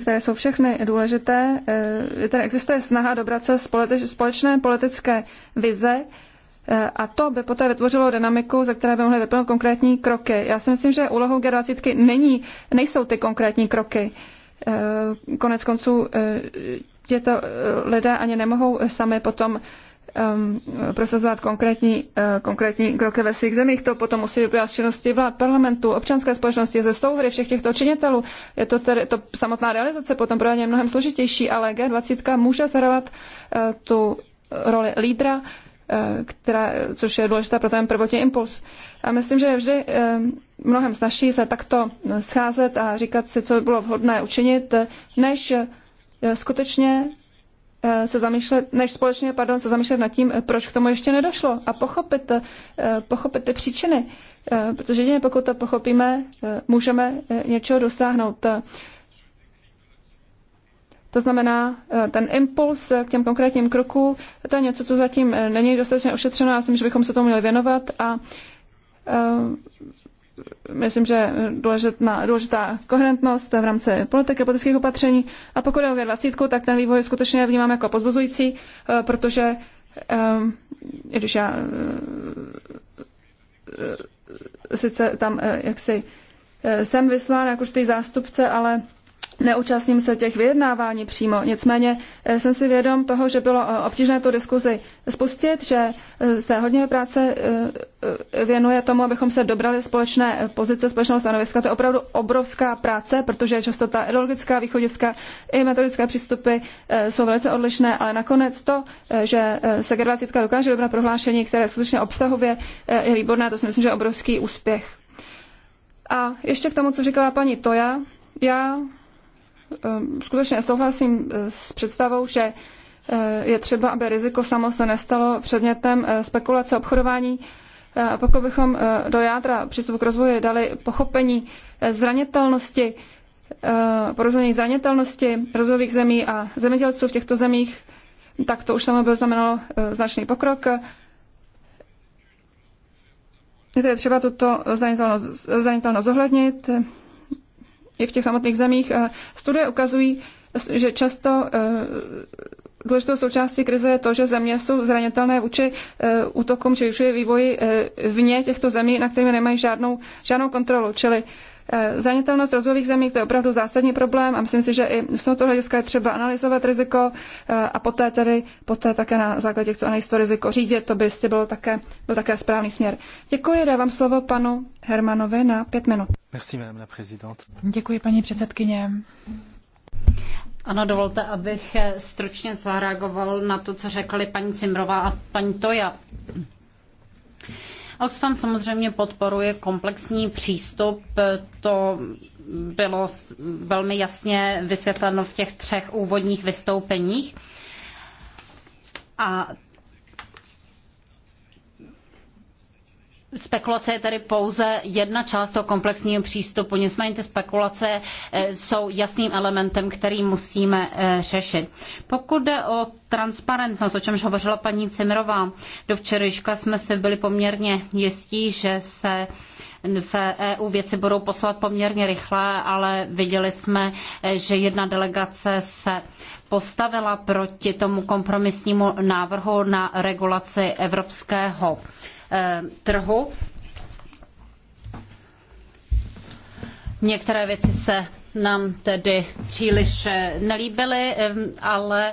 které jsou všechny důležité. Eh, tady existuje snaha dobrat se společné politické vize eh, a to by poté vytvořilo dynamiku, ze které by mohly vyplnout konkrétní kroky. Já si myslím, že úlohou G20 není, nejsou ty konkrétní kroky. Eh, konec konců je to lidé ani nemohou sami potom um, prosazovat konkrétní, uh, konkrétní kroky ve svých zemích. To potom musí vyplývat z činnosti vlád, parlamentu, občanské společnosti, ze souhry všech těchto činitelů. Je to tedy to samotná realizace potom pro ně mnohem složitější, ale G20 může zahrávat uh, tu roli lídra, uh, která, což je důležitá pro ten prvotní impuls. A myslím, že je vždy uh, mnohem snažší se takto scházet a říkat si, co by bylo vhodné učinit, než uh, skutečně Eh, se zamýšlet, než společně pardon, se zamýšlet nad tím, eh, proč k tomu ještě nedošlo a pochopit, eh, pochopit ty příčiny. Protože jedině pokud to pochopíme, můžeme něčeho dosáhnout. To znamená, ten impuls k těm konkrétním krokům, to je něco, co zatím není dostatečně ošetřeno. Já myslím, že bychom se tomu měli věnovat a myslím, že důležitá, důležitá koherentnost v rámci politiky, politických opatření. A pokud je o G20, tak ten vývoj skutečně vnímám jako pozbuzující, eh, protože eh, když já eh, sice tam jaksi jsem vyslán jako určitý zástupce, ale Neúčastním se těch vyjednávání přímo, nicméně eh, jsem si vědom toho, že bylo eh, obtížné tu diskuzi spustit, že eh, se hodně práce věnuje tomu, abychom se dobrali společné pozice, společného stanoviska. To je opravdu obrovská práce, protože často ta ideologická východiska i metodické přístupy jsou velice odlišné, ale nakonec to, že se G20 dokáže dobrat prohlášení, které skutečně obsahově je výborné, to si myslím, že je obrovský úspěch. A ještě k tomu, co říkala paní Toja, já Ehm, skutečně souhlasím eh, s představou, že eh, je třeba, aby riziko samo se nestalo předmětem eh, spekulace obchodování. Pokud bychom do jádra přístupu k rozvoji dali pochopení zranitelnosti, porozumění zranitelnosti rozvojových zemí a zemědělců v těchto zemích, tak to už samo by znamenalo značný pokrok. Je tedy třeba tuto zranitelnost, zranitelnost zohlednit i v těch samotných zemích. Eh, studie ukazují, že často eh, důležitou součástí krize je to, že země jsou zranitelné vůči eh, útokům či je vývoj vně těchto zemí, na kterými nemají žádnou, žádnou kontrolu. Čili Zranitelnost rozvojových zemí to je opravdu zásadní problém a myslím si, že i z tohoto hlediska je třeba analyzovat riziko a poté tedy poté také na základě těchto analýz to riziko řídit, to by jistě bylo také, byl také správný směr. Děkuji, dávám slovo panu Hermanovi na pět minut.
Merci, madame la présidente.
Děkuji, paní předsedkyně.
Ano, dovolte, abych stručně zareagoval na to, co řekly paní Cimrová a paní Toja. Oxfam samozřejmě podporuje komplexní přístup, to bylo velmi jasně vysvětleno v těch třech úvodních vystoupeních. A Spekulace je tedy pouze jedna část toho komplexního přístupu, nicméně ty spekulace eh, jsou jasným elementem, který musíme eh, řešit. Pokud jde o transparentnost, o čemž hovořila paní Cimrová, do včerejška jsme si byli poměrně jistí, že se v EU věci budou posouvat poměrně rychle, ale viděli jsme, eh, že jedna delegace se postavila proti tomu kompromisnímu návrhu na regulaci evropského Eh, trhu. Některé věci se nám tedy příliš eh, nelíbily, ale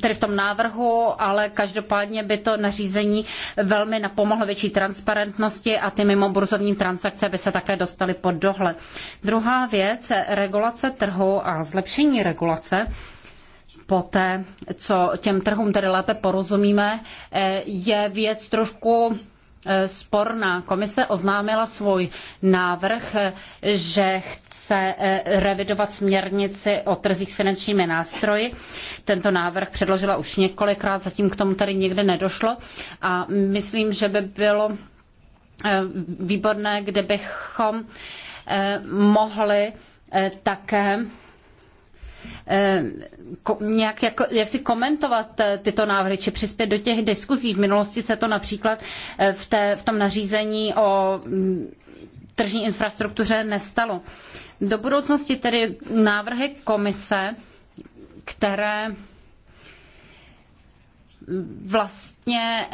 tedy v tom návrhu, ale každopádně by to nařízení velmi napomohlo větší transparentnosti a ty mimo burzovní transakce by se také dostaly pod dohled. Druhá věc, regulace trhu a zlepšení regulace poté, co těm trhům tedy lépe porozumíme, eh, je věc trošku eh, sporná. Komise oznámila svůj návrh, eh, že chce revidovat směrnici o trzích s finančními nástroji. Tento návrh předložila už několikrát, zatím k tomu tady nikdy nedošlo a myslím, že by bylo výborné, kdybychom mohli také Eh, nějak jako, jak si komentovat eh, tyto návrhy, či přispět do těch diskuzí. V minulosti se to například eh, v, té, v tom nařízení o mm, tržní infrastruktuře nestalo. Do budoucnosti tedy návrhy komise, které mm, vlastně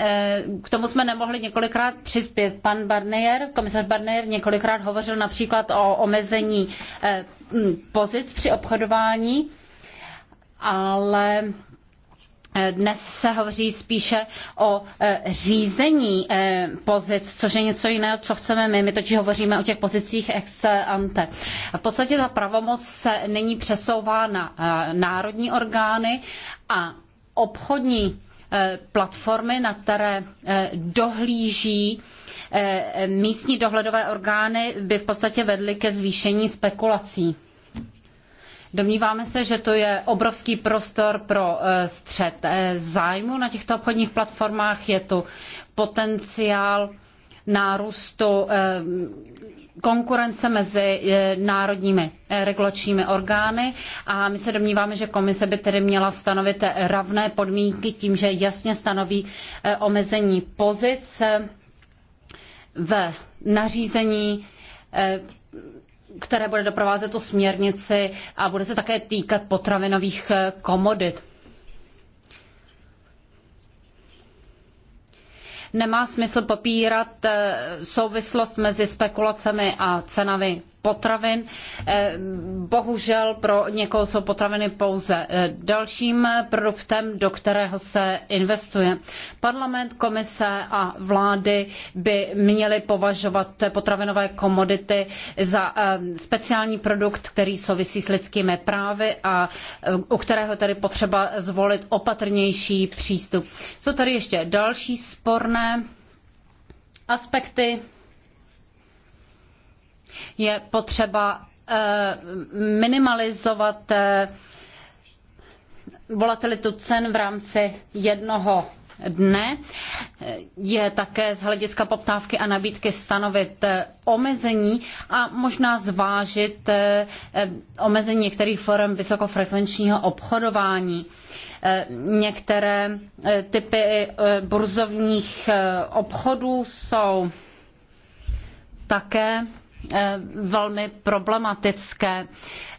k tomu jsme nemohli několikrát přispět. Pan Barnier, komisař Barnier několikrát hovořil například o omezení Mm, pozic při obchodování, ale eh, dnes se hovoří spíše o eh, řízení eh, pozic, což je něco jiného, co chceme my. My totiž hovoříme o těch pozicích ex ante. v podstatě ta pravomoc se nyní přesouvá na národní orgány a obchodní platformy, na které dohlíží místní dohledové orgány, by v podstatě vedly ke zvýšení spekulací. Domníváme se, že to je obrovský prostor pro eh, střet eh, zájmu na těchto obchodních platformách. Je tu potenciál nárůstu eh, konkurence mezi národními regulačními orgány a my se domníváme, že komise by tedy měla stanovit rovné podmínky tím, že jasně stanoví omezení pozic v nařízení které bude doprovázet tu směrnici a bude se také týkat potravinových eh, komodit. Nemá smysl popírat eh, souvislost mezi spekulacemi a cenami potravin. Eh, bohužel pro někoho jsou potraviny pouze eh, dalším produktem, do kterého se investuje. Parlament, komise a vlády by měly považovat potravinové komodity za eh, speciální produkt, který souvisí s lidskými právy a u kterého tedy potřeba zvolit opatrnější přístup. Jsou tady ještě další sporné aspekty je potřeba eh, minimalizovat eh, volatilitu cen v rámci jednoho dne. Je také z hlediska poptávky a nabídky stanovit eh, omezení a možná zvážit omezení některých forem vysokofrekvenčního obchodování. Některé typy burzovních obchodů jsou také Eh, velmi problematické.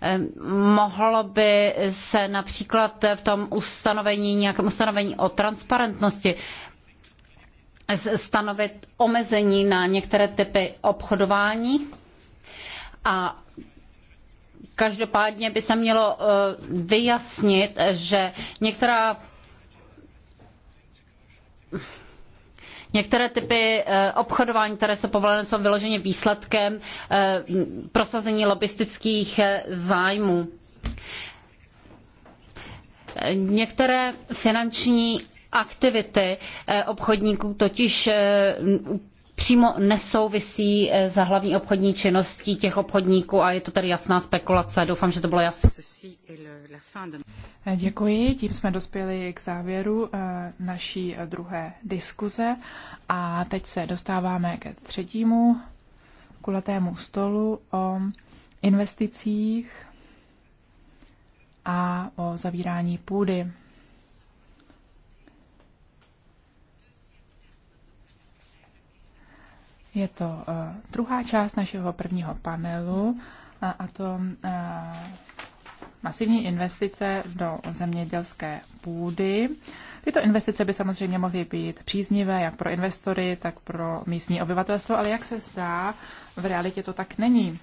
Eh, mohlo by se například v tom ustanovení, nějakém ustanovení o transparentnosti stanovit omezení na některé typy obchodování a každopádně by se mělo eh, vyjasnit, že některá Některé typy eh, obchodování, které se povoleny, jsou vyloženě výsledkem eh, prosazení lobistických eh, zájmů. Některé finanční aktivity obchodníků totiž přímo nesouvisí eh, za hlavní obchodní činností těch obchodníků a je to tedy jasná spekulace. Doufám, že to bylo jasné.
Eh, děkuji, tím jsme dospěli k závěru eh, naší druhé diskuze a teď se dostáváme ke třetímu kulatému stolu o investicích a o zavírání půdy. Je to eh, druhá část našeho prvního panelu eh, a to eh, masivní investice do zemědělské půdy. Tyto investice by samozřejmě mohly být příznivé jak pro investory, tak pro místní obyvatelstvo, ale jak se zdá, v realitě to tak není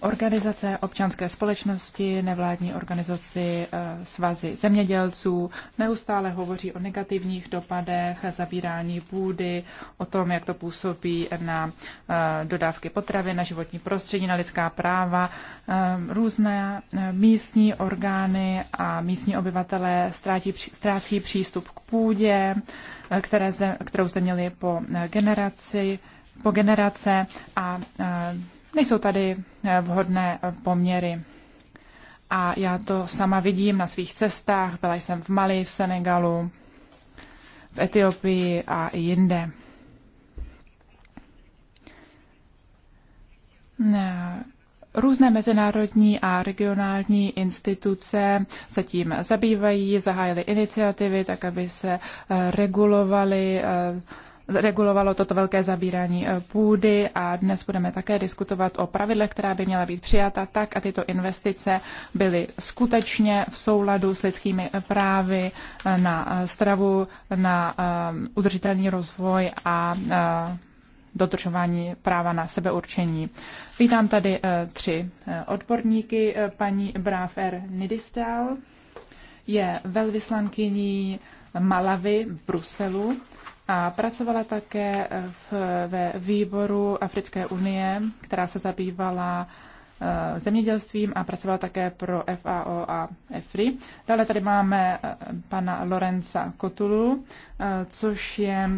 organizace občanské společnosti, nevládní organizaci eh, svazy zemědělců neustále hovoří o negativních dopadech, zabírání půdy, o tom, jak to působí na eh, dodávky potravy, na životní prostředí, na lidská práva. Eh, různé místní orgány a místní obyvatelé ztrácí, ztrácí přístup k půdě, které zde, kterou zde měli po generaci po generace a Nejsou tady eh, vhodné eh, poměry. A já to sama vidím na svých cestách. Byla jsem v Mali, v Senegalu, v Etiopii a i jinde. Různé mezinárodní a regionální instituce se tím zabývají, zahájily iniciativy tak, aby se eh, regulovaly regulovalo toto velké zabírání eh, půdy a dnes budeme také diskutovat o pravidlech, která by měla být přijata tak, a tyto investice byly skutečně v souladu s lidskými právy eh, na eh, stravu, na udržitelný rozvoj a dodržování práva na sebeurčení. Vítám tady tři odborníky. Paní Bráfer Nidistel je velvyslankyní Malavy v Bruselu a pracovala také eh, v, ve výboru Africké unie, která se zabývala eh, zemědělstvím a pracovala také pro FAO a EFRI. Dále tady máme eh, pana Lorenza Kotulu, což je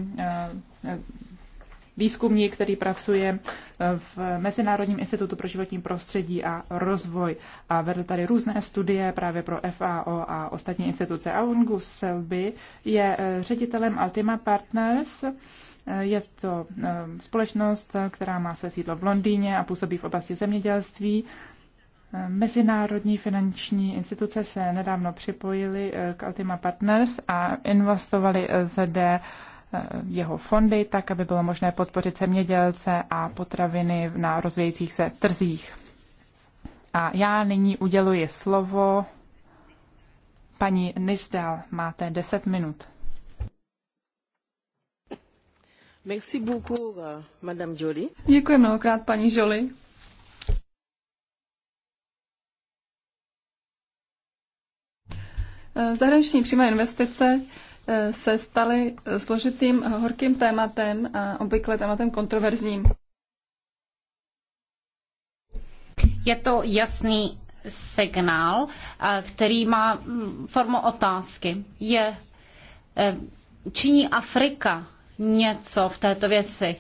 výzkumník, který pracuje eh, v Mezinárodním institutu pro životní prostředí a rozvoj a vedl tady různé studie právě pro FAO a ostatní instituce. A Ungus Selby je eh, ředitelem Altima Partners, eh, je to společnost, která má své sídlo v Londýně a působí v oblasti zemědělství. Mezinárodní finanční instituce se nedávno připojily k Altima Partners a investovali zde Eh, jeho fondy, tak aby bylo možné podpořit zemědělce a potraviny na rozvějících se trzích. A já nyní uděluji slovo paní Nisdal. Máte 10 minut.
Merci beaucoup, eh, Madame Jolie. Děkuji mnohokrát, paní Jolie. Eh, zahraniční přímé investice se staly složitým horkým tématem a obvykle tématem kontroverzním.
Je to jasný signál, který má mm, formu otázky. Je, e, činí Afrika něco v této věci?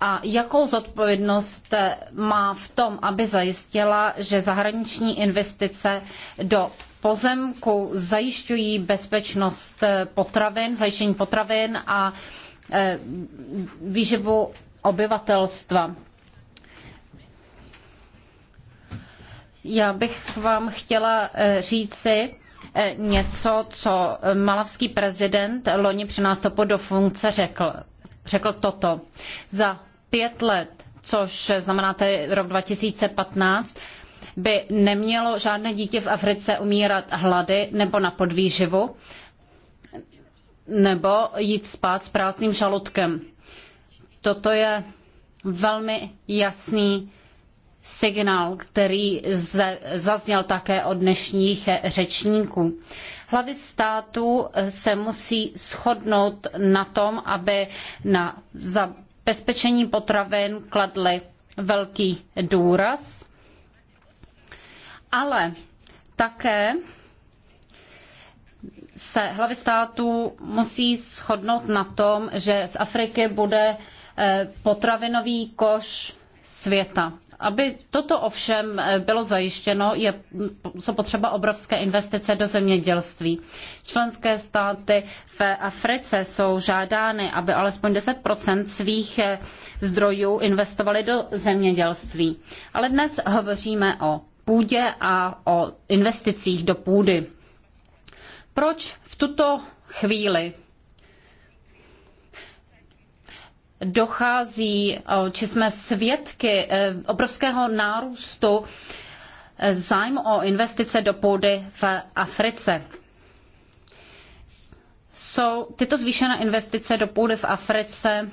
A jakou zodpovědnost e, má v tom, aby zajistila, že zahraniční investice do pozemku zajišťují bezpečnost potravin, zajištění potravin a e, výživu obyvatelstva. Já bych vám chtěla e, říci e, něco, co malavský prezident loni při nástupu do funkce řekl. Řekl toto. Za pět let, což znamená rok 2015, by nemělo žádné dítě v Africe umírat hlady nebo na podvýživu, nebo jít spát s prázdným žaludkem. Toto je velmi jasný signál, který zazněl také od dnešních řečníků. Hlavy států se musí shodnout na tom, aby na zabezpečení potravin kladly velký důraz ale také se hlavy států musí shodnout na tom, že z Afriky bude eh, potravinový koš světa. Aby toto ovšem eh, bylo zajištěno, je, jsou potřeba obrovské investice do zemědělství. Členské státy v Africe jsou žádány, aby alespoň 10 svých eh, zdrojů investovaly do zemědělství. Ale dnes hovoříme o půdě a o investicích do půdy. Proč v tuto chvíli dochází, eh, či jsme svědky eh, obrovského nárůstu eh, zájmu o investice do půdy v Africe. Jsou tyto zvýšené investice do půdy v Africe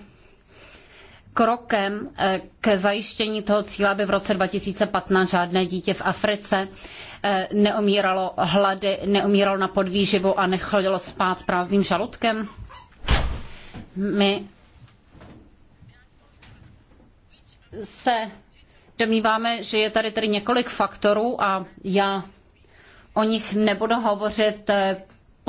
krokem eh, k zajištění toho cíle, aby v roce 2015 žádné dítě v Africe eh, neumíralo hlady, neumíralo na podvýživu a nechodilo spát s prázdným žaludkem? My se domníváme, že je tady tedy několik faktorů a já o nich nebudu hovořit eh,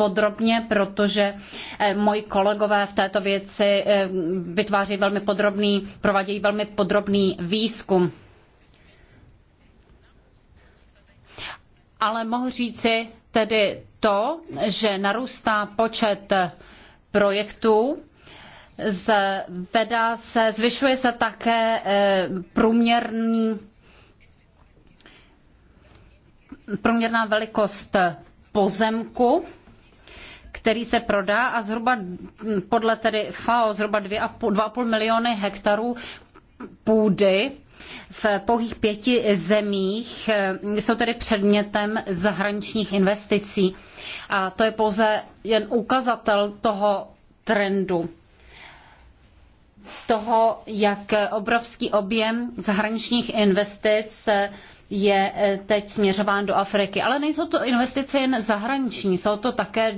podrobně, protože eh, moji kolegové v této věci eh, vytváří velmi podrobný, provádějí velmi podrobný výzkum. Ale mohu říci tedy to, že narůstá počet projektů, zvedá se, zvyšuje se také eh, průměrný průměrná velikost pozemku který se prodá a zhruba podle tedy FAO zhruba 2,5 miliony hektarů půdy v pouhých pěti zemích eh, jsou tedy předmětem zahraničních investicí. A to je pouze jen ukazatel toho trendu toho, jak obrovský objem zahraničních investic se eh, je eh, teď směřován do Afriky. Ale nejsou to investice jen zahraniční, jsou to také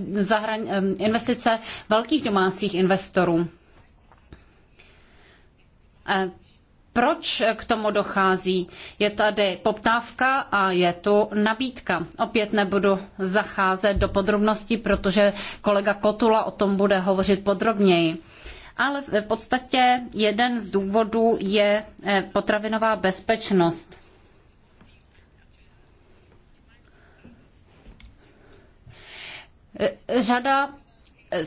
investice velkých domácích investorů. Eh, proč k tomu dochází? Je tady poptávka a je tu nabídka. Opět nebudu zacházet do podrobností, protože kolega Kotula o tom bude hovořit podrobněji. Ale v podstatě jeden z důvodů je eh, potravinová bezpečnost. Eh, řada eh,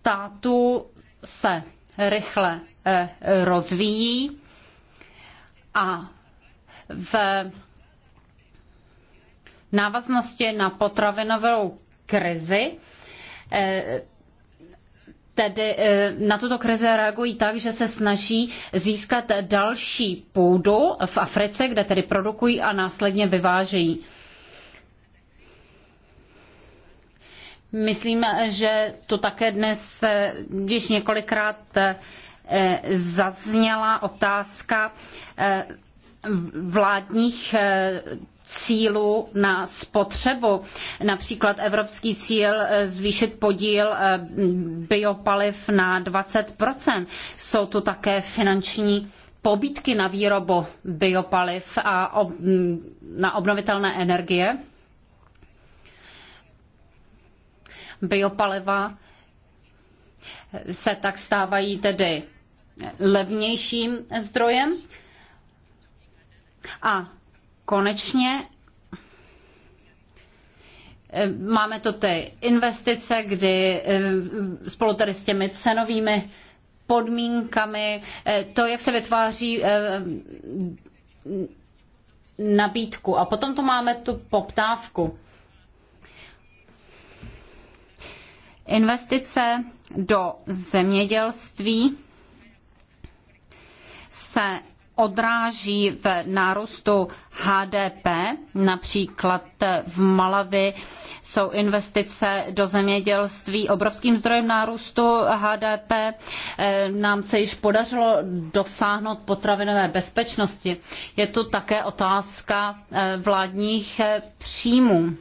států se rychle eh, rozvíjí a v návaznosti na potravinovou krizi tedy na tuto krizi reagují tak, že se snaží získat další půdu v Africe, kde tedy produkují a následně vyvážejí. Myslím, že to také dnes již několikrát eh, zazněla otázka eh, vládních eh, cílů na spotřebu. Například evropský cíl zvýšit podíl biopaliv na 20 Jsou tu také finanční pobídky na výrobu biopaliv a na obnovitelné energie. biopaliva se tak stávají tedy levnějším zdrojem. A konečně eh, máme to ty investice, kdy eh, spolu tedy s těmi cenovými podmínkami, eh, to, jak se vytváří nabídku. A potom tu máme tu poptávku. Investice do zemědělství se odráží v nárůstu HDP. Například v Malavi jsou investice do zemědělství obrovským zdrojem nárůstu HDP. Eh, nám se již podařilo dosáhnout potravinové bezpečnosti. Je to také otázka eh, vládních eh, příjmů.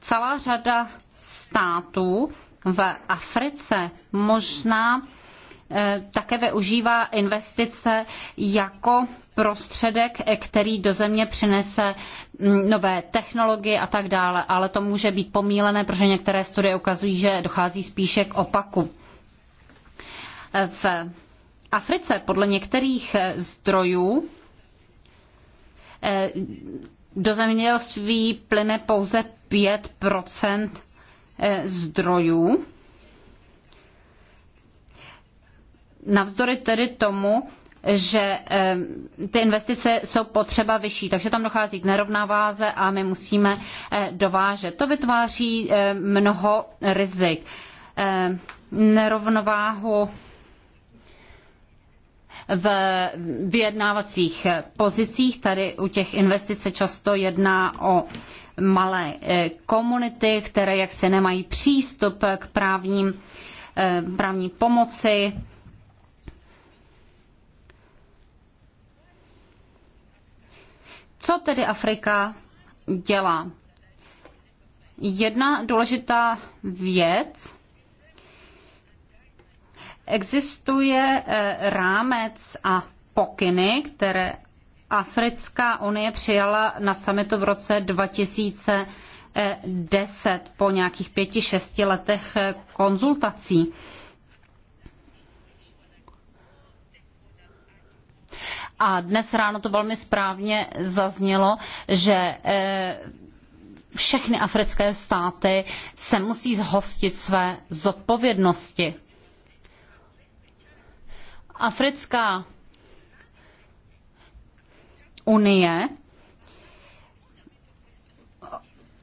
Celá řada států v Africe možná eh, také využívá investice jako prostředek, eh, který do země přinese mm, nové technologie a tak dále, ale to může být pomílené, protože některé studie ukazují, že dochází spíše k opaku. Eh, v Africe podle některých zdrojů do zemědělství plyne pouze 5 Eh, zdrojů. Navzdory tedy tomu, že eh, ty investice jsou potřeba vyšší, takže tam dochází k nerovnováze a my musíme eh, dovážet. To vytváří mnoho rizik. Nerovnováhu v vyjednávacích pozicích. Tady u těch investic se často jedná o malé eh, komunity, které jaksi nemají přístup k právním, eh, právní pomoci. Co tedy Afrika dělá? Jedna důležitá věc, existuje eh, rámec a pokyny, které Africká unie přijala na summitu v roce 2010 po nějakých pěti, šesti letech konzultací. A dnes ráno to velmi správně zaznělo, že eh, všechny africké státy se musí zhostit své zodpovědnosti. Africká unie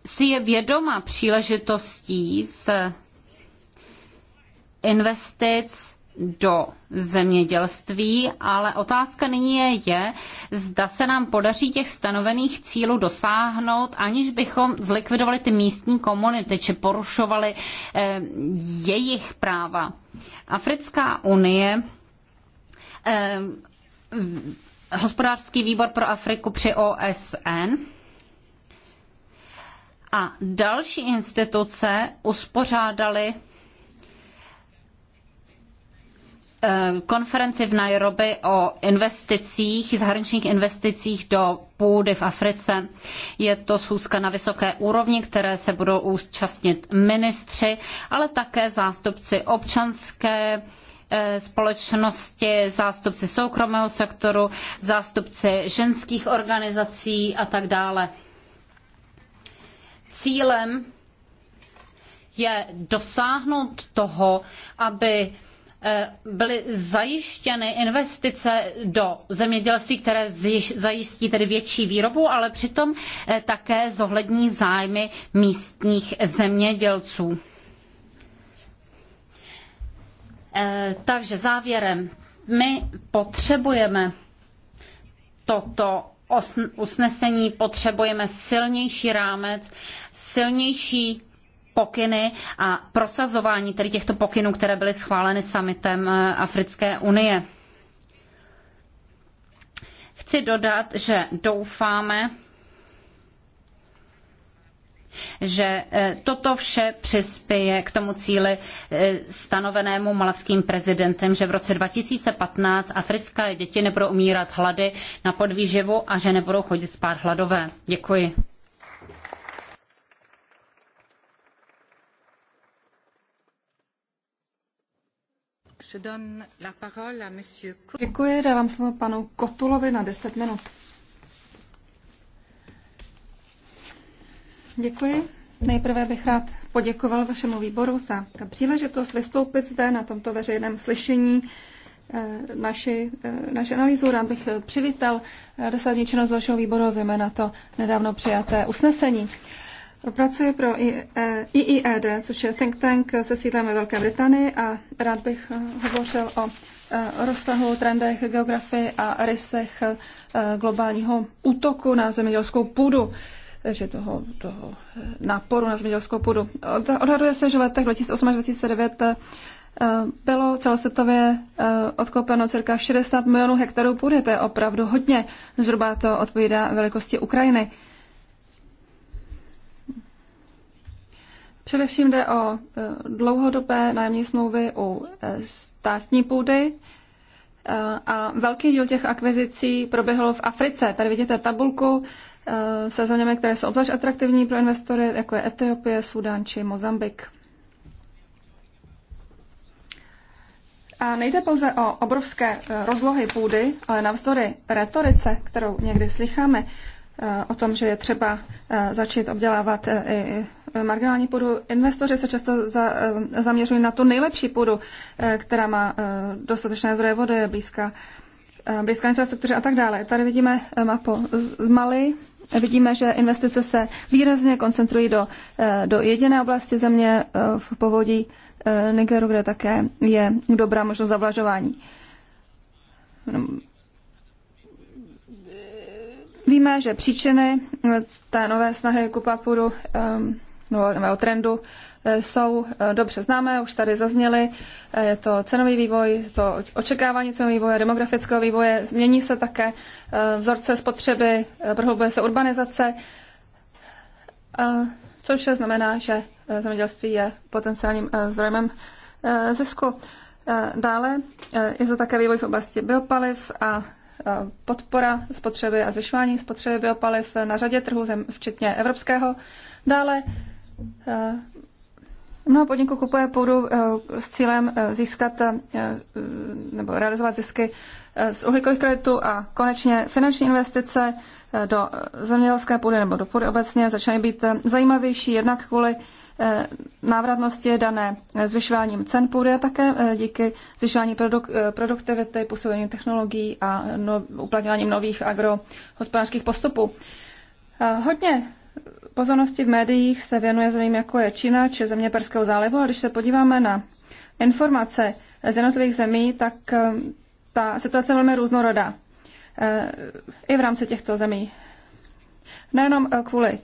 si je vědoma příležitostí z investic do zemědělství, ale otázka nyní je, je, zda se nám podaří těch stanovených cílů dosáhnout, aniž bychom zlikvidovali ty místní komunity či porušovali eh, jejich práva. Africká unie eh, hospodářský výbor pro Afriku při OSN. A další instituce uspořádaly eh, konferenci v Nairobi o investicích, zahraničních investicích do půdy v Africe. Je to schůzka na vysoké úrovni, které se budou účastnit ministři, ale také zástupci občanské Eh, společnosti, zástupci soukromého sektoru, zástupci ženských organizací a tak dále. Cílem je dosáhnout toho, aby eh, byly zajištěny investice do zemědělství, které zajistí tedy větší výrobu, ale přitom eh, také zohlední zájmy místních zemědělců. Eh, takže závěrem, my potřebujeme toto usnesení, potřebujeme silnější rámec, silnější pokyny a prosazování tedy těchto pokynů, které byly schváleny summitem eh, Africké unie. Chci dodat, že doufáme, že eh, toto vše přispěje k tomu cíli eh, stanovenému malavským prezidentem, že v roce 2015 africké děti nebudou umírat hlady na podvýživu a že nebudou chodit spát hladové. Děkuji.
Děkuji, dávám slovo panu Kotulovi na 10 minut. Děkuji. Nejprve bych rád poděkoval vašemu výboru za příležitost vystoupit zde na tomto veřejném slyšení eh, naši, eh, naši analýzu. Rád bych přivítal eh, dosadní činnost vašeho výboru, zejména to nedávno přijaté usnesení. Pracuje pro IED, e což je think tank se sídlem ve Velké Británii a rád bych hovořil o rozsahu, trendech, geografii a rysech globálního útoku na zemědělskou půdu že toho, toho eh, náporu na zemědělskou půdu. Odhaduje se, že v letech 2008 až 2009 eh, bylo celosvětově eh, odkoupeno cirka 60 milionů hektarů půdy. To je opravdu hodně. Zhruba to odpovídá velikosti Ukrajiny. Především jde o dlouhodobé nájemní smlouvy u státní půdy a velký díl těch akvizicí proběhl v Africe. Tady vidíte tabulku Eh, se zeměmi, které jsou obzvlášť atraktivní pro investory, jako je Etiopie, Sudan či Mozambik. A nejde pouze o obrovské eh, rozlohy půdy, ale navzdory retorice, kterou někdy slycháme eh, o tom, že je třeba začít obdělávat i marginální půdu. Investoři se často za, zaměřují na tu nejlepší půdu, která má dostatečné zdroje vody, blízká, blízká infrastruktuře a tak dále. Tady vidíme mapu z Mali, Vidíme, že investice se výrazně koncentrují do, eh, do jediné oblasti země eh, v povodí eh, Nigeru, kde také je dobrá možnost zavlažování. Víme, že příčiny té nové snahy Kupapuru, nebo trendu, Eh, jsou eh, dobře známé, už tady zazněly. Eh, je to cenový vývoj, to očekávání cenového vývoje, demografického vývoje, změní se také vzorce spotřeby, prohlubuje se urbanizace, což znamená, že zemědělství je potenciálním zdrojem zisku. Dále je to také vývoj v oblasti biopaliv a podpora spotřeby a zvyšování spotřeby biopaliv na řadě trhů, včetně evropského. Dále Mnoho podniků kupuje půdu eh, s cílem eh, získat eh, nebo realizovat zisky z uhlíkových kreditů a konečně finanční investice do zemědělské půdy nebo do půdy obecně začaly být zajímavější jednak kvůli návratnosti dané zvyšováním cen půdy a také díky zvyšování produk- produktivity, působení technologií a no- uplatňováním nových agrohospodářských postupů. Hodně pozornosti v médiích se věnuje zemím, jako je Čína či země Perského zálivu, Ale když se podíváme na informace z jednotlivých zemí, tak eh, ta situace je velmi různorodá. Eh, I v rámci těchto zemí. Nejenom eh, kvůli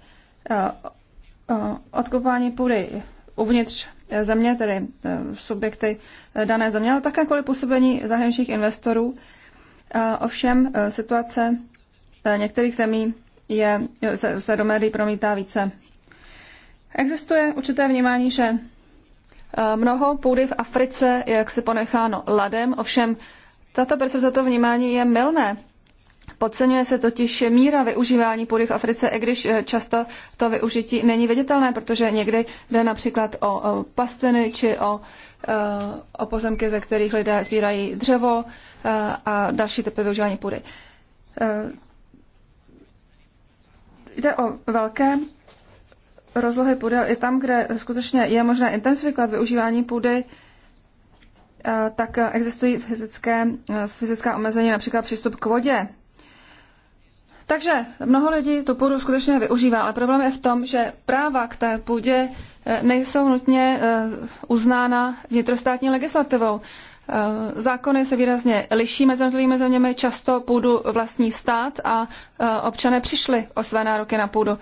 odkupování půdy uvnitř země, tedy subjekty dané země, ale také kvůli působení zahraničních investorů. Ovšem situace některých zemí je, se, se do médií promítá více. Existuje určité vnímání, že eh, mnoho půdy v Africe je jaksi ponecháno ladem, ovšem tato percepce, toto vnímání je mylné. Podceňuje se totiž míra využívání půdy v Africe, i když eh, často to využití není viditelné, protože někdy jde například o pastviny či o, eh, o pozemky, ze kterých lidé sbírají dřevo a další typy využívání půdy. Jde o velké rozlohy půdy i tam, kde skutečně je možné intenzifikovat využívání půdy, eh, tak existují fyzické, eh, fyzická omezení, například přístup k vodě. Takže mnoho lidí tu půdu skutečně využívá, ale problém je v tom, že práva k té půdě eh, nejsou nutně uznána vnitrostátní legislativou. Eh, zákony se výrazně liší mezi jednotlivými zeměmi, často půdu vlastní stát a eh, občané přišli o své nároky na půdu.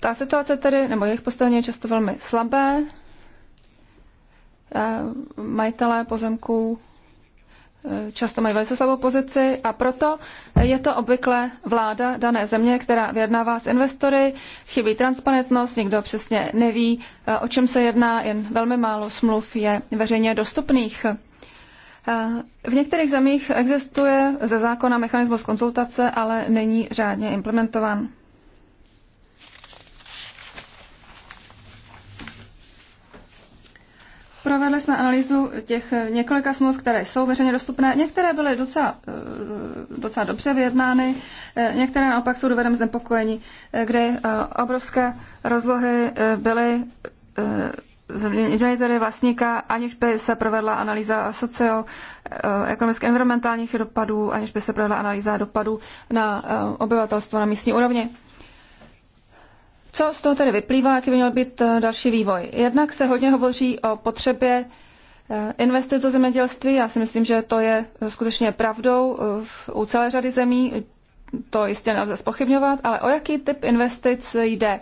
Ta situace tedy, nebo jejich postavení je často velmi slabé. Eh, majitelé pozemků často mají velice slabou pozici a proto je to obvykle vláda dané země, která vyjednává s investory, chybí transparentnost, nikdo přesně neví, eh, o čem se jedná, jen velmi málo smluv je veřejně dostupných. Eh, v některých zemích existuje ze zákona mechanismus konzultace, ale není řádně implementován. Provedli jsme analýzu těch několika smluv, které jsou veřejně dostupné. Některé byly docela, eh, docela dobře vyjednány, eh, některé naopak jsou dovedem znepokojení, eh, kdy obrovské rozlohy byly změnili tedy vlastníka, aniž by se provedla analýza socioekonomických environmentálních dopadů, aniž by se provedla analýza dopadů na obyvatelstvo na místní úrovni. Co z toho tedy vyplývá, jaký by měl být eh, další vývoj? Jednak se hodně hovoří o potřebě eh, investic do zemědělství. Já si myslím, že to je eh, skutečně pravdou u celé řady zemí. To jistě nelze spochybňovat, ale o jaký typ investic jde?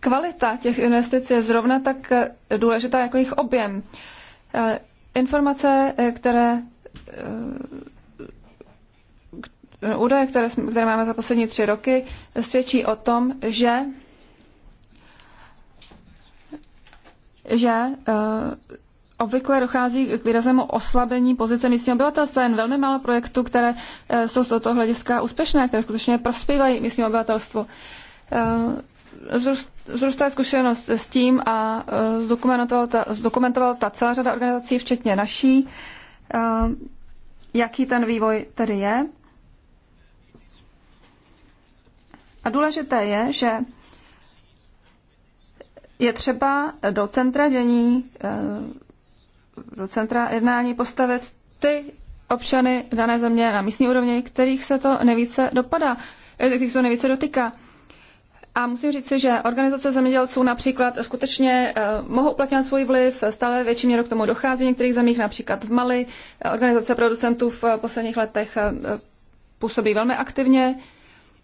Kvalita těch investic je zrovna tak důležitá jako jejich objem. Informace, které údaje, které, které máme za poslední tři roky, svědčí o tom, že že eh, obvykle dochází k výraznému oslabení pozice místního obyvatelstva. Jen velmi málo projektů, které eh, jsou z tohoto hlediska úspěšné, které skutečně prospívají místnímu obyvatelstvu. Eh, Zrůstá zkušenost s tím a zdokumentovala ta, zdokumentoval ta celá řada organizací, včetně naší, jaký ten vývoj tedy je. A důležité je, že je třeba do centra dění, eh, do centra jednání postavit ty občany dané země na místní úrovni, kterých se to nejvíce dopadá, eh, kterých se to nejvíce dotýká. A musím si, že organizace zemědělců například skutečně eh, mohou uplatňovat svůj vliv, stále větší měru k tomu dochází v některých zemích, například v Mali. Organizace producentů v posledních letech působí velmi aktivně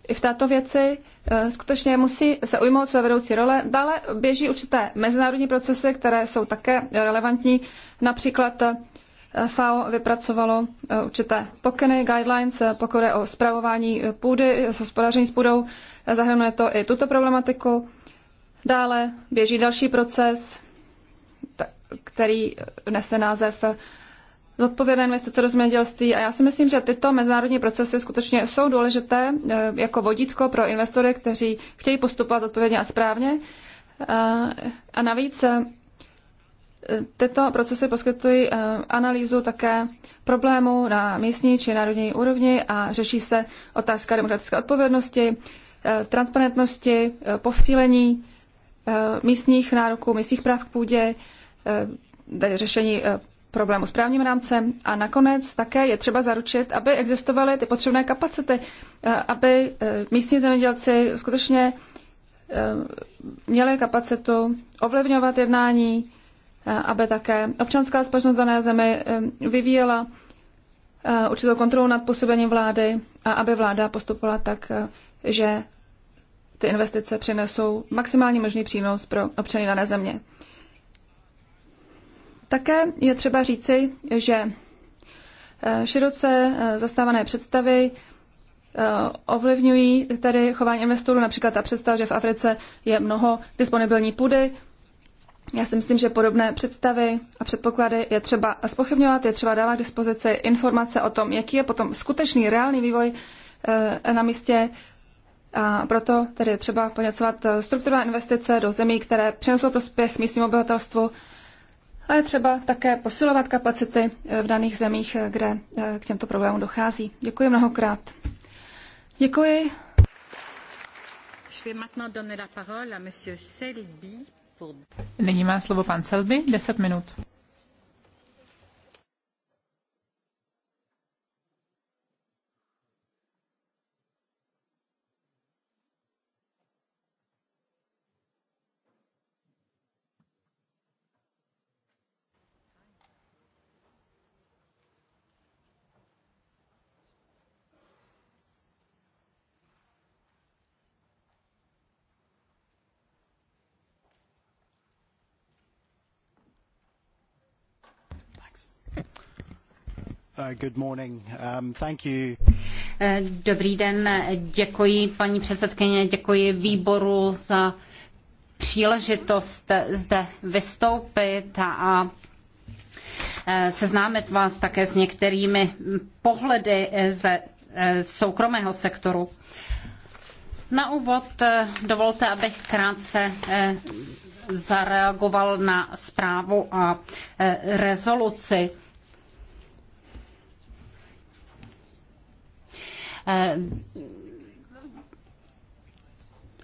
i v této věci eh, skutečně musí se ujmout své vedoucí role. Dále běží určité mezinárodní procesy, které jsou také relevantní. Například eh, FAO vypracovalo eh, určité pokyny, guidelines, pokud je o zpravování půdy, hospodaření s půdou. Zahrnuje to i tuto problematiku. Dále běží další proces, který nese název zodpovědné investice do zemědělství a já si myslím, že tyto mezinárodní procesy skutečně jsou důležité eh, jako vodítko pro investory, kteří chtějí postupovat odpovědně a správně. Eh, a navíc eh, tyto procesy poskytují analýzu také problémů na místní či národní úrovni a řeší se otázka demokratické odpovědnosti, transparentnosti, posílení místních nároků, místních práv k půdě, řešení problému s právním rámcem a nakonec také je třeba zaručit, aby existovaly ty potřebné kapacity, eh, aby eh, místní zemědělci skutečně eh, měli kapacitu ovlivňovat jednání, aby také občanská společnost dané zemi vyvíjela určitou kontrolu nad působením vlády a aby vláda postupovala tak, že ty investice přinesou maximální možný přínos pro občany dané země. Také je třeba říci, že eh, široce eh, zastávané představy eh, ovlivňují tedy chování investorů, například ta představa, že v Africe je mnoho disponibilní půdy. Já si myslím, že podobné představy a předpoklady je třeba spochybňovat, je třeba dávat k dispozici informace o tom, jaký je potom skutečný, reálný vývoj na místě. A proto tedy je třeba poněcovat strukturální investice do zemí, které přinesou prospěch místnímu obyvatelstvu a je třeba také posilovat kapacity eh, v daných zemích, eh, kde eh, k těmto problémům dochází. Děkuji mnohokrát. Děkuji.
Nyní má slovo pan Selby, 10 minut.
Uh, um, eh, dobrý den, děkuji paní předsedkyně, děkuji výboru za příležitost zde vystoupit a eh, seznámit vás také s některými pohledy eh, ze soukromého sektoru. Na úvod dovolte, abych krátce zareagoval na zprávu a rezoluci. Eh,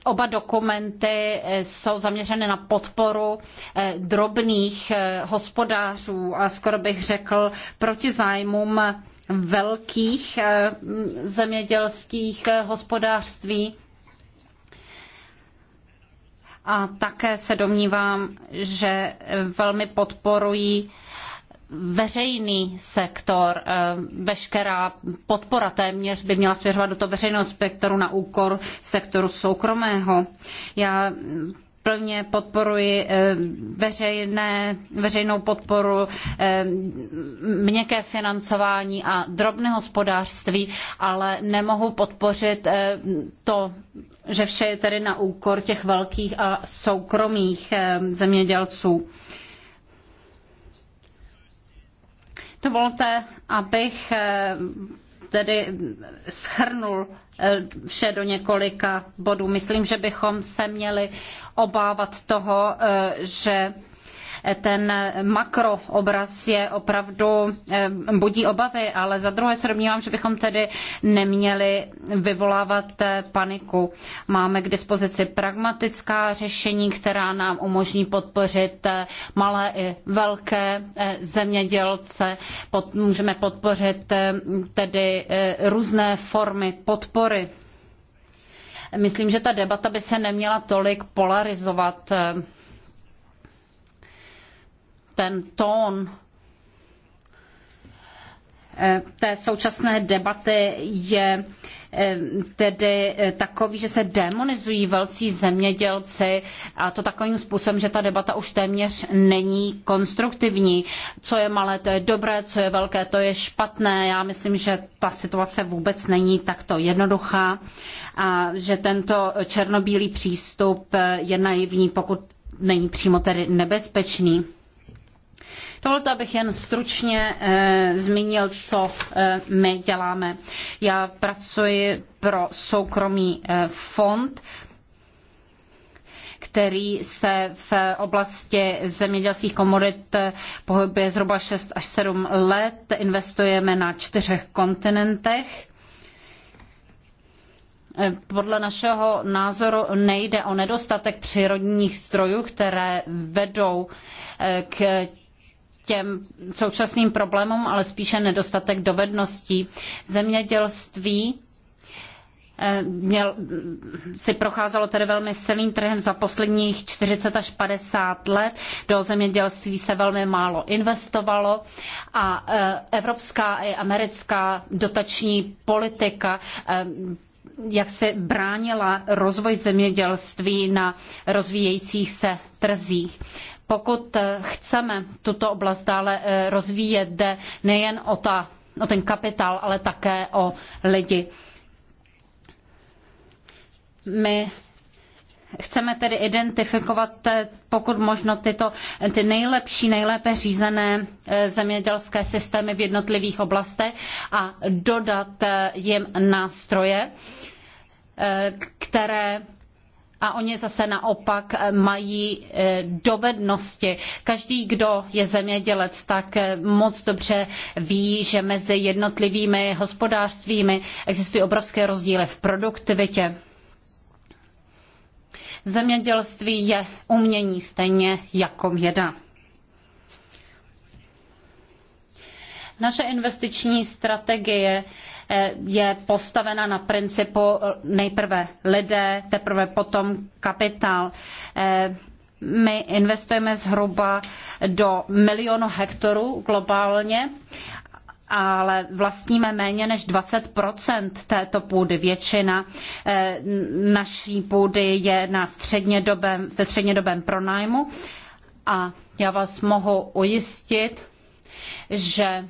oba dokumenty eh, jsou zaměřeny na podporu eh, drobných hospodářů a skoro bych řekl proti zájmům velkých zemědělských hospodářství. A také se domnívám, že velmi podporují veřejný sektor, eh, veškerá podpora téměř by měla svěřovat do toho veřejného sektoru na úkor sektoru soukromého. Já plně podporuji eh, veřejné, veřejnou podporu eh, měkké financování a drobné hospodářství, ale nemohu podpořit to, že vše je tedy na úkor těch velkých a soukromých zemědělců. Dovolte, abych eh, tedy schrnul eh, vše do několika bodů. Myslím, že bychom se měli obávat toho, eh, že ten makroobraz je opravdu eh, budí obavy, ale za druhé se domnívám, že bychom tedy neměli vyvolávat eh, paniku. Máme k dispozici pragmatická řešení, která nám umožní podpořit eh, malé i velké zemědělce. můžeme podpořit tedy různé formy podpory myslím, že ta debata by se neměla tolik polarizovat ten tón eh, té současné debaty je eh, tedy eh, takový, že se demonizují velcí zemědělci a to takovým způsobem, že ta debata už téměř není konstruktivní. Co je malé, to je dobré, co je velké, to je špatné. Já myslím, že ta situace vůbec není takto jednoduchá a že tento černobílý přístup je naivní, pokud není přímo tedy nebezpečný. Dovolte, abych jen stručně e, zmínil, co eh, my děláme. Já pracuji pro soukromý eh, fond, který se v oblasti zemědělských komodit pohybuje zhruba 6 až 7 let. Investujeme na čtyřech kontinentech. Podle našeho názoru nejde o nedostatek přírodních strojů, které vedou k těm současným problémům, ale spíše nedostatek dovedností. Zemědělství eh, měl, si procházelo tedy velmi silným trhem za posledních 40 až 50 let. Do zemědělství se velmi málo investovalo a eh, evropská i americká dotační politika eh, jak se bránila rozvoj zemědělství na rozvíjejících se trzích. Pokud eh, chceme tuto oblast dále eh, rozvíjet, jde nejen o, ta, o ten kapitál, ale také o lidi. My chceme tedy identifikovat eh, pokud možno tyto, ty nejlepší, nejlépe řízené zemědělské systémy v jednotlivých oblastech a dodat jim nástroje, které a oni zase naopak eh, mají eh, dovednosti. Každý, kdo je zemědělec, tak eh, moc dobře ví, že mezi jednotlivými hospodářstvími existují obrovské rozdíly v produktivitě. Zemědělství je umění stejně jako věda. Naše investiční strategie eh, je postavena na principu eh, nejprve lidé, teprve potom kapitál. Eh, my investujeme zhruba do milionu hektarů globálně ale vlastníme méně než 20 této půdy. Většina naší půdy je na střednědobém, ve střednědobém pronájmu a já vás mohu ujistit, že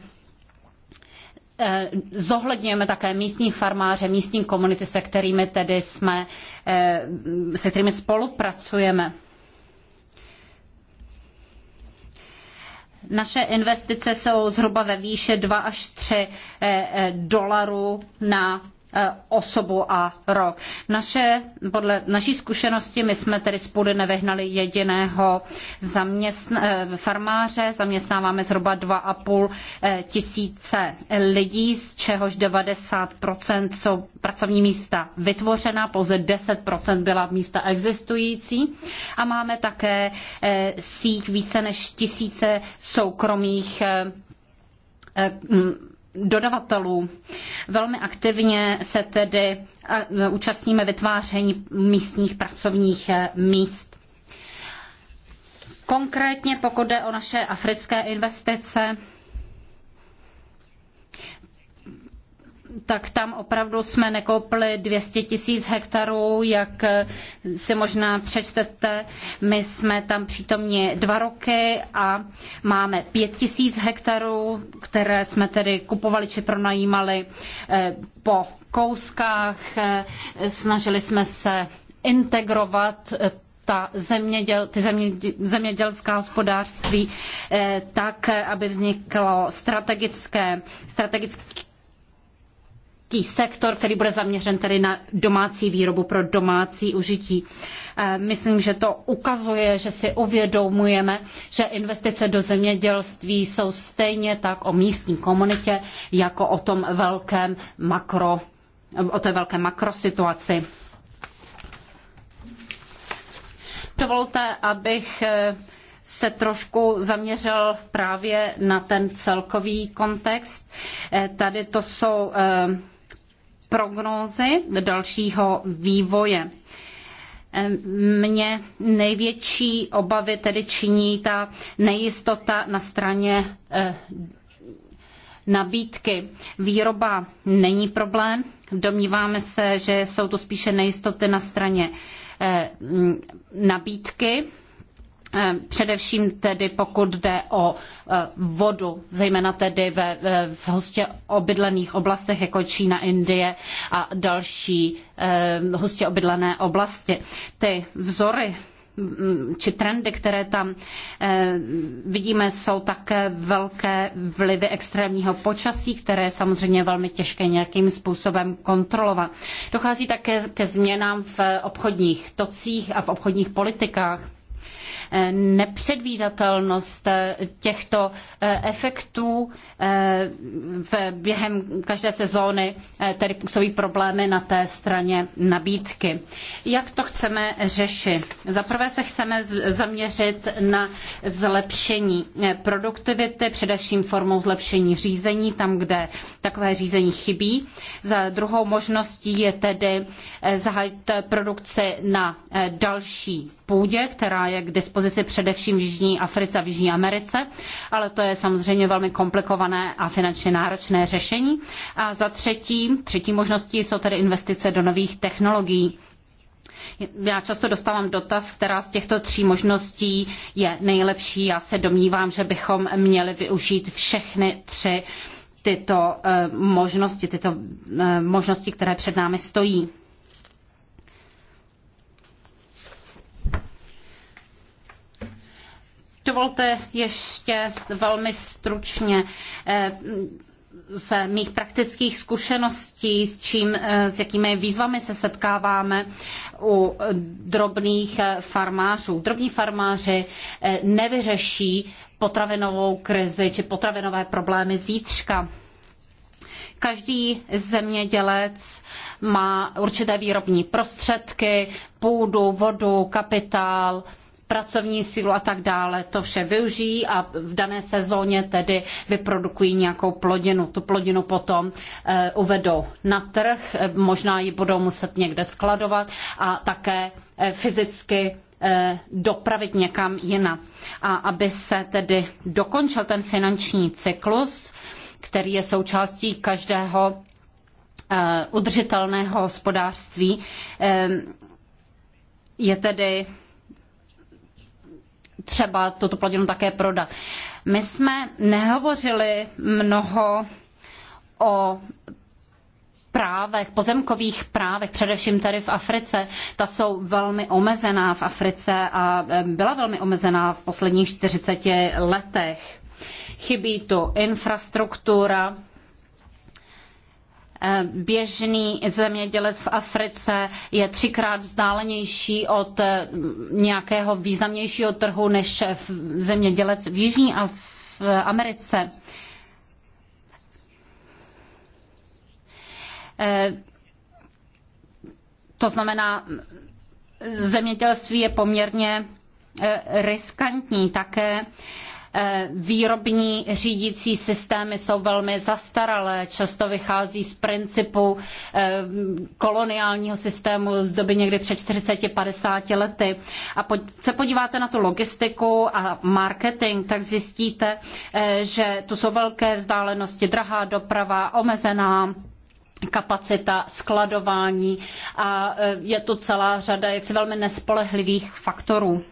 Eh, zohledňujeme také místní farmáře, místní komunity, se kterými tedy jsme, eh, se kterými spolupracujeme. Naše investice jsou zhruba ve výše 2 až 3 eh, dolarů na Eh, osobu a rok. Naše, podle naší zkušenosti my jsme tedy z půdy nevyhnali jediného zaměstn- eh, farmáře, zaměstnáváme zhruba 2,5 eh, tisíce lidí, z čehož 90% jsou pracovní místa vytvořena, pouze 10% byla místa existující a máme také síť více než tisíce soukromých dodavatelů. Velmi aktivně se tedy e, účastníme vytváření místních pracovních e, míst. Konkrétně pokud jde o naše africké investice, tak tam opravdu jsme nekoupili 200 tisíc hektarů, jak si možná přečtete. My jsme tam přítomni dva roky a máme 5 tisíc hektarů, které jsme tedy kupovali či pronajímali eh, po kouskách. Eh, snažili jsme se integrovat eh, ta zeměděl, ty zemědělská hospodářství tak, aby vzniklo strategické, strategický tý sektor, který bude zaměřen tedy na domácí výrobu pro domácí užití. Eh, myslím, že to ukazuje, že si uvědomujeme, že investice do zemědělství jsou stejně tak o místní komunitě, jako o tom velkém makro, o té velké makrosituaci. Dovolte, abych eh, se trošku zaměřil právě na ten celkový kontext. Eh, tady to jsou prognózy dalšího vývoje. Mně největší obavy tedy činí ta nejistota na straně eh, nabídky. Výroba není problém. Domníváme se, že jsou to spíše nejistoty na straně eh, nabídky Eh, především tedy pokud jde o eh, vodu, zejména tedy ve, v hustě obydlených oblastech, jako Čína, Indie a další eh, hustě obydlené oblasti. Ty vzory mm, či trendy, které tam vidíme, jsou také velké vlivy extrémního počasí, které je samozřejmě velmi těžké nějakým způsobem kontrolovat. Dochází také ke změnám v obchodních tocích a v obchodních politikách Eh, nepředvídatelnost eh, těchto eh, efektů v během každé sezóny tedy působí problémy na té straně nabídky. Jak to chceme řešit? Zaprvé se chceme zaměřit na zlepšení produktivity, především formou zlepšení řízení, tam, kde takové řízení chybí. Za druhou možností je tedy zahájit produkci na další půdě, která je k dispozici dispozici především v Jižní Africe a v Jižní Americe, ale to je samozřejmě velmi komplikované a finančně náročné řešení. A za třetí, třetí možností jsou tedy investice do nových technologií. Já často dostávám dotaz, která z těchto tří možností je nejlepší. Já se domnívám, že bychom měli využít všechny tři tyto eh, možnosti, tyto eh, možnosti, které před námi stojí. Dovolte ještě velmi stručně eh, z mých praktických zkušeností, s, čím, eh, s jakými výzvami se setkáváme u drobných eh, farmářů. Drobní farmáři nevyřeší potravinovou krizi či potravinové problémy zítřka. Každý zemědělec má určité výrobní prostředky, půdu, vodu, kapitál, pracovní sílu a tak dále, to vše využijí a v dané sezóně tedy vyprodukují nějakou plodinu. Tu plodinu potom eh, uvedou na trh, možná ji budou muset někde skladovat a také eh, fyzicky eh, dopravit někam jinam. A aby se tedy dokončil ten finanční cyklus, který je součástí každého udržitelného hospodářství, je tedy třeba tuto plodinu také prodat. My jsme nehovořili mnoho o právech, pozemkových právech, především tady v Africe, ta jsou velmi omezená v Africe a e, byla velmi omezená v posledních 40 letech. Chybí tu infrastruktura, Eh, běžný zemědělec v Africe je třikrát vzdálenější od eh, nějakého významnějšího trhu než zemědělec v Jižní Americe. Eh, to znamená, zemědělství je poměrně riskantní také. Eh, výrobní řídící systémy jsou velmi zastaralé, často vychází z principu eh, koloniálního systému z doby někdy před 40-50 lety. A pokud se podíváte na tu logistiku a marketing, tak zjistíte, eh, že tu jsou velké vzdálenosti, drahá doprava, omezená kapacita skladování a je tu celá řada jaksi velmi nespolehlivých faktorů.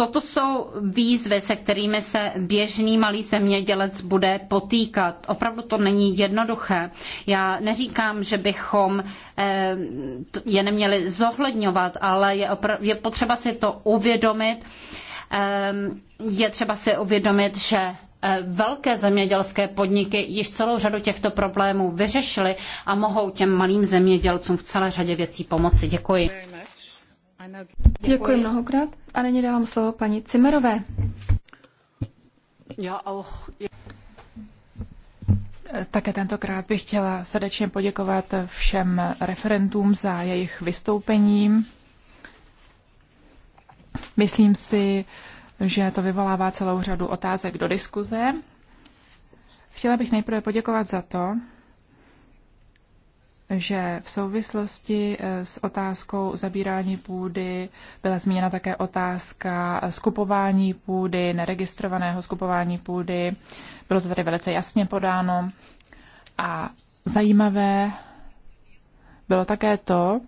Toto jsou výzvy, se kterými se běžný malý zemědělec bude potýkat. Opravdu to není jednoduché. Já neříkám, že bychom eh, je neměli zohledňovat, ale je, je potřeba si to uvědomit. Eh, je třeba si uvědomit, že eh, velké zemědělské podniky již celou řadu těchto problémů vyřešily a mohou těm malým zemědělcům v celé řadě věcí pomoci. Děkuji. Děkuji.
mnohokrát a nyní dávám slovo paní Cimerové.
Já auch.
Také tentokrát bych chtěla srdečně
poděkovat všem referentům za jejich vystoupení. Myslím si, že to vyvolává celou řadu otázek do diskuze. Chtěla bych nejprve poděkovat za to, že v souvislosti eh, s otázkou zabírání půdy byla zmíněna také otázka skupování půdy, neregistrovaného skupování půdy. Bylo to tady velice jasně podáno. A zajímavé bylo také to,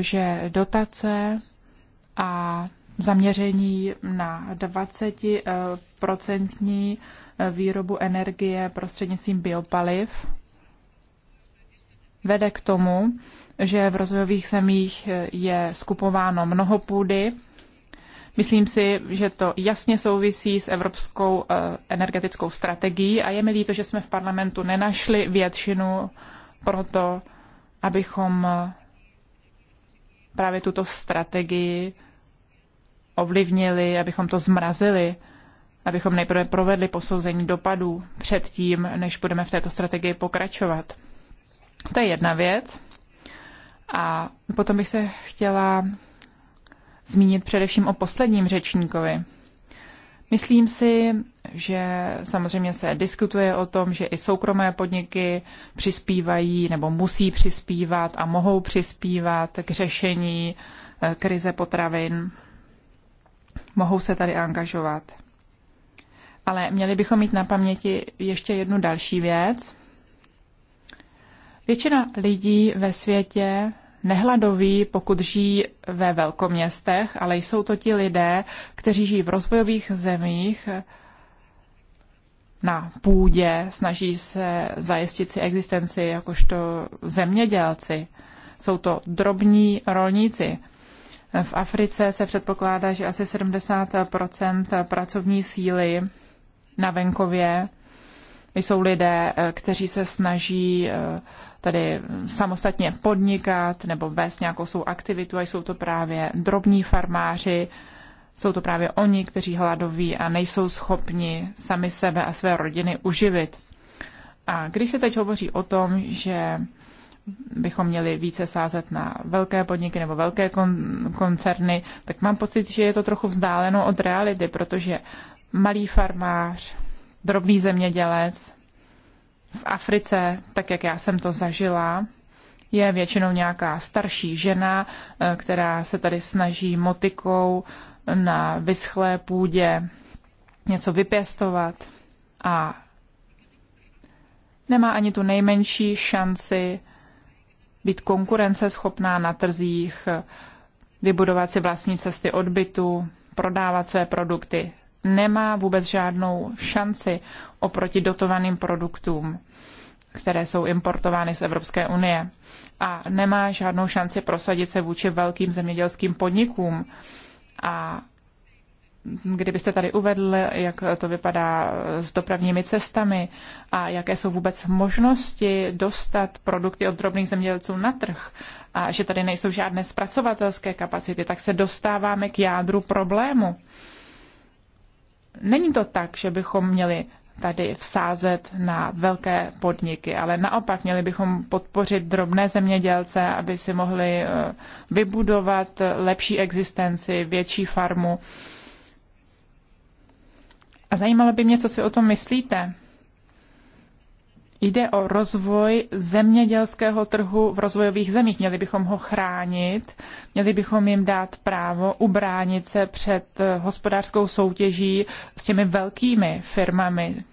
že dotace a zaměření na 20% výrobu energie prostřednictvím biopaliv vede k tomu, že v rozvojových zemích eh, je skupováno mnoho půdy. Myslím si, že to jasně souvisí s evropskou eh, energetickou strategií a je mi líto, že jsme v parlamentu nenašli většinu pro to, abychom eh, právě tuto strategii ovlivnili, abychom to zmrazili, abychom nejprve provedli posouzení dopadů předtím, než budeme v této strategii pokračovat. To je jedna věc. A potom bych se chtěla zmínit především o posledním řečníkovi. Myslím si, že samozřejmě se diskutuje o tom, že i soukromé podniky přispívají nebo musí přispívat a mohou přispívat k řešení eh, krize potravin. Mohou se tady angažovat. Ale měli bychom mít na paměti ještě jednu další věc, Většina lidí ve světě nehladoví, pokud žijí ve velkoměstech, ale jsou to ti lidé, kteří žijí v rozvojových zemích, na půdě, snaží se zajistit si existenci jakožto zemědělci. Jsou to drobní rolníci. V Africe se předpokládá, že asi 70 pracovní síly na venkově jsou lidé, kteří se snaží tedy samostatně podnikat nebo vést nějakou svou aktivitu a jsou to právě drobní farmáři, jsou to právě oni, kteří hladoví a nejsou schopni sami sebe a své rodiny uživit. A když se teď hovoří o tom, že bychom měli více sázet na velké podniky nebo velké kon- koncerny, tak mám pocit, že je to trochu vzdáleno od reality, protože malý farmář, drobný zemědělec v Africe, tak jak já jsem to zažila, je většinou nějaká starší žena, eh, která se tady snaží motikou na vyschlé půdě něco vypěstovat a nemá ani tu nejmenší šanci být konkurenceschopná na trzích, vybudovat si vlastní cesty odbytu, prodávat své produkty nemá vůbec žádnou šanci oproti dotovaným produktům, které jsou importovány z Evropské unie. A nemá žádnou šanci prosadit se vůči velkým zemědělským podnikům. A kdybyste tady uvedl, jak to vypadá s dopravními cestami a jaké jsou vůbec možnosti dostat produkty od drobných zemědělců na trh a že tady nejsou žádné zpracovatelské kapacity, tak se dostáváme k jádru problému. Není to tak, že bychom měli tady vsázet na velké podniky, ale naopak měli bychom podpořit drobné zemědělce, aby si mohli eh, vybudovat lepší existenci, větší farmu. A zajímalo by mě, co si o tom myslíte. Jde o rozvoj zemědělského trhu v rozvojových zemích. Měli bychom ho chránit, měli bychom jim dát právo ubránit se před eh, hospodářskou soutěží s těmi velkými firmami.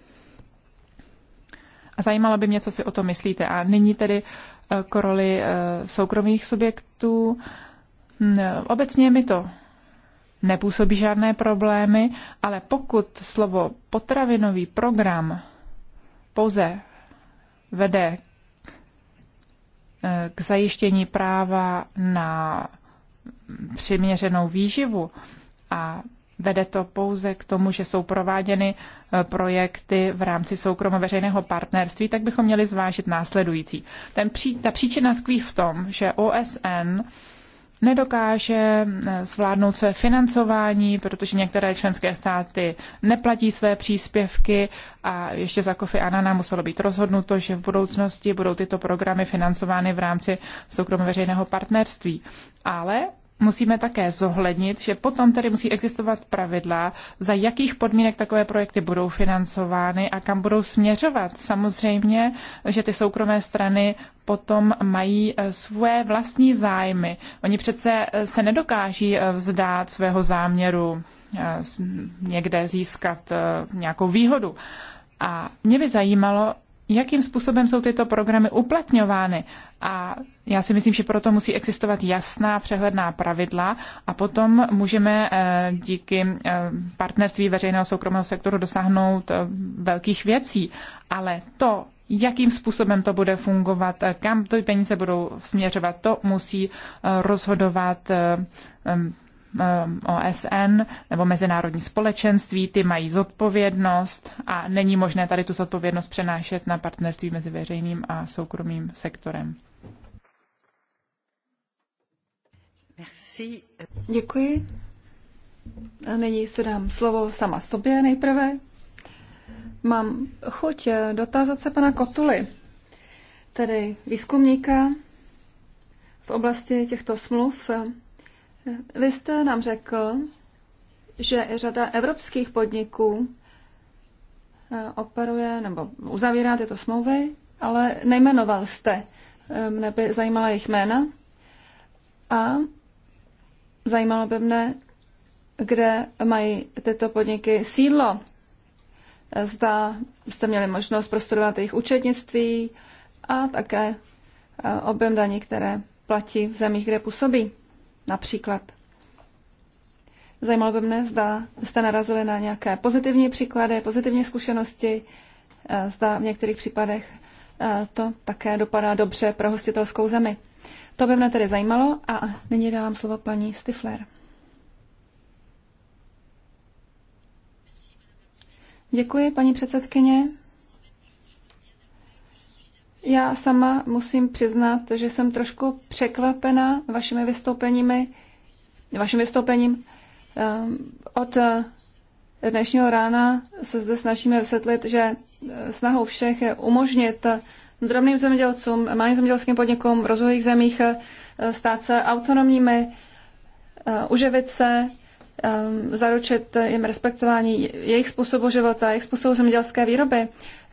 A zajímalo by mě, co si o to myslíte. A nyní tedy eh, k roli eh, soukromých subjektů. Hm, obecně mi to nepůsobí žádné problémy, ale pokud slovo potravinový program pouze vede eh, k zajištění práva na přiměřenou výživu a vede to pouze k tomu, že jsou prováděny eh, projekty v rámci soukromo-veřejného partnerství, tak bychom měli zvážit následující. Ten pří, ta příčina tkví v tom, že OSN nedokáže eh, zvládnout své financování, protože některé členské státy neplatí své příspěvky a ještě za Kofi Anana muselo být rozhodnuto, že v budoucnosti budou tyto programy financovány v rámci soukromoveřejného partnerství. Ale musíme také zohlednit, že potom tedy musí existovat pravidla, za jakých podmínek takové projekty budou financovány a kam budou směřovat. Samozřejmě, že ty soukromé strany potom mají eh, své vlastní zájmy. Oni přece eh, se nedokáží eh, vzdát svého záměru někde získat nějakou výhodu. A mě by zajímalo, jakým způsobem jsou tyto programy uplatňovány a já si myslím, že proto musí existovat jasná přehledná pravidla a potom můžeme eh, díky eh, partnerství veřejného soukromého sektoru dosáhnout eh, velkých věcí. Ale to, jakým způsobem to bude fungovat, kam ty peníze budou směřovat, to musí rozhodovat OSN nebo mezinárodní společenství, ty mají zodpovědnost a není možné tady tu zodpovědnost přenášet na partnerství mezi veřejným a soukromým sektorem.
Merci. Děkuji. A nyní se dám slovo sama sobě nejprve. Mám chuť eh, dotázat se pana Kotuly, tedy výzkumníka v oblasti těchto smluv. Eh, vy jste nám řekl, že řada evropských podniků eh, operuje nebo uzavírá tyto smlouvy, ale nejmenoval jste. Mne by zajímala jejich jména. A Zajímalo by mne, kde mají tyto podniky sídlo. Zda jste měli možnost prostudovat jejich účetnictví a také eh, objem daní, které platí v zemích, kde působí. Například. Zajímalo by mne, zda jste narazili na nějaké pozitivní příklady, pozitivní zkušenosti, eh, zda v některých případech eh, to také dopadá dobře pro hostitelskou zemi. To by mě tedy zajímalo a nyní dávám slovo paní Stifler. Děkuji, paní předsedkyně. Já sama musím přiznat, že jsem trošku překvapena vašimi vystoupeními, vaším vystoupením. Ehm, od eh, dnešního rána se zde snažíme vysvětlit, že eh, snahou všech je umožnit drobným zemědělcům, malým zemědělským podnikům v rozvojových zemích eh, stát se autonomními, eh, uživit se, eh, zaručit jim respektování jejich způsobu života, jejich způsobu zemědělské výroby.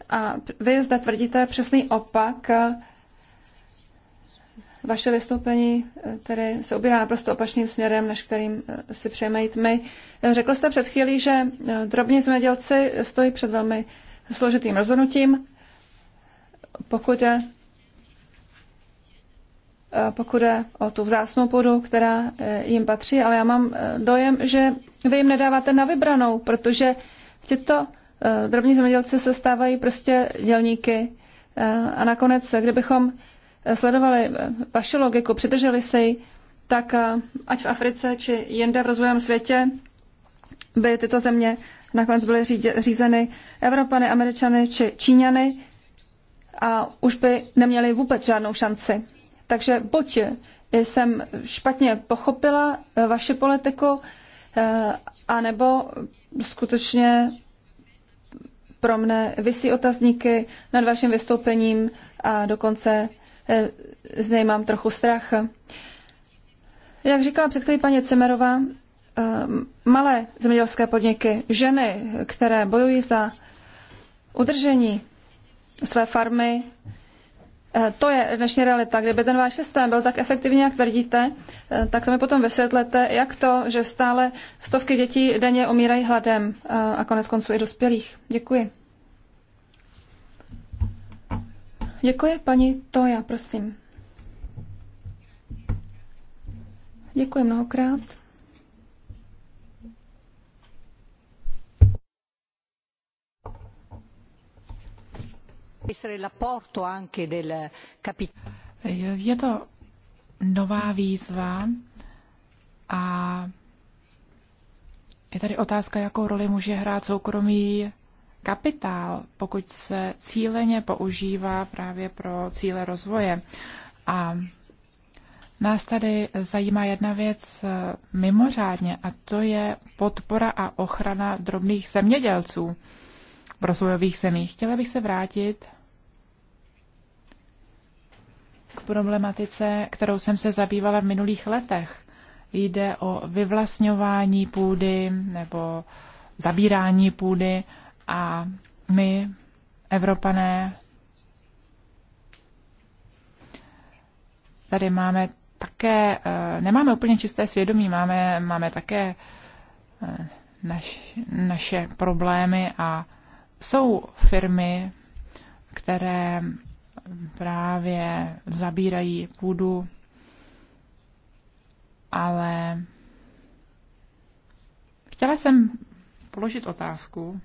A vy zde tvrdíte přesný opak. Vaše vystoupení tedy se ubírá naprosto opačným směrem, než kterým si přejeme jít my. Řekl jste před chvílí, že drobní zemědělci stojí před velmi složitým rozhodnutím pokud je, eh, pokud je o tu vzácnou půdu, která eh, jim patří, ale já mám eh, dojem, že vy jim nedáváte na vybranou, protože těto drobní zemědělci se stávají prostě dělníky. A nakonec, kdybychom sledovali vaši logiku, přidrželi se ji, tak ať v Africe či jinde v rozvojovém světě by tyto země nakonec byly řízeny Evropany, Američany či Číňany, a už by neměli vůbec žádnou šanci. Takže buď jsem špatně pochopila eh, vaši politiku, eh, anebo skutečně pro mne vysí otazníky nad vaším vystoupením a dokonce eh, z něj mám trochu strach. Jak říkala před chvílí paní Cimerová, malé zemědělské podniky, ženy, které bojují za udržení své farmy. Eh, to je dnešní realita. Kdyby ten váš systém byl tak efektivní, jak tvrdíte, eh, tak to mi potom vysvětlete, jak to, že stále stovky dětí denně omírají hladem eh, a konec konců i dospělých. Děkuji. Děkuji, paní Toja, prosím. Děkuji mnohokrát.
Je to nová výzva a je tady otázka, jakou roli může hrát soukromý kapitál, pokud se cíleně používá právě pro cíle rozvoje. A nás tady zajímá jedna věc mimořádně a to je podpora a ochrana drobných zemědělců v rozvojových zemích. Chtěla bych se vrátit k problematice, kterou jsem se zabývala v minulých letech. Jde o vyvlastňování půdy nebo zabírání půdy a my, Evropané, tady máme také, eh, nemáme úplně čisté svědomí, máme, máme také eh, naš, naše problémy a jsou firmy, které právě zabírají půdu, ale chtěla jsem položit otázku,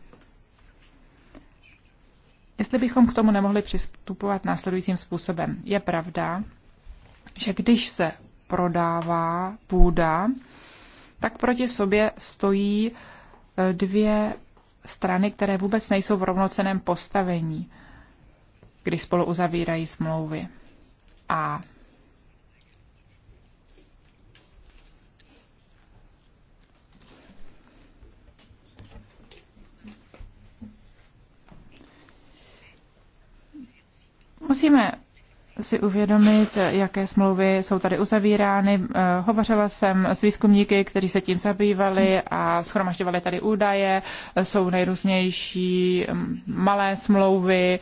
jestli bychom k tomu nemohli přistupovat následujícím způsobem. Je pravda, že když se prodává půda, tak proti sobě stojí eh, dvě strany, které vůbec nejsou v rovnoceném postavení když spolu uzavírají smlouvy. A Musíme si uvědomit, jaké smlouvy jsou tady uzavírány. Eh, hovořila jsem s výzkumníky, kteří se tím zabývali a schromažďovali tady údaje. Eh, jsou nejrůznější mm, malé smlouvy,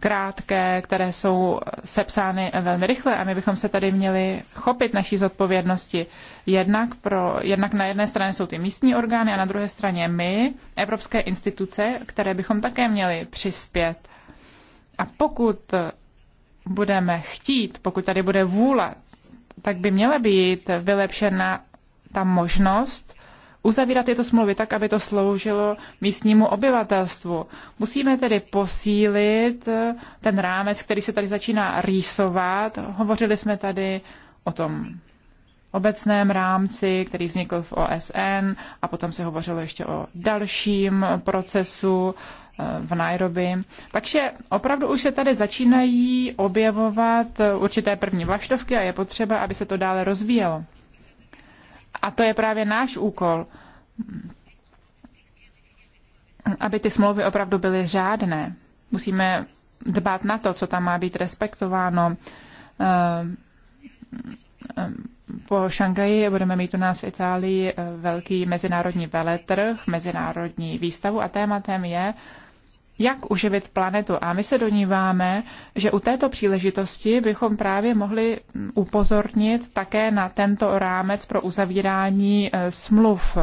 krátké, které jsou sepsány velmi rychle a my bychom se tady měli chopit naší zodpovědnosti. Jednak, pro, jednak na jedné straně jsou ty místní orgány a na druhé straně my, evropské instituce, které bychom také měli přispět. A pokud budeme chtít, pokud tady bude vůle, tak by měla být vylepšena ta možnost uzavírat tyto smlouvy tak, aby to sloužilo místnímu obyvatelstvu. Musíme tedy posílit eh, ten rámec, který se tady začíná rýsovat. Hovořili jsme tady o tom obecném rámci, který vznikl v OSN a potom se hovořilo ještě o dalším procesu eh, v Nairobi. Takže opravdu už se tady začínají objevovat eh, určité první vlaštovky a je potřeba, aby se to dále rozvíjelo. A to je právě náš úkol, aby ty smlouvy opravdu byly řádné. Musíme dbát na to, co tam má být respektováno. Eh, eh, po Šangaji budeme mít u nás v Itálii eh, velký mezinárodní veletrh, mezinárodní výstavu a tématem je jak uživit planetu. A my se doníváme, že u této příležitosti bychom právě mohli upozornit také na tento rámec pro uzavírání e, smluv.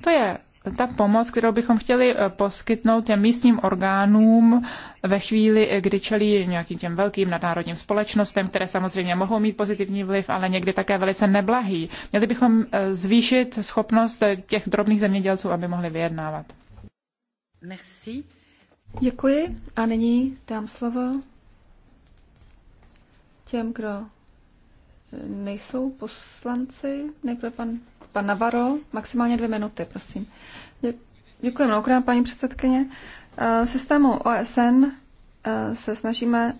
To je ta pomoc, kterou bychom chtěli e, poskytnout těm místním orgánům ve chvíli, e, kdy čelí nějakým těm velkým nadnárodním společnostem, které samozřejmě mohou mít pozitivní vliv, ale někdy také velice neblahý. Měli bychom zvýšit schopnost těch drobných zemědělců, aby mohli vyjednávat.
Merci.
Děkuji a nyní dám slovo těm, kdo nejsou poslanci. Nejprve pan, pan Navaro, maximálně dvě minuty, prosím. Děkuji mnohokrát, paní předsedkyně. Eh, systému OSN eh, se snažíme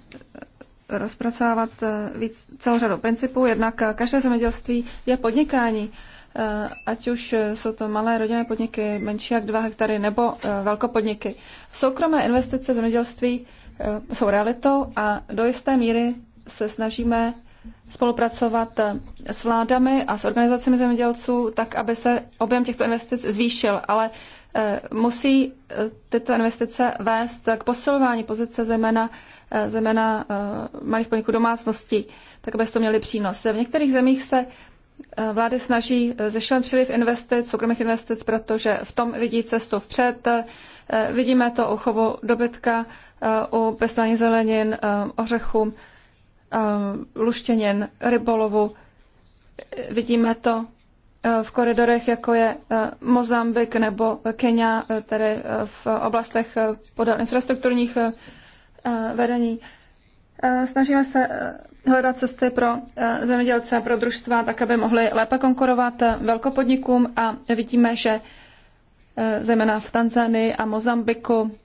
eh, rozpracovávat víc, celou řadu principů. Jednak každé zemědělství je podnikání Eh, ať už eh, jsou to malé rodinné podniky, menší jak 2 hektary, nebo eh, velkopodniky. Soukromé investice do zemědělství jsou realitou a do jisté míry se snažíme spolupracovat s vládami a s organizacemi zemědělců, tak aby se objem těchto investic zvýšil. Ale musí tyto investice vést k posilování pozice zejména, zejména malých podniků domácností, tak aby to měli přínos. V některých zemích se Eh, vlády snaží eh, zešlen příliv investic, soukromých investic, protože v tom vidí cestu vpřed. Eh, vidíme to u chovu dobytka, u pestání zelenin, ořechů, luštěnin, rybolovu. Vidíme to v koridorech, jako je Mozambik nebo Kenia, tedy v oblastech podél infrastrukturních vedení. Eh, snažíme se eh, hledat cesty pro eh, zemědělce, pro družstva, tak aby mohli lépe konkurovat velkopodnikům a vidíme, že zejména v Tanzánii a Mozambiku,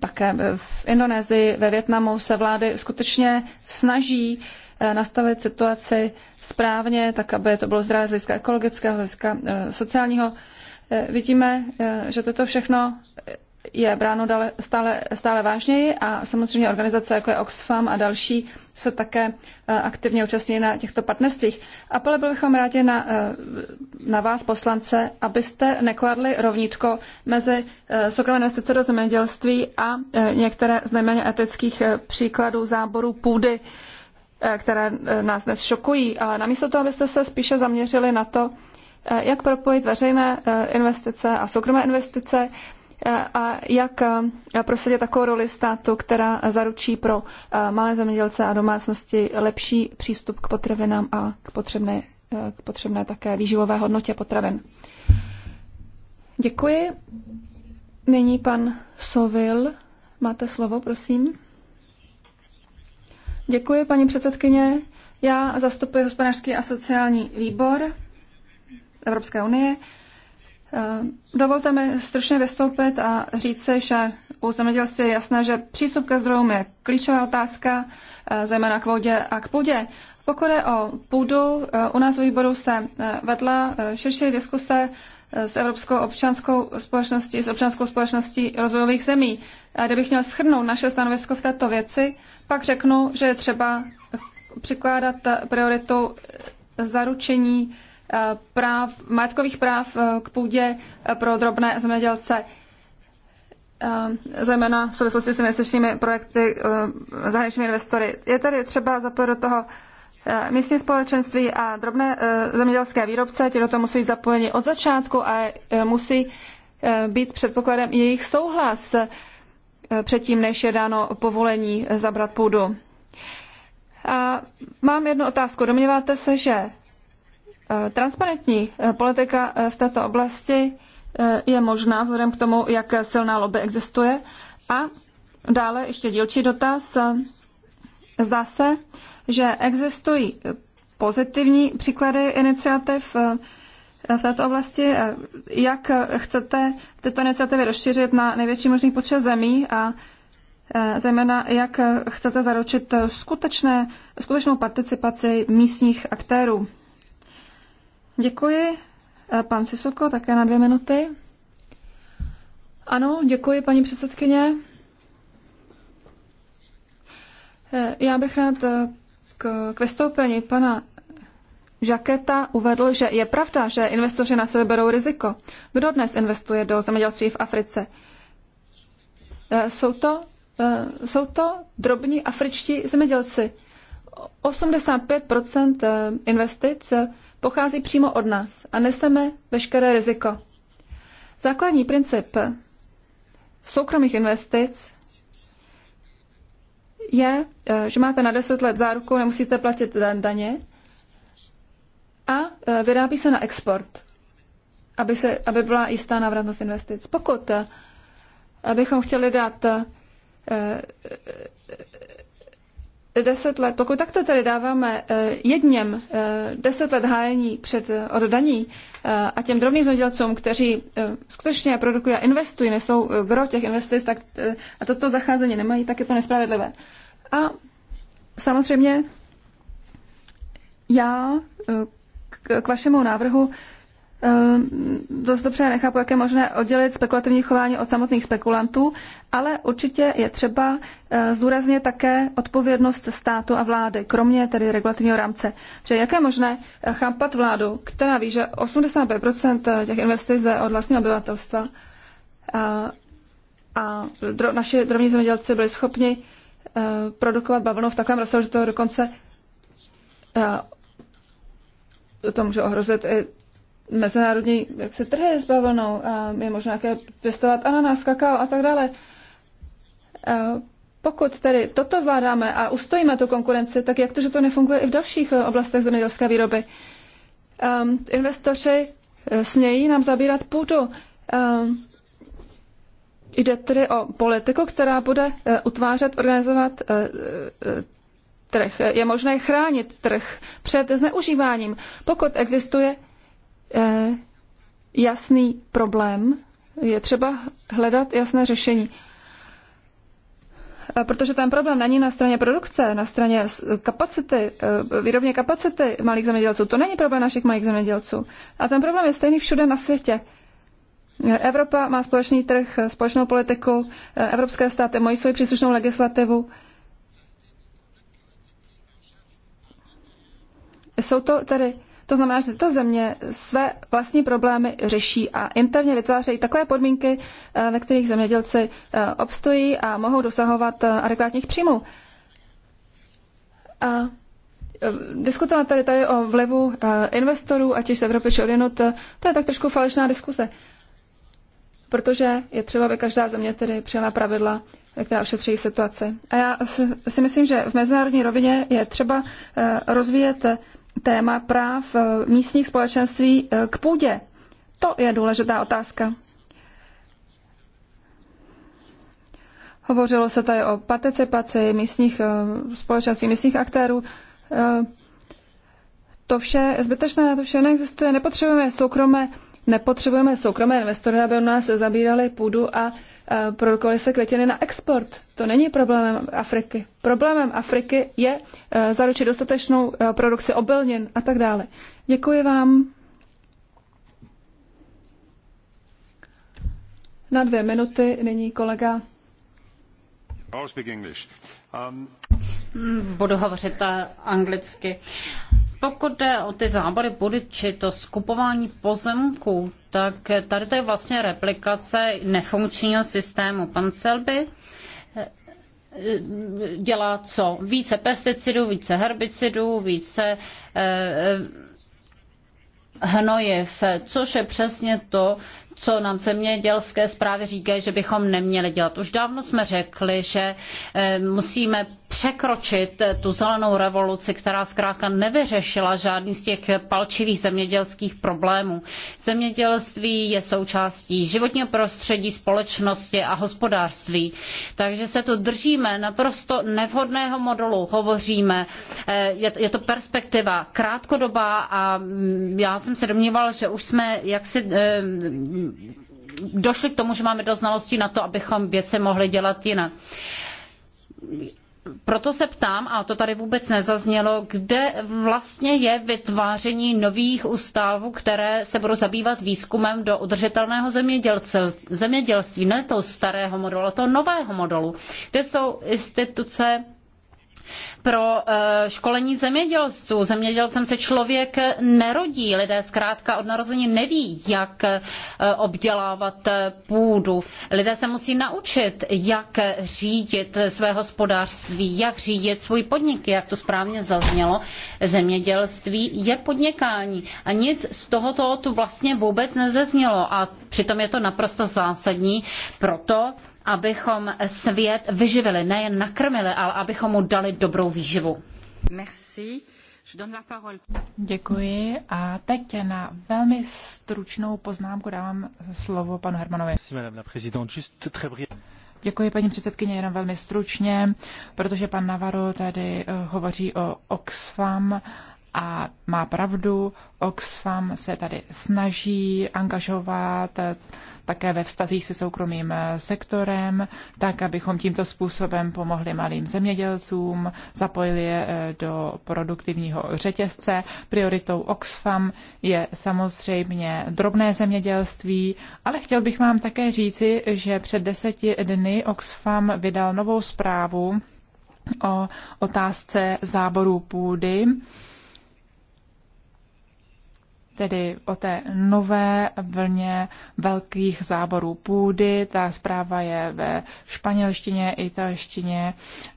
také v Indonésii, ve Větnamu se vlády skutečně snaží nastavit situaci správně, tak aby to bylo zdravé z hlediska ekologického, z hlediska sociálního. Vidíme, že toto všechno je bráno dále, stále, stále vážněji a samozřejmě organizace jako je Oxfam a další se také eh, aktivně účastní na těchto partnerstvích. Apelovali bychom rádi na, eh, na vás, poslance, abyste nekladli rovnítko mezi eh, soukromé investice do zemědělství a některé z nejméně etických příkladů záboru půdy, které nás dnes šokují, ale namísto toho, abyste se spíše zaměřili na to, jak propojit veřejné investice a soukromé investice, Eh, a jak eh, prosadit takovou roli státu, která zaručí pro eh, malé zemědělce a domácnosti lepší přístup k potravinám a k potřebné, k potřebné také výživové hodnotě potravin. Děkuji. Nyní pan Sovil. Máte slovo, prosím. Děkuji, paní předsedkyně. Já zastupuji hospodářský a sociální výbor Evropské unie. Eh, dovolte mi stručně vystoupit a říct si, že u zemědělství je jasné, že přístup ke zdrojům je klíčová otázka, eh, zejména k vodě a k půdě. Pokud je o půdu, eh, u nás v výboru se vedla širší diskuse s Evropskou občanskou společností, s občanskou společností rozvojových zemí. A kdybych měl schrnout naše stanovisko v této věci, pak řeknu, že je třeba přikládat prioritu zaručení práv, majetkových práv eh, k půdě eh, pro drobné zemědělce, eh, zejména v souvislosti s investičními projekty zahraničními investory. Je tady třeba zapojit do toho místní společenství a drobné zemědělské výrobce, ti do toho musí zapojeni od začátku a musí být předpokladem jejich souhlas předtím, než je dáno povolení zabrat půdu. A mám jednu otázku. Domníváte se, že Eh, transparentní eh, politika eh, v této oblasti je možná vzhledem k tomu, jak silná lobby existuje. A dále ještě dílčí dotaz. Zdá se, že existují pozitivní příklady iniciativ v této oblasti. Jak chcete tyto iniciativy rozšířit na největší možný počet zemí a zejména jak chcete zaručit skutečné, skutečnou participaci místních aktérů? Děkuji. Eh, pan Sisoko, také na dvě minuty. Ano, děkuji, paní předsedkyně. Eh, já bych rád eh, k, k vystoupení pana Žaketa uvedl, že je pravda, že investoři na sebe berou riziko. Kdo dnes investuje do zemědělství v Africe? Jsou to, jsou to drobní afričtí zemědělci. 85 investic pochází přímo od nás a neseme veškeré riziko. Základní princip soukromých investic je, eh, že máte na 10 let záruku, nemusíte platit daně a eh, vyrábí se na export, aby, se, aby byla jistá návratnost investic. Pokud eh, bychom chtěli dát deset let, pokud takto tedy dáváme eh, jedněm eh, deset let hájení před eh, oddaní a těm drobným zemědělcům, kteří skutečně produkují a investují, nejsou gro těch investic, tak a toto zacházení nemají, tak je to nespravedlivé. A samozřejmě já k vašemu návrhu Ehm, dost dobře nechápu, jak je možné oddělit spekulativní chování od samotných spekulantů, ale určitě je třeba eh, zdůraznit také odpovědnost státu a vlády, kromě tedy regulativního rámce. Protože jak je možné eh, chápat vládu, která ví, že 85% eh, těch investic je od vlastního obyvatelstva a, a dro, naši drobní zemědělci byli schopni produkovat bavlnu v takovém rozsahu, že to dokonce to může ohrozit i mezinárodní jak se trhy s bavlnou, je možné nějaké pěstovat ananas, kakao a tak dále. Pokud tedy toto zvládáme a ustojíme tu konkurenci, tak jak to, že to nefunguje i v dalších e, oblastech zemědělské výroby? Um, investoři e, smějí nám zabírat půdu. Um, jde tedy o politiku, která bude uh, utvářet, organizovat uh, uh, trh. Je možné chránit trh před zneužíváním. Pokud existuje Eh, jasný problém, je třeba hledat jasné řešení. Eh, protože ten problém není na straně produkce, na straně kapacity, eh, výrobně kapacity malých zemědělců. To není problém našich malých zemědělců. A ten problém je stejný všude na světě. Evropa má společný trh, společnou politiku, evropské státy mají svoji příslušnou legislativu. Jsou to tedy to znamená, že tyto země své vlastní problémy řeší a interně vytvářejí takové podmínky, eh, ve kterých zemědělci eh, obstojí a mohou dosahovat eh, adekvátních příjmů. A diskutovat tady, tady o vlivu investorů, ať už z Evropy či odjenut, to je tak trošku falešná diskuse. Protože je třeba, aby každá země tedy přijala pravidla, která ošetří situaci. A já si myslím, že v mezinárodní rovině je třeba rozvíjet téma práv eh, místních společenství eh, k půdě. To je důležitá otázka. Hovořilo se tady o participaci místních eh, společenství, místních aktérů. To vše je zbytečné, to vše neexistuje. Nepotřebujeme soukromé, nepotřebujeme soukromé investory, aby u nás zabírali půdu a Eh, produkovaly se květiny na export. To není problémem Afriky. Problémem Afriky je eh, zaručit dostatečnou eh, produkci obilnin a tak dále. Děkuji vám. Na dvě minuty nyní kolega.
Um, budu hovořit anglicky. Pokud jde o ty zábory půdy, či to skupování pozemků, tak tady to je vlastně replikace nefunkčního systému. Pan Selby eh, dělá co? Více pesticidů, více herbicidů, více eh, eh, hnojiv, což je přesně to, co nám zemědělské zprávy říkají, že bychom neměli dělat. Už dávno jsme řekli, že eh, musíme překročit eh, tu zelenou revoluci, která zkrátka nevyřešila žádný z těch palčivých zemědělských problémů. Zemědělství je součástí životního prostředí, společnosti a hospodářství. Takže se tu držíme naprosto nevhodného modelu, hovoříme. Eh, je to perspektiva krátkodobá a mm, já jsem se domnívala, že už jsme jaksi došli k tomu, že máme dost znalostí na to, abychom věci mohli dělat jinak. Proto se ptám, a to tady vůbec nezaznělo, kde vlastně je vytváření nových ústavů, které se budou zabývat výzkumem do udržitelného zemědělství, ne toho starého modelu, ale toho nového modelu, kde jsou instituce pro eh, školení zemědělců. Zemědělcem se člověk nerodí. Lidé zkrátka od narození neví, jak eh, obdělávat eh, půdu. Lidé se musí naučit, jak řídit své hospodářství, jak řídit svůj podnik. Jak to správně zaznělo, zemědělství je podnikání. A nic z tohoto tu vlastně vůbec nezaznělo. A přitom je to naprosto zásadní proto, abychom svět vyživili, nejen nakrmili, ale abychom mu dali dobrou výživu. Merci. Děkuji a teď na velmi stručnou
poznámku dávám slovo panu Hermanovi. Děkuji, paní předsedkyně, jenom velmi stručně, protože pan Navarro tady eh, hovoří o Oxfam a má pravdu. Oxfam se tady snaží angažovat eh, také ve vztazích se soukromým eh, sektorem, tak abychom tímto způsobem pomohli malým zemědělcům, zapojili je eh, do produktivního řetězce. Prioritou Oxfam je samozřejmě drobné zemědělství, ale chtěl bych vám také říci, že před deseti dny Oxfam vydal novou zprávu o otázce záboru půdy tedy o té nové vlně velkých záborů půdy. Ta zpráva je ve španělštině, italštině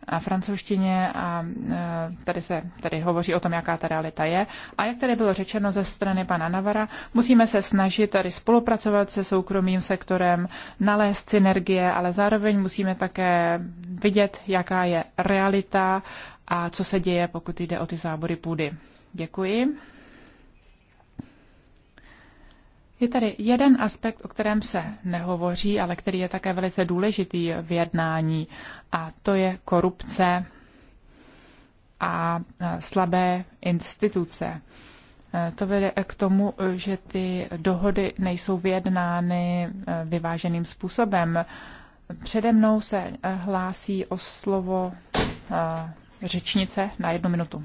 a francouzštině a e, tady se tady hovoří o tom, jaká ta realita je. A jak tady bylo řečeno ze strany pana Navara, musíme se snažit tady spolupracovat se soukromým sektorem, nalézt synergie, ale zároveň musíme také vidět, jaká je realita a co se děje, pokud jde o ty zábory půdy. Děkuji. Je tady jeden aspekt, o kterém se nehovoří, ale který je také velice důležitý v jednání, a to je korupce a slabé instituce. E, to vede k tomu, že ty dohody nejsou vyjednány e, vyváženým způsobem. Přede mnou se hlásí o slovo e, řečnice na jednu minutu.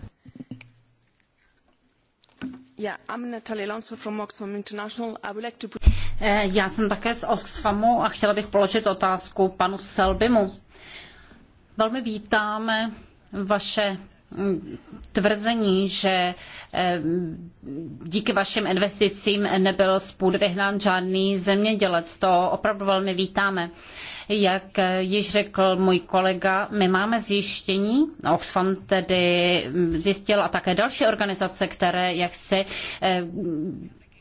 Já jsem také z Oxfamu a chtěla bych položit otázku panu Selbimu. Velmi vítáme vaše tvrzení, že eh, díky vašim investicím nebyl z půd vyhnán žádný zemědělec. To opravdu velmi vítáme. Jak eh, již řekl můj kolega, my máme zjištění, Oxfam tedy mm, zjistil a také další organizace, které jaksi eh,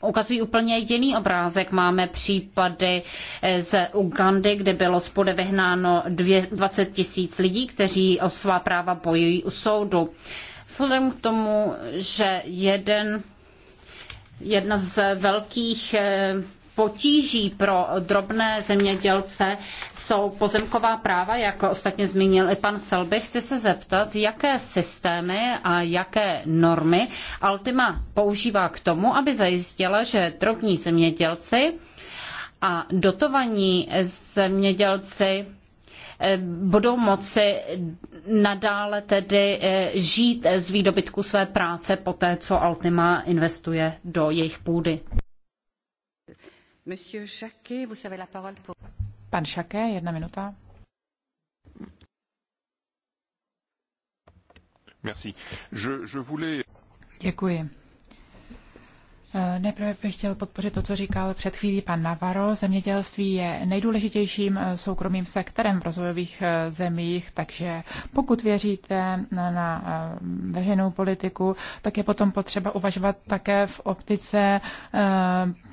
ukazují úplně jiný obrázek. Máme případy eh, z Ugandy, kde bylo spode vyhnáno 20 tisíc lidí, kteří o svá práva bojují u soudu. Vzhledem k tomu, že jeden jedna z velkých eh, potíží pro drobné zemědělce jsou pozemková práva, jako ostatně zmínil i pan Selby. Chci se zeptat, jaké systémy a jaké normy Altima používá k tomu, aby zajistila, že drobní zemědělci a dotovaní zemědělci eh, budou moci nadále tedy eh, žít z výdobytku své práce po té, co Altima investuje do jejich půdy. Pan jedna minuta.
Merci. Je, je voulais... Děkuji. Eh, nejprve bych chtěl podpořit to, co říkal před chvílí pan Navarro. Zemědělství je nejdůležitějším eh, soukromým sektorem v rozvojových eh, zemích, takže pokud věříte na veřejnou politiku, tak je potom potřeba uvažovat také v optice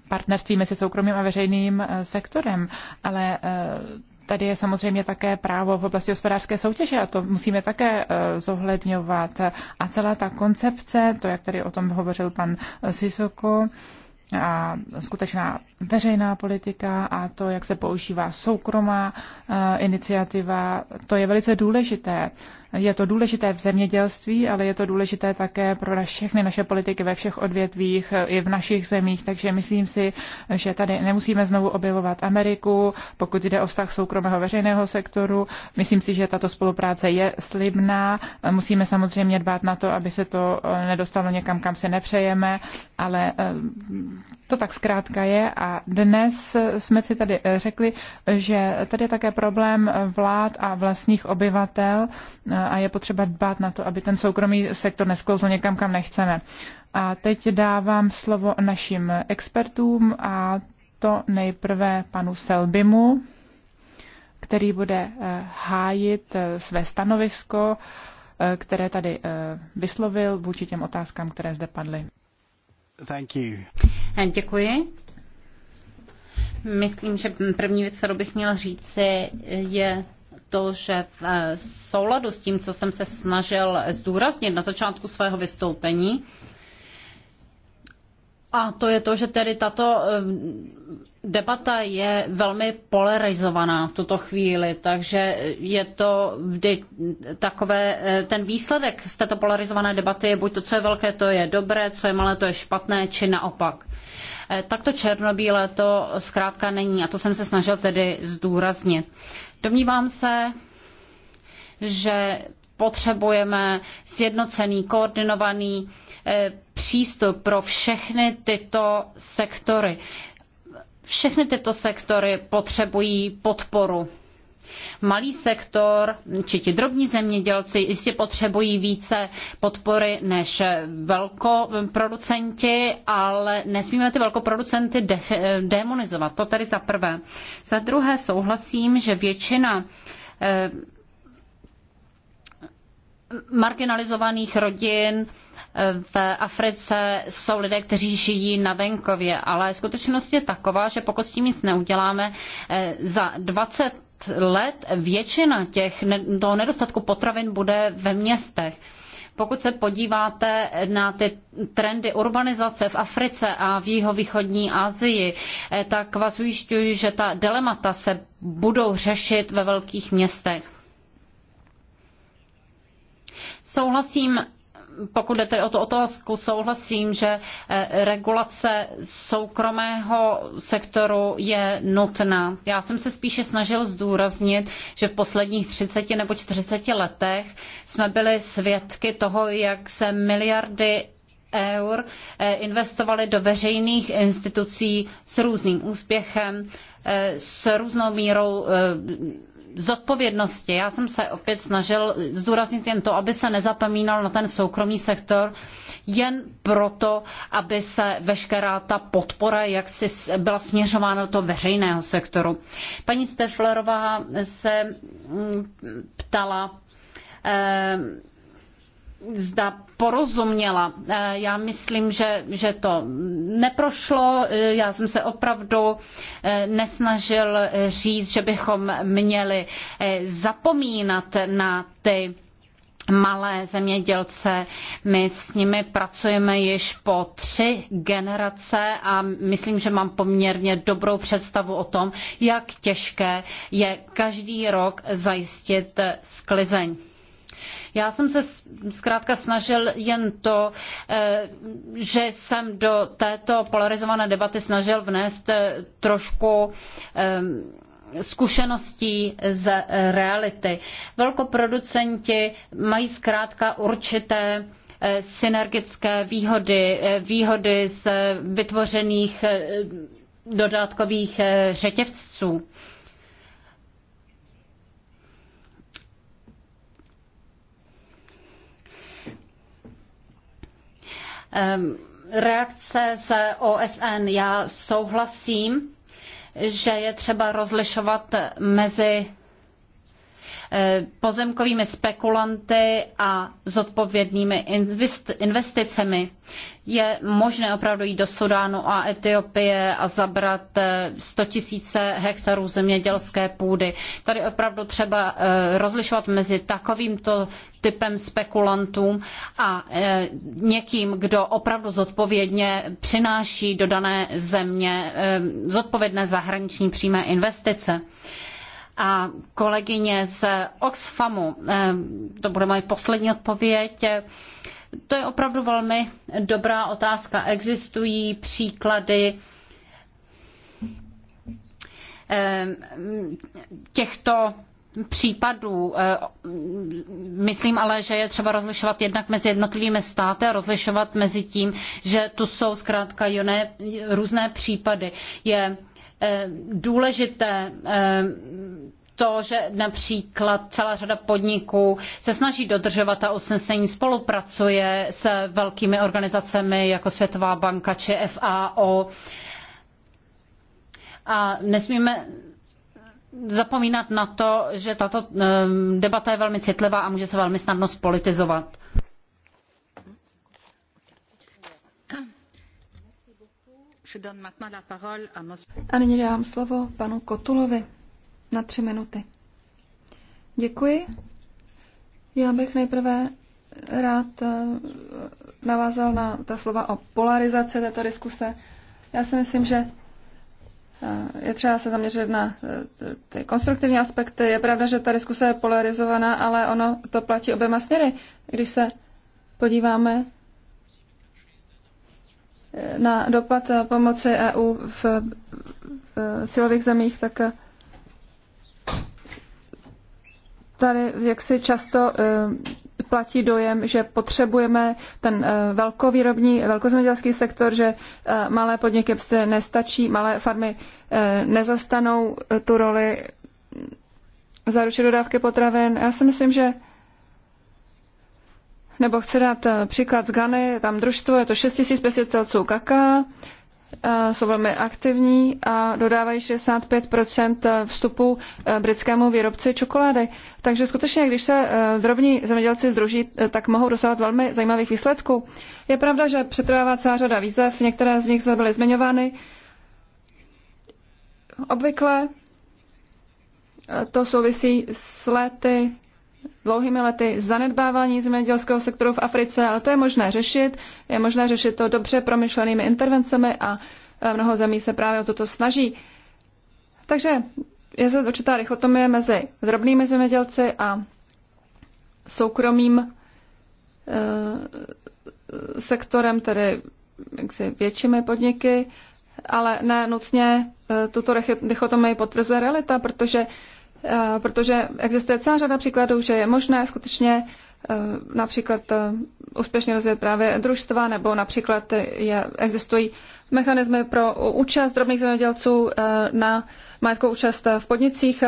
partnerství mezi soukromým a veřejným eh, sektorem, ale eh, Tady je samozřejmě také právo v oblasti hospodářské soutěže a to musíme také eh, zohledňovat. A celá ta koncepce, to, jak tady o tom hovořil pan Sisoko, a skutečná veřejná politika a to, jak se používá soukromá iniciativa, to je velice důležité. Je to důležité v zemědělství, ale je to důležité také pro naše všechny naše politiky ve všech odvětvích i v našich zemích, takže myslím si, že tady nemusíme znovu objevovat Ameriku, pokud jde o vztah soukromého veřejného sektoru. Myslím si, že tato spolupráce je slibná. Musíme samozřejmě dbát na to, aby se to eh, nedostalo někam, kam se nepřejeme, ale eh, to tak zkrátka je a dnes jsme si tady eh, řekli, že tady je také problém vlád a vlastních obyvatel eh, a je potřeba dbát na to, aby ten soukromý sektor nesklouzl někam, kam nechceme. A teď dávám slovo našim expertům a to nejprve panu Selbimu, který bude eh, hájit své stanovisko, které tady vyslovil vůči
těm otázkám, které zde padly. Thank you. Děkuji. Myslím, že první věc, kterou bych měla říci, je to, že v eh, souladu s tím, co jsem se snažil zdůraznit na začátku svého vystoupení, a to je to, že tedy tato debata je velmi polarizovaná v tuto chvíli, takže je to vždy takové, e, ten výsledek z této polarizované debaty je buď to, co je velké, to je dobré, co je malé, to je špatné, či naopak. E, takto černobílé to zkrátka není a to jsem se snažil tedy zdůraznit. Domnívám se, že potřebujeme sjednocený, koordinovaný Eh, přístup pro všechny tyto sektory. Všechny tyto sektory potřebují podporu. Malý sektor, či ti drobní zemědělci, jistě potřebují více podpory než velkoproducenti, ale nesmíme ty velkoproducenty def- eh, demonizovat. To tedy za prvé. Za druhé souhlasím, že většina eh, marginalizovaných rodin eh, v Africe jsou lidé, kteří žijí na venkově, ale skutečnost je taková, že pokud s tím nic neuděláme, eh, za 20 let většina těch, toho nedostatku potravin bude ve městech. Pokud se podíváte na ty trendy urbanizace v Africe a v jihovýchodní Asii, eh, tak vás ujišťuji, že ta dilemata se budou řešit ve velkých městech Souhlasím pokud jde o tu otázku, souhlasím, že eh, regulace soukromého sektoru je nutná. Já jsem se spíše snažil zdůraznit, že v posledních 30 nebo 40 letech jsme byli svědky toho, jak se miliardy eur eh, investovaly do veřejných institucí s různým úspěchem, eh, s různou mírou zodpovědnosti. Já jsem se opět snažil zdůraznit jen to, aby se nezapomínal na ten soukromý sektor, jen proto, aby se veškerá ta podpora jaksi byla směřována do toho veřejného sektoru. Paní Steflerová se mm, ptala, eh, zda porozuměla. Eh, já myslím, že, že to neprošlo. Eh, já jsem se opravdu eh, nesnažil říct, že bychom měli zapomínat na ty malé zemědělce. My s nimi pracujeme již po tři generace a myslím, že mám poměrně dobrou představu o tom, jak těžké je každý rok zajistit sklizeň. Já jsem se zkrátka snažil jen to, eh, že jsem do této polarizované debaty snažil vnést eh, trošku eh, zkušeností z reality. Velkoproducenti mají zkrátka určité synergické výhody, výhody z vytvořených dodatkových řetěvců. reakce z OSN. Já souhlasím, že je třeba rozlišovat mezi Eh, pozemkovými spekulanty a zodpovědnými investicemi. Je možné opravdu jít do Sudánu a Etiopie a zabrat 100 eh, hektarů zemědělské půdy. Tady opravdu třeba eh, rozlišovat mezi takovýmto typem spekulantů a někým, kdo opravdu zodpovědně přináší do dané země zodpovědné zahraniční přímé investice a kolegyně z Oxfamu, eh, to bude moje poslední odpověď, to je opravdu velmi dobrá otázka. Existují příklady eh, těchto případů. Eh, myslím ale, že je třeba rozlišovat jednak mezi jednotlivými státy a rozlišovat mezi tím, že tu jsou zkrátka jiné, různé případy. Je Eh, důležité eh, to, že například celá řada podniků se snaží dodržovat ta usnesení, spolupracuje s velkými organizacemi jako Světová banka či FAO. A nesmíme zapomínat na to, že tato eh, debata je velmi citlivá a může se velmi snadno spolitizovat.
A nyní slovo panu Kotulovi na tři minuty. Děkuji. Já bych nejprve rád eh, navázal na ta slova o polarizaci této diskuse. Já si myslím, že eh, je třeba se zaměřit na eh, ty konstruktivní aspekty. Je pravda, že ta diskuse je polarizovaná, ale ono to platí oběma směry. Když se podíváme na dopad pomoci EU v, v cílových zemích, tak eh, tady jaksi často eh, platí dojem, že potřebujeme ten eh, velkovýrobní, velkozemědělský sektor, že malé podniky se prostě nestačí, malé farmy nezastanou tu roli mm, zaručit dodávky potravin. Já si myslím, že nebo chci dát eh, příklad z Gany, tam družstvo, je to 6500 celců kaká, eh, jsou velmi aktivní a dodávají 65 eh, vstupu britskému výrobci čokolády. Takže skutečně, když se drobní zemědělci združí, tak mohou dosávat velmi zajímavých výsledků. Je pravda, že přetrvává celá řada výzev, některé z nich byly zmiňovány. Obvykle to souvisí s lety dlouhými lety zanedbávání zemědělského sektoru v Africe, ale to je možné řešit. Je možné řešit to dobře promyšlenými intervencemi a eh, mnoho zemí se právě o toto snaží. Takže je zde určitá dichotomie mezi drobnými zemědělci a soukromým e, sektorem, tedy jaksi většími podniky, ale ne nutně e, tuto dichotomii potvrzuje realita, protože Eh, protože existuje celá řada příkladů, že je možné skutečně eh, například eh, úspěšně rozvíjet právě družstva, nebo například je, existují mechanismy pro účast drobných zemědělců na majetkovou účast v podnicích.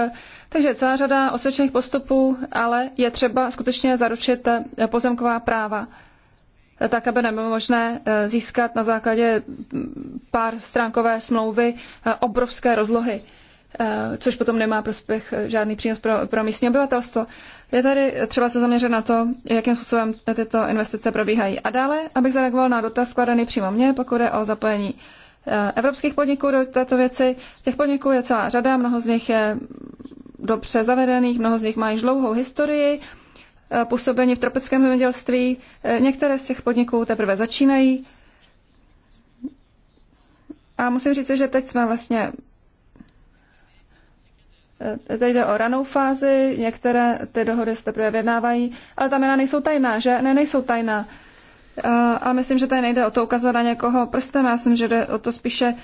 Takže celá řada osvědčených postupů, ale je třeba skutečně zaručit pozemková práva tak, aby nebylo možné získat na základě mm, pár stránkové smlouvy obrovské rozlohy. Eh, což potom nemá prospěch eh, žádný přínos pro, pro místní obyvatelstvo. Je tady třeba se zaměřit na to, jakým způsobem tyto investice probíhají. A dále, abych zareagoval na dotaz skladaný přímo mně, pokud je o zapojení eh, evropských podniků do této věci. Těch podniků je celá řada, mnoho z nich je dobře zavedených, mnoho z nich má již dlouhou historii působení v tropickém zemědělství. Některé z těch podniků teprve začínají. A musím říct, že teď jsme vlastně Eh, Teď jde o ranou fázi, některé ty dohody se teprve vyjednávají, ale ta jména nejsou tajná, že? Ne, nejsou tajná. Eh, a myslím, že tady nejde o to ukazovat na někoho prstem, já myslím, že jde o to spíše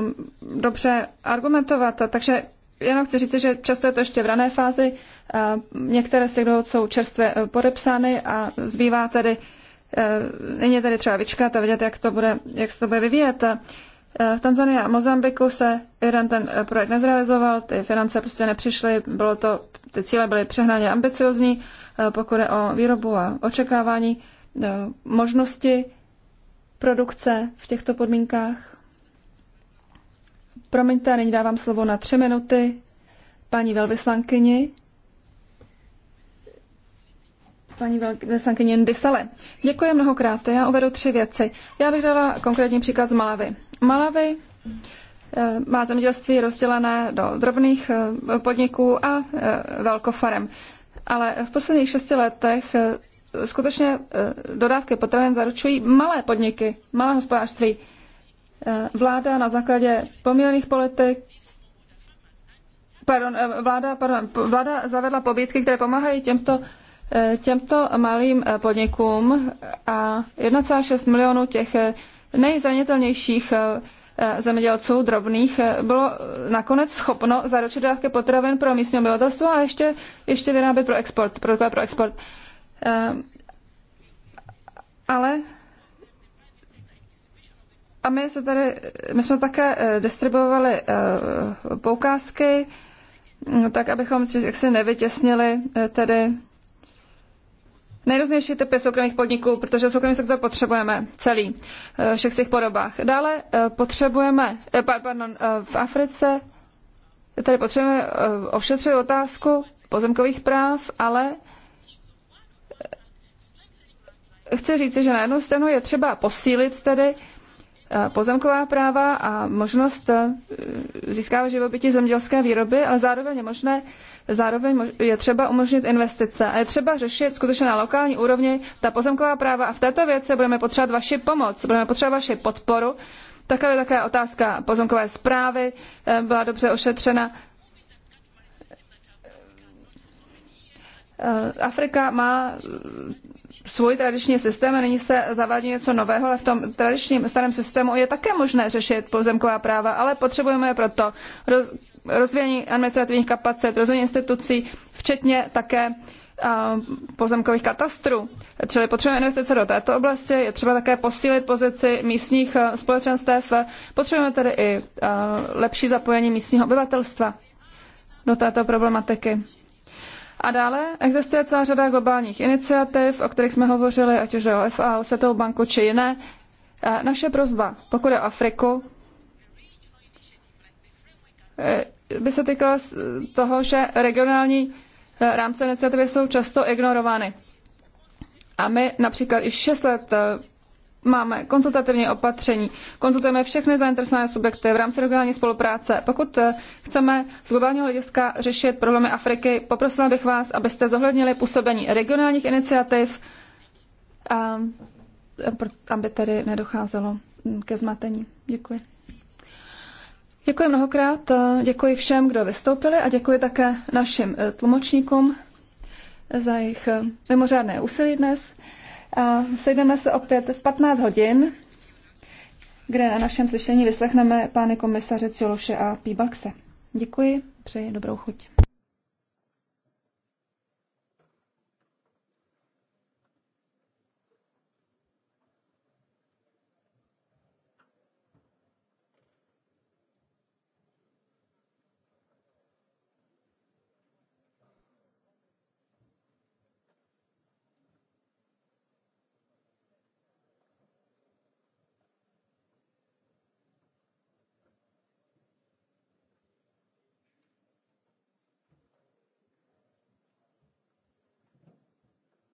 um, dobře argumentovat. Takže jenom chci říct, že často je to ještě v rané fázi. Eh, některé si kdo jsou čerstvě podepsány a zbývá tedy, není tedy třeba vyčkat a vidět, jak, to bude, jak se to bude vyvíjet. Eh, v Tanzanii a Mozambiku se jeden ten eh, projekt nezrealizoval, ty finance prostě nepřišly, bylo to, ty cíle byly přehnaně ambiciozní, eh, pokud je o výrobu a očekávání možnosti produkce v těchto podmínkách. Promiňte, nyní dávám slovo na tři minuty paní velvyslankyni. Paní velvyslankyni Ndisale. Děkuji mnohokrát. Já uvedu tři věci. Já bych dala konkrétní příklad z Malavy. Malavy eh, má zemědělství rozdělené do drobných eh, podniků a eh, velkofarem. Ale v posledních šesti letech skutečně dodávky potravin zaručují malé podniky, malé hospodářství. Vláda na základě pomílených politik Pardon, vláda, pardon, vláda zavedla pobídky, které pomáhají těmto, těmto malým podnikům a 1,6 milionů těch nejzranitelnějších eh, eh, zemědělců drobných eh, bylo nakonec schopno zaručit dávky potravin pro místní obyvatelstvo a ještě, ještě vyrábět pro export, Pro, pro export. Ale a my, se tady, my jsme také distribuovali poukázky, mm, tak abychom jak se nevytěsnili tedy nejrůznější typy soukromých podniků, protože soukromý sektor potřebujeme celý eh, všech těch podobách. Dále eh, potřebujeme, eh, pardon, v Africe tady potřebujeme ošetřit otázku pozemkových práv, ale chci říci, že na jednu stranu je třeba posílit tedy Eh, pozemková práva a možnost eh, získávat živobytí zemědělské výroby, ale zároveň je možné, zároveň je třeba umožnit investice a je třeba řešit skutečně na lokální úrovni ta pozemková práva a v této věci budeme potřebovat vaši pomoc, budeme potřebovat vaši podporu, tak aby také otázka pozemkové zprávy eh, byla dobře ošetřena. Afrika má svůj tradiční systém a nyní se zavádí něco nového, ale v tom tradičním starém systému je také možné řešit pozemková práva, ale potřebujeme proto rozvíjení administrativních kapacit, rozvíjení institucí, včetně také pozemkových katastrů. Čili potřebujeme investice do této oblasti, je třeba také posílit pozici místních společenstev, potřebujeme tedy i lepší zapojení místního obyvatelstva do této problematiky. A dále existuje celá řada globálních iniciativ, o kterých jsme hovořili, ať už je o FAO, Světovou banku či jiné. Naše prozba, pokud je o Afriku, eh, by se týkala toho, že regionální eh, rámce iniciativy jsou často ignorovány. A my například i šest let eh, máme konzultativní opatření, konzultujeme všechny zainteresované subjekty v rámci regionální spolupráce. Pokud eh, chceme z globálního hlediska řešit problémy Afriky, poprosila bych vás, abyste zohlednili působení regionálních iniciativ, a, ehm, aby tedy nedocházelo hm, ke zmatení. Děkuji. Děkuji mnohokrát, eh, děkuji všem, kdo vystoupili a děkuji také našim eh, tlumočníkům za jejich mimořádné úsilí dnes a sejdeme se opět v 15 hodin, kde na našem slyšení vyslechneme pány komisaře Ciološe a Píbalkse. Děkuji, přeji dobrou chuť.